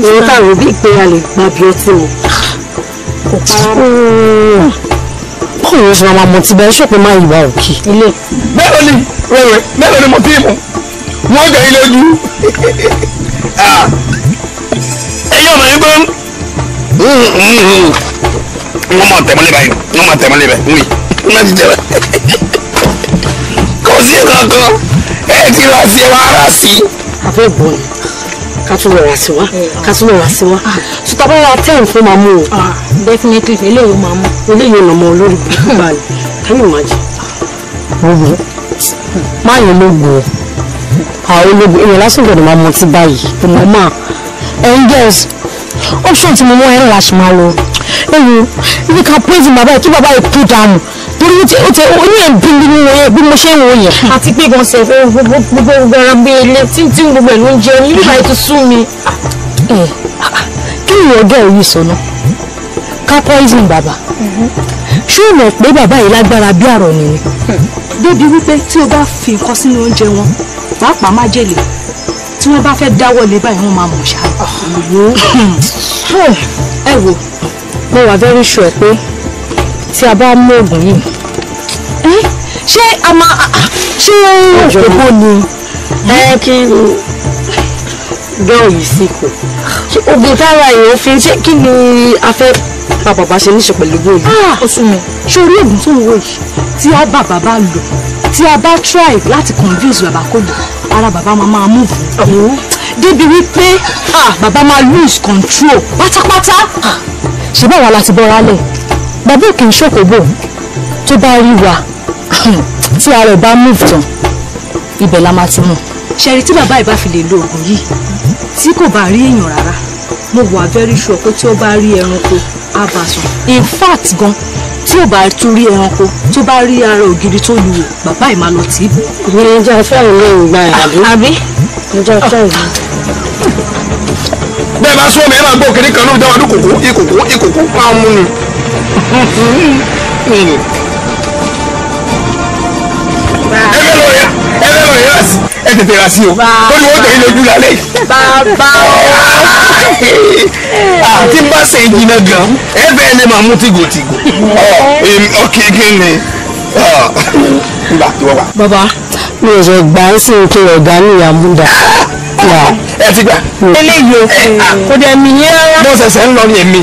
ìwọ táwọn òbí pé a lè gba bí ọtí mu. kò parọ́. báwo ni o ṣe máa mọ ti bẹ́ẹ̀ ṣọ́pẹ́ máa yìí wá òkè. ilé. mélòó ni wẹ̀wẹ̀ mélòó ni mo ti mú wọ́n jẹ́ ilé ojú. ẹ̀yin ọmọ yín gbọ́n. Mm-hmm. wọ́n máa tẹ̀mọ́lé báyìí wọ́n máa tẹ̀mọ́lé báyìí wọ́n máa ti jẹ́ báyìí. kò sí kankan ẹ̀ ti rà sí ẹ̀ wá rà sí. àfẹ́ bọ̀ yìí ká tún rọra sí wá ká tún rọra sí wá tó ah. tá bá ra ten fún máa mú o. Ah, definitely eléyìí máa mú. eléyìí ò nà mọ olórí balẹ̀ can you imagine. gbogbo máa yẹn ló gbòó àwọn ológun èèyàn lásán gbọ́dọ̀ máa mọtí báyìí ọmọ máa ẹ̀yin girls option tí mo mọ ẹ ń la máa lọ ewu if you can praise him baba yìí kí baba yìí cool down torí ó ti ó ti ó ní ẹ̀bí bí mo yẹ bí mo ṣe ń wò yẹn. àti pé gan ṣe gbogbo gbogbo ara bí ilé tí tí gbogbo ẹ̀ ló ń jẹ ní bíbá ètò sún mi. kí ni ọgá òye sọnà ká poison bàbá ṣé o mọ̀ pé bàbá yìí lágbára bí àrọ̀ ni ni. débi wípé tí o bá fi nǹkan sínú oúnjẹ wọn pàápàá májèlé tí wọ́n bá fẹ́ dáwọ́ lé báyìí wọ́n máa mọ̀ ṣá. ẹ wo mo wà very sure pé tí a bá mú oògùn yìí ṣé a máa ṣé òpópó ni ẹ kí dọ́ọ̀ yìí sí kù ṣé ogun tára èèyàn fi ṣé kí ni a fẹ́ pa bàbá ṣe níṣe pẹ̀lú bóyá. Ah! ó sún mi ṣé orí oògùn tó ń wò yìí tí a bá bàbá lò tí a bá try láti confuse bàbá kò lò ara bàbá máa máa move débi wípé ah, bàbá máa lose control pátápátá ah! ṣe báwa la ti bọ́ra lẹ̀ bàbá òkè ń ṣòkòbò tó bá rí wa. Hmm. tí ara ẹ̀ bá move tán ibẹ̀ la máa tún mọ̀. ṣẹ̀rí tí bàbá ẹ̀ bá fi lè lo oògùn yìí tí kò bá rí èèyàn rárá mo wà very sure pé tí ó bá rí ẹranko á bá sùn in fact gan tí ò bá tún rí ẹranko tó bá rí ara ògiri tó lu wò bàbá ẹ̀ máa lọ tì í. ìyẹn ẹja fẹ́ràn náà ń gba ẹ̀ àbí. ẹja fẹ́ràn náà. bẹ́ẹ̀ bá sún omi ẹ̀ máa gbọ́ kiri kan lóòótọ́ ọdún kòkó ikòkó ikòkó máa ń múni. ẹ tètè ra sí o ó ní wọ́n tẹ̀lé lójú lálẹ́ yìí. bàbá àti ah, bá ṣe jìnnà gan ẹ bẹ́ẹ̀ ni màá mú tìgòtìgò ọkẹ́ oh, kí ni ah. gbà tí wọ́n wà. bàbá mi ò ṣe gbà ń sìn kí ọ̀gá mi yà mú dà. Ah, ẹ ti gbà. eléyìí o eh, kò dẹ̀ mí yé rárá. mo ṣẹ̀ṣẹ̀ ń lọ ní èmi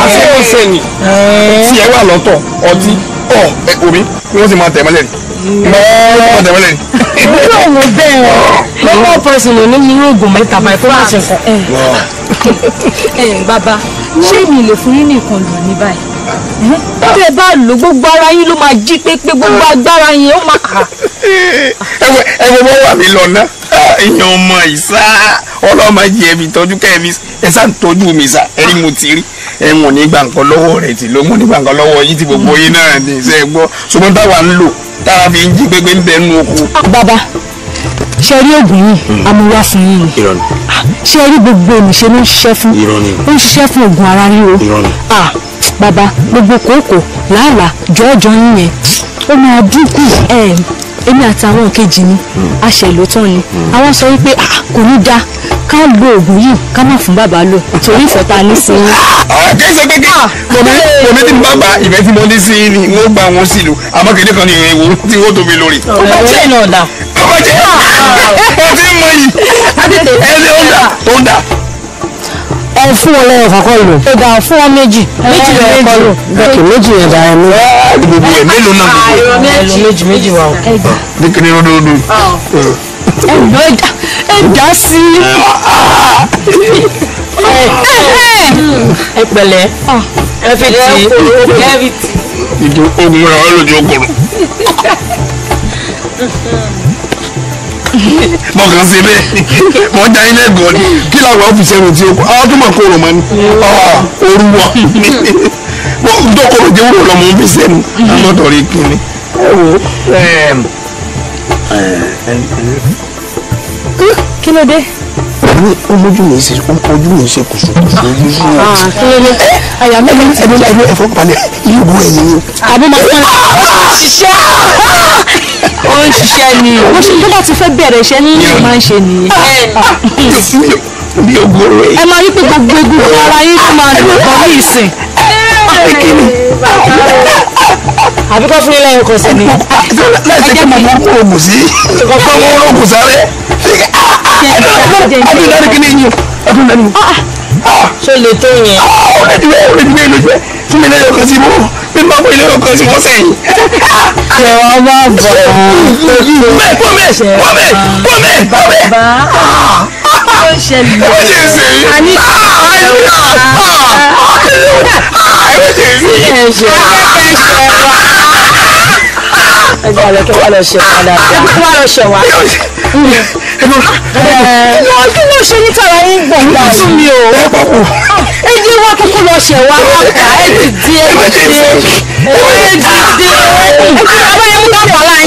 àṣẹ eh. mo ṣe ni eh. tí ẹ wà lọ́tọ̀ ọtí ọ̀ omi ni wọ́n sì máa tẹ̀ mọ́lẹ̀ ni. máa tẹ̀ mọ́lẹ̀ ni èmi yóò wò bẹ́ẹ̀ o lọ́wọ́ pẹ̀sìn ló ní mi yóò gùn mẹ́ta báyìí kó má ṣe nǹkan. ẹ ẹ bàbá ṣé mi lè fún yín ní nǹkan lò ní báyìí tẹ bá lò gbogbo ara yín ló máa jí pépé gbogbo agbára yín ó máa. ẹwẹ ẹwẹ wọn wà mí lọ́nà èèyàn ọmọ ìsá ọlọ́mọ jẹ́ mi tọ́jú kẹ́ mi ẹ̀ tọ́jú mi sá ẹ̀rí mo ti rí ẹ̀hún ò ní gbà nǹkan lọ́wọ́ rẹ̀ tí ló mú ní gbà nǹkan lọ́wọ́ yín tí gbogbo yín náà ní iṣẹ́ gbọ́ ṣùgbọ́n táwa ń lò táwa fi ń jí pépé ń bẹnu oko. bàbá ṣe rí oògùn yìí hmm. amúwá fún yín ah, ṣe rí gbogbo oníṣe ló ń ṣiṣẹ́ fún ó ń ṣiṣẹ́ fún oògùn ara ríro ah, bàbá gbogbo kòókò làálàá jọ́ọ̀jọ́ yín yẹn ó máa dínkù èmi àtàwọn kejì ni hmm. a ṣẹlò tán ni àwọn hmm. sọ wípé ah, kò ní dáa ká lo oògùn yìí ká má fún bàbá lò torí ìfọ̀tà ní sí i. Ah, ah, kí ṣe pé kí mọ̀mí ah, mọ̀mí tí mo bá gba ìfẹ́ tí mo ní sí ni wọ́n gba wọn sí lò àmọ́ kìnìún kan ní ìrìn ìwò tí wọ́n tóbi lórí. ọmọ jẹ́ náà dà. ọmọ jẹ́ ọ ti mọ yìí ẹni ó dà ó dà. ẹ fún ọ lẹ́yìn kọ́kọ́ lò. ó dà fún ọ méjì méjì lẹ́yìn kọ́ lò. bẹ́ẹ̀ méjì yẹn dà ẹnu. gbogbo ẹ mélòó náà gbogbo ẹ. méjì méjì wà ó. bí kìnìún ló dún. ẹ ẹ dá sí ẹ pẹ̀lẹ́ ẹ fi ti ẹ fi ti. ìdí ogun ra ọ lójú okòrò. mo kàn sí ilé mo já ilé gan ni kí làwọn ọ́fíìsì ẹ̀rù tí o kọ àwọn tó mọ̀ kó o rò ni ooru wọ mo dókòrò jẹ́ wúrò lọ́mọ ń fi sẹ́nu lọ́dọ̀ rí kí ni. ẹ wo ẹ ẹ ẹ kí ló dé. ní olójú mi ṣe ojú mi ṣe kùsù kùsù ojú sí mi. kí ló dé àyà mẹ́ta ti dé. ẹni ẹ̀fọ́ balẹ̀ yóò bu ẹ̀yìn ni. àbí mo fẹ́ ah! ṣiṣẹ́ ó ń ṣiṣẹ́ ni. mo ṣe tó bá ti fẹ́ bẹ̀rẹ̀ iṣẹ́ ní ìlú máa ń ṣe nìyẹn. bí ogun rẹ. ẹ máa rí pé gbogbo egun fún ara yín ló máa dùn kọ́ ní ìsìn. Ah, àbí kọ́ fún ilé ẹ̀kọ́ sí ni. láìsí kí mo mú oògùn sí kọ́ fún oògùn sáré ọdún náà kìíní yìí ọdún náà yìí. ṣé lè tó yẹn. ọ̀rẹ́ ti bẹ́ẹ̀ ọ̀rẹ́ ti bẹ́ẹ̀ lójú ẹ̀ fún mi lẹ́yìn ọkàn sí mọ́ mi máa fún ilé ọkàn sí mọ́ sẹ́yìn. ṣé wọn bá bọ̀ ọ́. pọ́mẹ́ pọ́mẹ́ pọ́mẹ́ pọ́mẹ́ pọ́mẹ́. ó ń ṣẹlẹ̀. ó ṣe é ṣe é. a ní kí ẹ ṣe é. ẹ gbọ́dọ̀ kí wọ́n lọ ṣe wọ́n dáadáa. ẹ gbọ́dọ̀ kí wọ́n lọ ṣe wọ́n ẹnu ha. Ah, kí ló ṣe ní tara yín gbọ̀n gbà yìí. o. ẹ papọ̀. kúkú lọ ṣẹ̀ wá ká ẹ ti di ẹ ti di ẹ ti di ẹ ti di abẹ́yẹ mú ká ẹ ti di ẹ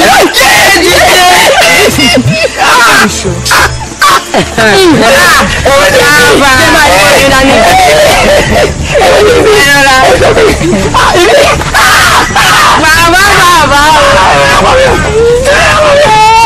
ti di. Bàbá bàbá.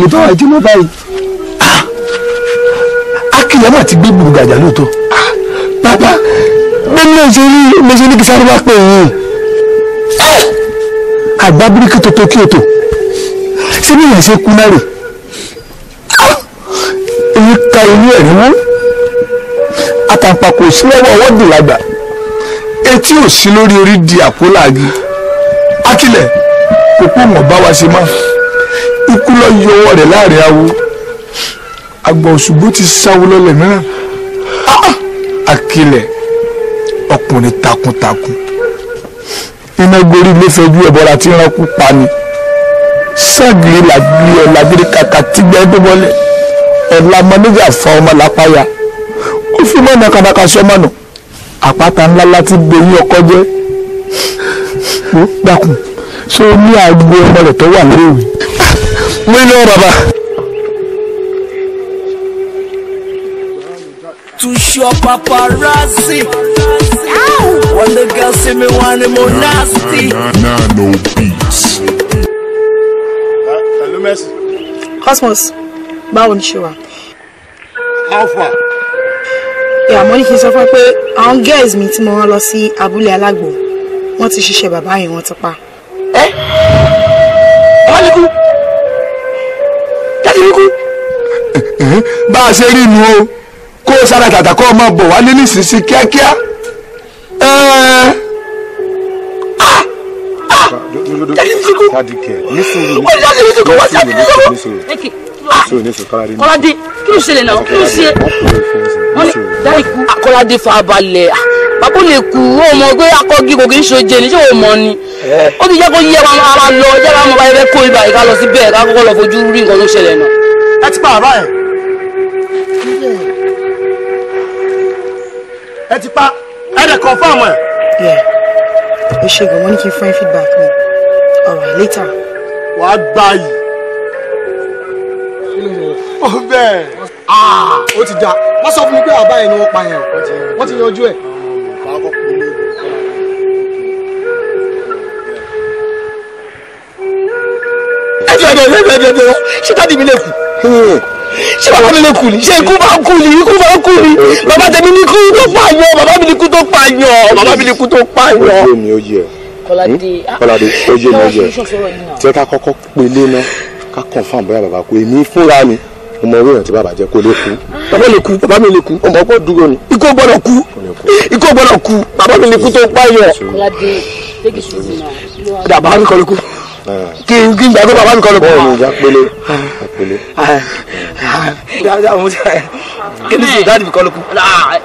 èmi tó wà jímọ̀ báyìí. Ah! akínyẹ̀mọ́ àti gbé gbùgbàjà lóòótọ́. Ah! bàbá bẹ́ẹ̀ náà ṣe rí méjì ní kìsáré wá pé yìí. Eh! àgbá bíríkì tó tó kí o tò síbí yẹn ṣe kú náà rè. Ah! èyí ka inú ẹ̀rí wọn. àtàǹpàkò sílẹ̀wọ̀ ọwọ́ dì lágbà. etí ò sí lórí orí di àpò láàgì. akílẹ̀ kókó mọ̀ bá wa ṣe máa ikú lọ yọ ọwọ́ rẹ̀ láàrin awo àgbà òṣùgbó ti sáwó lọ́lẹ̀ mìíràn ah! àkìlẹ̀ ọkùnrin takuntakun iná gorí ilé fẹjú ẹbọra tí ránkú pa ni ságìrì làgbé ẹ làgbére kàkà tígbẹ́ dúbọ́lẹ̀ ọ̀la mọ́nìjà fa ọmọ làpáyà ó fi mọ́nà kàdàkà sọ́mọ́nà àpáta ńlá láti gbẹ̀yìn ọkọ jẹ́ dákun ṣé o ní àgbo ọmọ rẹ̀ tó wà léwu mílíọ̀nù bàbá. to show paparazzi. When the girls see me, one them more nasty. Nah, nah, nah, no peace. Hello, Messi. Cosmos, báwo ni ṣe wà? How far? Ẹ àmọ́ ní kí n sọ fún ẹ pé àwọn girls mi tí mo rán lọ sí abúlé alágbò, wọ́n ti ṣiṣẹ́ bàbá yẹn wọ́n ti pa. Ẹ́ eh? Bálíkú kú. bá a ṣe rí nu o kó o sára tàtà kó o máa bọ̀ wálé nísinsìnyí kíákíá. kọ́ládé kí ló ṣẹlẹ̀ náà kí ló ṣe wọ́n kọ́ládé fa balẹ̀ ah bàbá lè kú ó pé akọgi kò kí ń ṣoje ní ṣé o ni ó ti jẹ́ kó yẹ wa máa lọ jẹ́ wa máa bá yẹ kó ibà yìí ká lọ síbẹ̀ ká kọ́kọ́ lọ fojú rí nǹkan tó ṣẹlẹ̀ náà. ẹ ti pa àbá yẹn. ẹ ti pa ẹ dẹ̀ confirm ẹ̀. ẹ ṣe gan wọn ní kí n fún ẹ feedback mi alright later. wàá gbá yìí. ó bẹ́ẹ̀ ah. ó ti dá wọ́n sọ fún mi pé àbá yẹn ni wọ́n pa yẹn wọ́n ti yanjú ẹ̀. ẹjọ ẹjọ ẹjọ ẹjọ ẹjọ ṣé dádì mi lè kú ṣé bàbá mi lè kú ni ṣé ikú bá kú ni ikú bá kú ni bàbá tèmi ni ikú tó pààyàn bàbá mi ni ikú tó pààyàn bàbá mi ni ikú tó pààyàn. oye mi oye Kọ́ládé hmm? ah, Kọ́ládé oye mi oye jẹ ká kọ́kọ́ pélé náà ká confam bóyá bàbá kú èmi fúnra mi ọmọ orí ìrántí bàbá jẹ kó lè kú. bàbá mi lè kú bàbá mi lè kú ọmọ ọgbọ́n dúró ni. ikú gbọ́dọ̀ kú ikú gbọ́dọ̀ kú bàbá mi lè kú tó pààyàn. Kọ́ládé kí n kí n gbàgbé bàbá mi kọ́ ló bọ̀. bọ́ọ̀lù ìjà pélé. kí ni sèé dáàdì mi kọ́ ló kú. kòlè ah,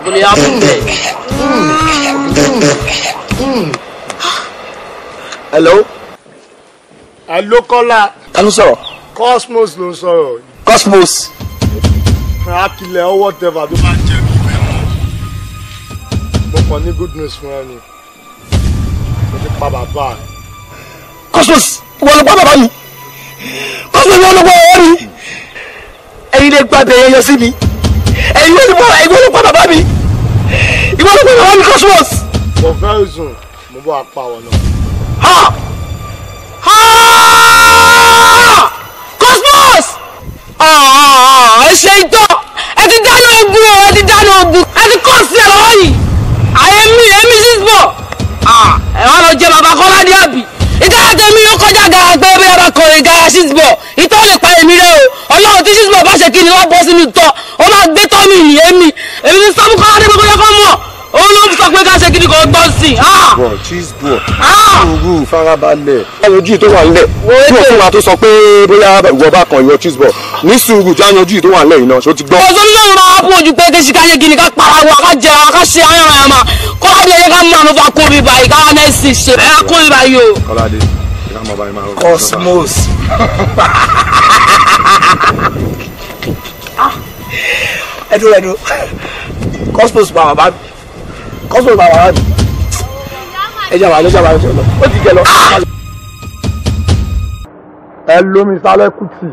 yà Kọ́lá. ta ló sọ̀rọ̀. Cosmos ló ń sọ̀rọ̀. Cosmos. akilẹ̀ ọwọ́ tẹ̀fà tó mo kàn ní good news fún ẹ mo ti pa bàbá rẹ̀. Cosmos wọ́n lọ gbọ́ bàbá mi Cosmos wọ́n lọ gbọ́ ọ̀rẹ́ mi ẹ̀yin lè gba bẹ̀rẹ̀ yọ sí mi ẹ̀yin lè gbọ́ ẹ̀yin lè gbọ́ bàbá mi ìwọ ló gbọ́ bàbá mi Cosmos. for very soon mo bọ́ apá wọn lọ. ha ha Cosmos ah, ah, ah, ẹ ṣe ìtọ́ ẹ ti dáná ogun o ẹ ti dáná ogun. ṣíṣbọ̀ ìtọ́ lè pa èmi rẹ o ọlọ́run tí ṣíṣbọ̀ bá ṣe kí ni wọ́n bọ́ sínú tọ́ ó máa gbé tọ́ mi nìyẹn mi èmi ní sọ́mú kọ́ adé gbogbo yẹ kó mọ̀ òun ló sọ pé ká ṣe kí ni kò tọ́ sí. ṣíṣbọ̀ ṣíṣbọ̀ farabalẹ̀ yanjú tó wà nílẹ̀ bí òfin wa tó sọ pé bóyá ìwọ bá kan ìwọ ṣíṣbọ̀ ní sùúrù já yanjú tó wà nílẹ̀ yìí náà ṣó gbọ́. ọ̀sán náà máa pọ̀ ju pé kí ká ṣe kí ni ká para wa ká jẹ wa ká ṣe ayọ̀ràn àmà kọ́ládé yẹ ká mú àmúfà kórìíba yìí ká wá náà sì ṣe ẹ̀ kórìíba o. kọ́ládé Cosmos. ẹdun ẹdun Cosmos pa bàbá Cosmos pa bàbá mi ẹ jà bàbá ẹ jà bàbá ẹ lọ ó ti jẹ lọ. ẹ lómi sálẹ̀ kùtì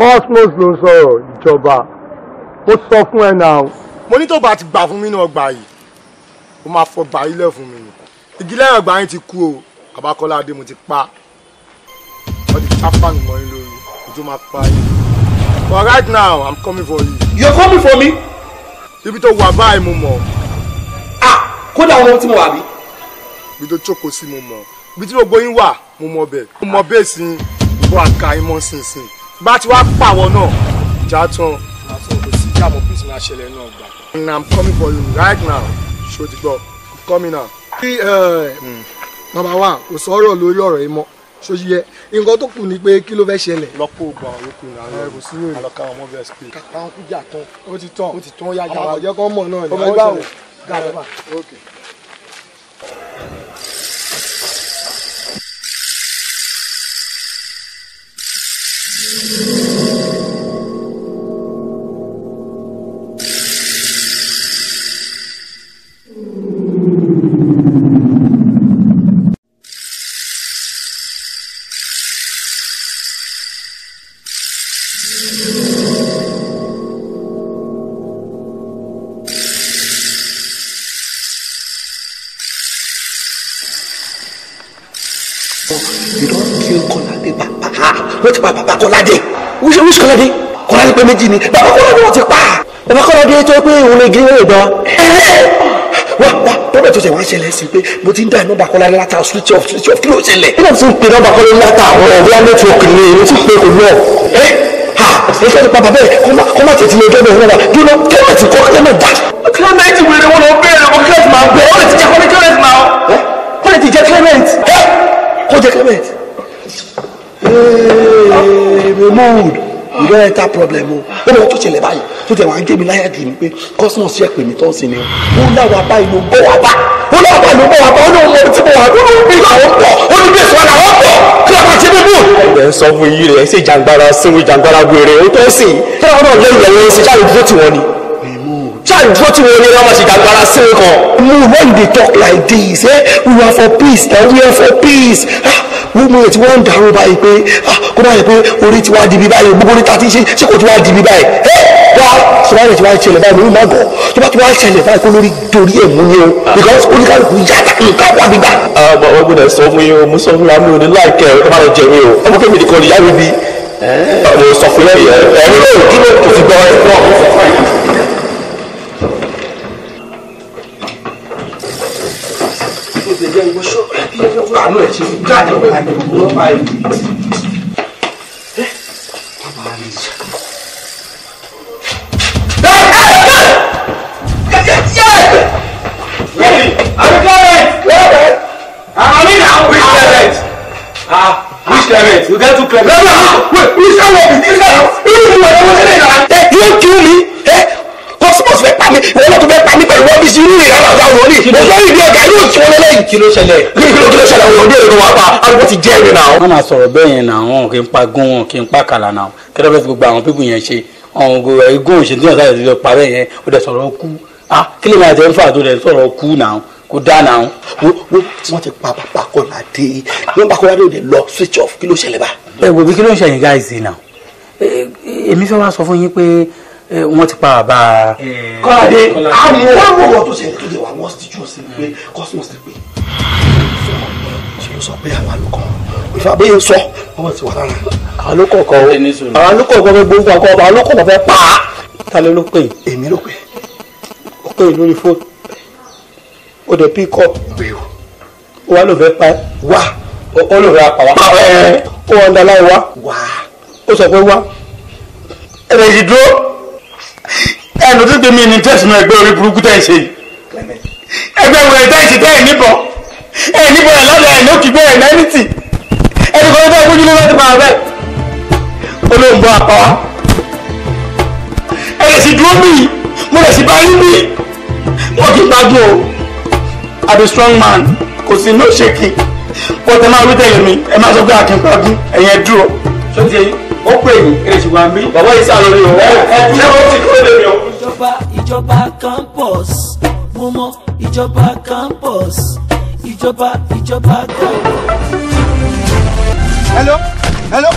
Cosmos ló ń sọ̀rọ̀ ìjọba ó sọ fún ẹ náà. mo ní tó bá ti gbà fún mi ní ọgbà yìí ó máa fọ gbà ilẹ̀ fún mi igi ọgbà yín ti kú o àbákọ́lá adé ti pa wọ́n ti sáfà nù mọ́yìn lórí ojú máa pa yín but right now i'm coming for you. you're coming for me. ibi tó wà báyìí mo mọ̀. ah kódà ọmọ tí mo wà bí. ibi tó jókòó sí mo mọ̀ ibi tí gbogbo yín wà mo mọ̀ bẹ́ẹ̀ mo mọ̀ bẹ́ẹ̀ sí ìbò àga ìmọ̀ sínsìn bá ti wá pàwọ̀ náà ìjà tán. àtúntò kò sí ìjà mọ̀ bí ìsìn àṣẹlẹ̀ náà gbà. and i'm coming for you right now ṣòdìgbọ́ i'm coming now bí bàbá wa kò sọ̀rọ̀ lórí ọ̀rọ̀ yìí mọ́ sójú yẹ nǹkan tó kù ni pé kí ló fẹ́ ṣẹlẹ̀. lọ́pọ̀ ògbà òkú ni àwọn ẹrù eh, sí yòrè àlọ́ka ọmọ bẹ́ẹ̀ sí pé. kàkà ń kújà tán ó ti tán ó ti tán yájà wa. àwọn àjẹ́ kan mọ̀ náà ni. ọmọ ẹgbàá o Thank you. kọ́ládé. wíṣọ kọ́ládé. kọ́ládé pé méjì ni bàbá kọ́ládé wọ́n ti pa. bàbá kọ́ládé tó pé òun lè gé lè gbọ́. wá wá tọ́lá tó ṣe wá ṣẹlẹ̀ sí pé mo ti ń dá nọ́mbà kọ́ládé láta switch off switch off kí ló ṣẹlẹ̀. nígbà tí n pe nọ́mbà kọ́ládé láta àwọn ẹ̀rọ network ni èmi ti pe kò lọ. ẹ ha èyí fẹ́ẹ́ pa bàbá ẹ̀ kó má tètè lè dọ́dọ̀ ìrora dúró kílẹ̀tì kọ́ kílẹ̀ dá. kílẹ̀tì wèrè wọn lọ bẹ́ẹ̀ ọ kílẹ̀tì máa ń bẹ̀ ọ́ lè ti jẹ́ kílẹ̀tì máa ọ́ lè ti jẹ́ kílẹ̀tì kó jẹ́ kílẹ̀tì wo mood ìrẹ́ ẹ̀ta problem o ó lọ́wọ́ tó ṣẹlẹ̀ báyìí tó tẹ̀ wọ́n á gé mi láyà jù ni pé cosmos yẹ pè mí tó ń sin ni ó láwa báyìí ló bọ́ wa bá ó láwa báyìí ló bọ́ wa bá ó ní ọmọ tí mo wà ó ní bí àwọn pọ̀ ó ní bí èso àwọn pọ̀ kí ló máa ṣe mí bù. ẹ sọ fún yìí rẹ ṣe jàǹgbára sínú jàǹgbára wèrè ó tó sìn kí ló máa lẹ́yìn ẹ̀yẹ ṣe jáde dúró tì wọ́n ni child dúró tí wọn ní ọmọ ṣì dàgbára sí nǹkan. no when they talk like this eh, we are for peace eh, we are for peace ah gbogbo ẹ̀ tí wọ́n ń dàrú báyìí pé ah, kó báyìí pé orí ti di bí báyìí gbogbo orí ta ti ṣe ṣé kò ti di bí báyìí ẹ wá sọ̀rọ̀ ti wá ṣẹlẹ̀ báyìí lórí màgọ̀ tó bá ti wá báyìí kó lórí dorí ẹ̀ mú yẹn o because oníkàlùkù yá nǹka wà nígbà. ọmọ wọn sọ fún yín o mo fún mi ò láìkẹ ẹ má jẹ mi o ọmọ kẹmi nìkan ìyá mi bí ọmọ ah, sọ fún yín ẹ jẹ You kill me bọ́sibọ́sì fẹ́ pa mí ìwọ́n náà tó fẹ́ pa pẹ̀lú wọ́n bí sí irú ìyára ọ̀dà òun ní olórí ìdí ọ̀gá yóò tí wọ́n lẹ́yìn. kí ló ṣẹlẹ̀ kí ló kí ló ṣẹlẹ̀ òun ní èrò wa pa arúgbó ti jẹ́ ìrìn náà. wọ́n máa sọ̀rọ̀ bẹ́ẹ̀ yẹn náà wọn kì í pa gún wọn kì í pa kàlà náà kẹ́tọ́ bẹ́ẹ̀ gbogbo àwọn pípù yẹn ṣe àwọn gún òṣèlú ah, kò dáa náà. wọ́n ti pa bàbá kọ́ládé nígbà kọ́ládé ò dẹ̀ lọ switch off kí ló ṣẹlẹ̀ bá. ẹ wo bí kí ló ń ṣẹyìn gáàsì náà èmi fẹ́ wá sọ fún yín pé Eh, wọ́n ti pa bàbá. Eh, kọ́ládé àmì ah, wọ́n wọ́n tó ṣẹlẹ̀ tó lè wà wọ́n sì jù sí pé cosmos ti pè sọ pé àwọn àlùkò ìfàbí ń sọ ọmọ ti wà lára àwọn àlùkò kan àwọn àlùkò kan fẹ́ gbóngbà kan àwọn àlùkò kan fẹ́ pa ta ló ló pè é. èmi ló pè é. ó pè é lórí fóònù ó dẹ̀ pí kọ́. ó wá ló fẹ́ pa ẹ́. wá ó ló fẹ́ pa wá. ó wà ń dalá wa. wá ó sọ pé wá. ẹ̀rẹ̀ ìdúró ẹnu tó gbé mi ní tẹ̀sán ẹgbẹ́ orí burúkú tẹ̀ ṣe ẹgbẹ́ wẹ̀ tẹ̀ ṣe tẹ̀ níbọ̀ ẹ̀ níbọ̀ ẹ̀ lọ́dọ̀ ẹ̀ lókìgbẹ́ ẹ̀ lẹ́nìtì ẹni kan tó gbójú lé láti máa bẹ́ẹ̀ olóńgbò apá wa ẹ lè sì dúró mí mo lè sì bá yín mí mo kì í gbádùn o àbí strong man kò sí no shaking but ẹ máa wí tẹ̀lé mi ẹ máa sọ pé àkínpagún ẹ̀yẹn dúró. sọ́tì ó pè yín ẹ lè sì wá mí. bàbá yìí sá lórí o. ẹ ẹ dúró ti kúrò lèmi o ìjọba ìjọba campus mo mọ ìjọba campus ìjọba ìjọba campus. hello hello.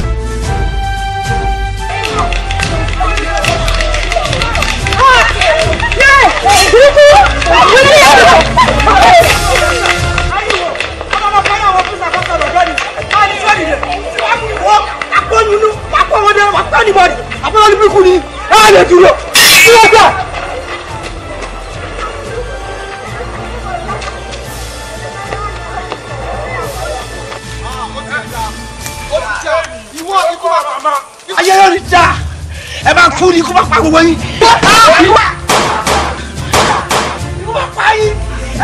Anybody, I'm not even cool. I'm not even ayé yóò ní dá ẹ máa kú ní ikú bá pa gbogbo yín. ikú bá pa yín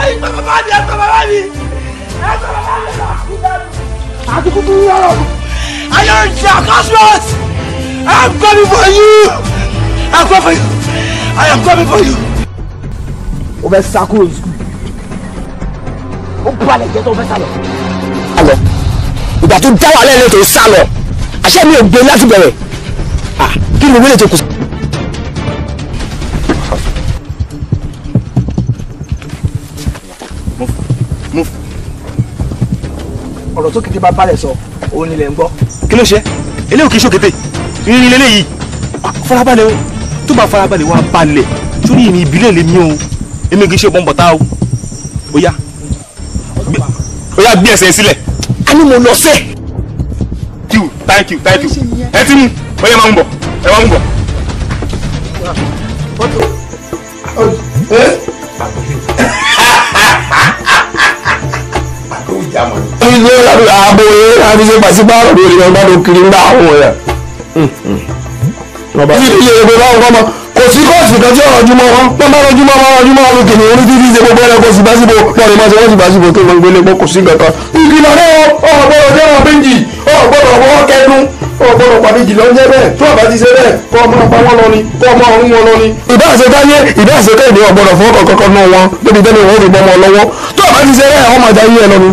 ẹyin bàbá bá ní ẹgbẹ́ bàbá mi ẹgbẹ́ bàbá mi lọ kú dánù. àdúgbò burú yọrọ mi ayé yóò ní dá cosmos i'm coming for you i'm coming for you. I am coming for you. O circles. Open kúrò ní sukùl. Ó balẹ̀ jẹ́ tó fẹ́ sá lọ. Sá to Ìgbà tó dá wàhálà ẹlẹ́tọ̀ sá lọ. Àṣẹ mi ò gbé láti bẹ̀rẹ̀. Kí ni wílé tó kù sí? ọ̀rọ̀ tó kété bá balẹ̀ sọ òun ni lẹ̀ ń gbọ́. kí ló ṣe eléyìí kì í ṣòkété rírin lélẹ́yìí farabalẹ̀ o tó bá farabalẹ̀ wá balẹ̀ sórí ìrìn ìbílẹ̀ lèmi o èmi kì í ṣe bọ́m̀bọ̀tá o ó yá ó yá gbé ẹsẹ̀ sílẹ̀ a ní mo lọ sẹ́. thank you thank you thank you ẹ ti mú ó máa ń bọ̀ ẹ máa ń bọ̀. ilé àbò yẹn àti ṣe pàṣípààrọ̀ lórí ọgbàdo kiri ń bá àwọn yẹn ilé ìgbé báwọn kọ́ mọ kò sí kóòsì kan tí ọ̀rọ̀ jùmọ̀ wọn wọn bá rọjúmọ́ wọn rọjúmọ́ wọn kìnnì orí títí ṣe gbogbo ẹranko sì báṣibò wọn lè máa ṣe wọn sì báṣibò tó gbogbo ilé kò sí kankan. ìkìlọ̀ náà ọ̀gbọ́dọ̀ dé wọn péjì ọ̀gbọ́dọ̀ wọ́n kẹnu ọ̀gbọ́dọ̀ pàdé jìlọ ń jẹ́ bẹ́ẹ̀ tó àbá ti ṣe bẹ́ẹ̀ kọ́ ọmọ ọ̀pá wọn lọ ni kọ́ ọmọ ọ̀run wọn lọ ni. ìbá àṣẹ táyé ìbá àṣẹ kẹ́hìndé ọ̀gbọ́dọ̀ fún ọkọ̀ kankan náà wọn débi tẹ́lẹ̀ wọn ò rí bọ́mọ lọ́wọ́ tó àbá ti ṣe bẹ́ẹ̀ ọmọ ìjà yí ẹ lọ ni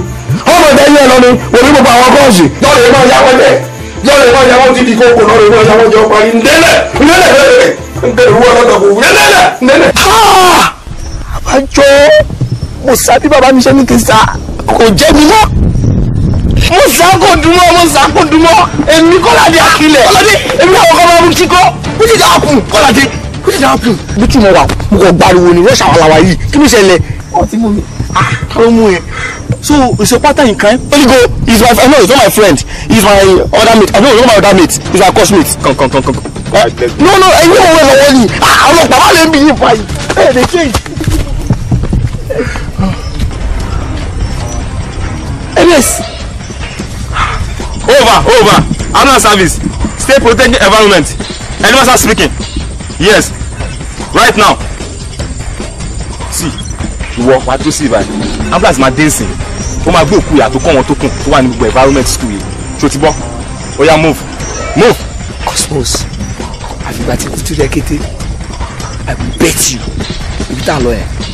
ọmọ ìjà yí ẹ lọ ni òní gbogbo àwọn kọ́ọ̀sì lọ́ọ̀rẹ́ náà yá wọlé lọ́rọ̀ ìwọ ìyàwó ti di kókó lọ́rọ̀ ìwọ ìyàwó jọ parí ńdẹ́lẹ̀ ńdẹ́lẹ̀ ńdẹ́lẹ̀ ìwọ ọlọ́dọ̀ kò ńdẹ́lẹ̀ ńdẹ́lẹ̀. àbájọ mo sá bí bàbá mi ṣe ní kí n sá kò jẹ́ mi mọ́ mo kò dùnmọ́ mo sá kò dùnmọ́ èmi kọ́ládé àkílẹ̀ kọ́ládé èmi àwọn kọ́ máa mú kíkọ́ kó ti dáa kùn kọ́ládé kó ti dáa kùn. bí túmọ̀ wà mo kàn gbariwo ni rẹ́ṣà wà láwa yìí kí ló ṣẹlẹ̀. wọ́n mú mi. ah ló mú yẹn. E? so it's a partner in crime. holy go he's my friend no he's not my friend he's my other mate i know he's not my other mate he's my course mate. come come come come. no no ẹyin mo wẹ lọ́wọ́ ni àwọn ọ̀pá wa lè bí yín báyìí ẹ dey change. ms. over over annual service stay protecting environment animals are speaking yes right now see ìwọ wàá do sí ibà ambulance máa my dancing ó máa gbé òkú ìyá tó kọ́ wọn tó kù tó wà ní gbogbo environment school yìí ṣó ti bọ́ ó yá move move. cosmos àfìgbà tí kò tún rẹ kété i bet you ibi tá a lọ yẹn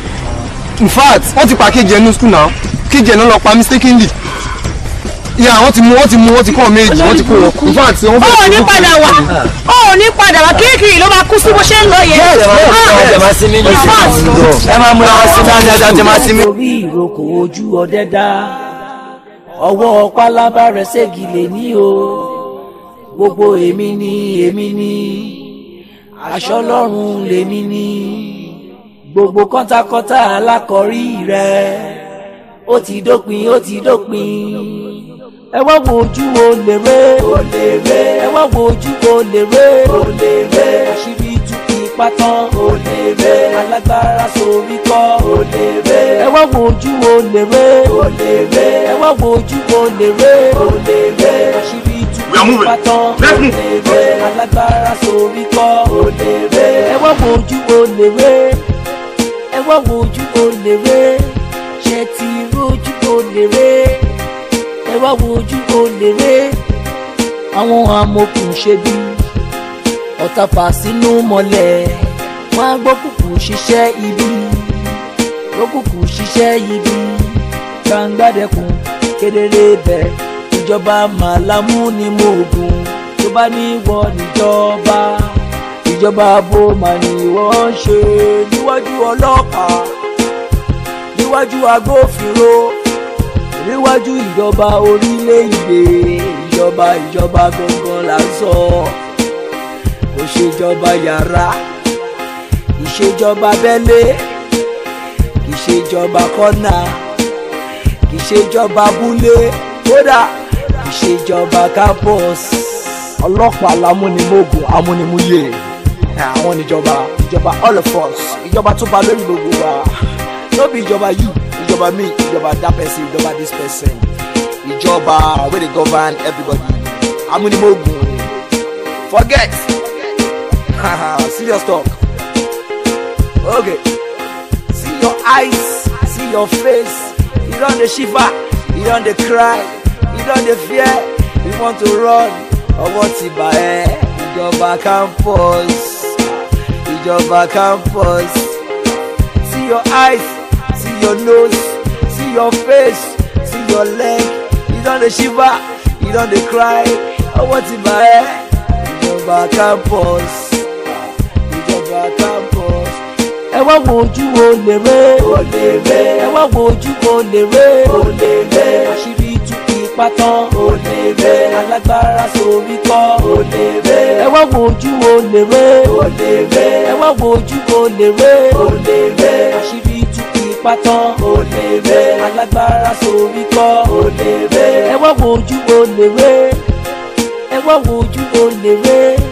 in fact wọ́n ti pa kéjì ẹnu school náà kéjì ẹnu lọ pa mistakenly yà wọ́n ti mú wọ́n ti mú wọ́n ti kọ́ méjì wọ́n ti kó wọn in fact wọ́n fẹ́ẹ́ kó ní padà wá ó ní padà wá kéékìrì ló máa kú sí bó ṣe ń lọ yẹn. ẹ máa múra wá sí dáadáa jẹ máa sí mi. orí ìrókò ojú ọdẹ dá ọwọ́ pálábá rẹ̀ ségi lè ní o gbogbo èmi ni èmi ni aṣọ lọ́rùn lèmi ni gbogbo kọ́ńtàkọ́ńtà alákọ̀rí rẹ̀ ó ti dópin ó ti dópin ẹ wá wo ojú olèrè olèrè ẹ wá wo ojú olèrè olèrè àṣírí tukì pátán olèrè alágbára sórí kọ́ olèrè ẹ wá wo ojú olèrè olèrè ẹ wá wo ojú olèrè olèrè àṣírí tukì pátán olèrè alágbára sórí kọ́ olèrè ẹ wá wo ojú olèrè ẹ wá wo ojú olèrè ṣe ti rojú olèrè ẹ wá wo ojú olèrè àwọn amokùn ṣe bí ọ̀tá fà sínú mọ́lẹ̀ wọ́n á gbọ́ ṣiṣẹ́ ibi rókùkù ṣiṣẹ́ ibi gbàǹgbàdẹ̀kùn kedere bẹ̀ ìjọba màlámú ni mo gùn tó bá ní wọ níjọba ìjọba boma ni wọ́n ń ṣe níwájú ọlọ́pàá níwájú agbófinró níwájú ìjọba orílẹ̀-èdè ìjọba ìjọba gangan la sọ kò ṣèjọba yàrá ìṣèjọba bẹ́lẹ̀ kì í ṣèjọba kọ́nà kì í ṣèjọba búlé kódà kì í ṣèjọba kápọ́ọ̀sì ọlọ́pàá lámúnimógún amúnimúyè àwọn níjọba ìjọba all of us ìjọba tó ba lórí gbogbo wa no be ìjọba you ìjọba me ìjọba that person ìjọba this person ìjọba wey dey govern everybody amúnimógún forget serious talk okay see your eyes see your face you don dey shiver you don dey cry you don dey fear you want to run ọwọ́ ti bà ẹ́ ìjọba campus ìjọba campus see your eyes see your nose see your face see your leg you don dey shiver you don dey cry ọwọ́ ti bà ẹ́ ìjọba campus ìjọba campus ẹ wá wo ojú wo lè rè ẹ wá wo ojú wo lè rè àṣì fapá tán ó lè ré alágbára sórí kọ́ ó lè ré ẹ wá wo ojú ó lè ré ó lè ré ẹ wá wo ojú ó lè àṣírí túkì pátán ó alágbára sórí kọ́ ó ẹ wá wo ojú ó ẹ wá wo ojú ó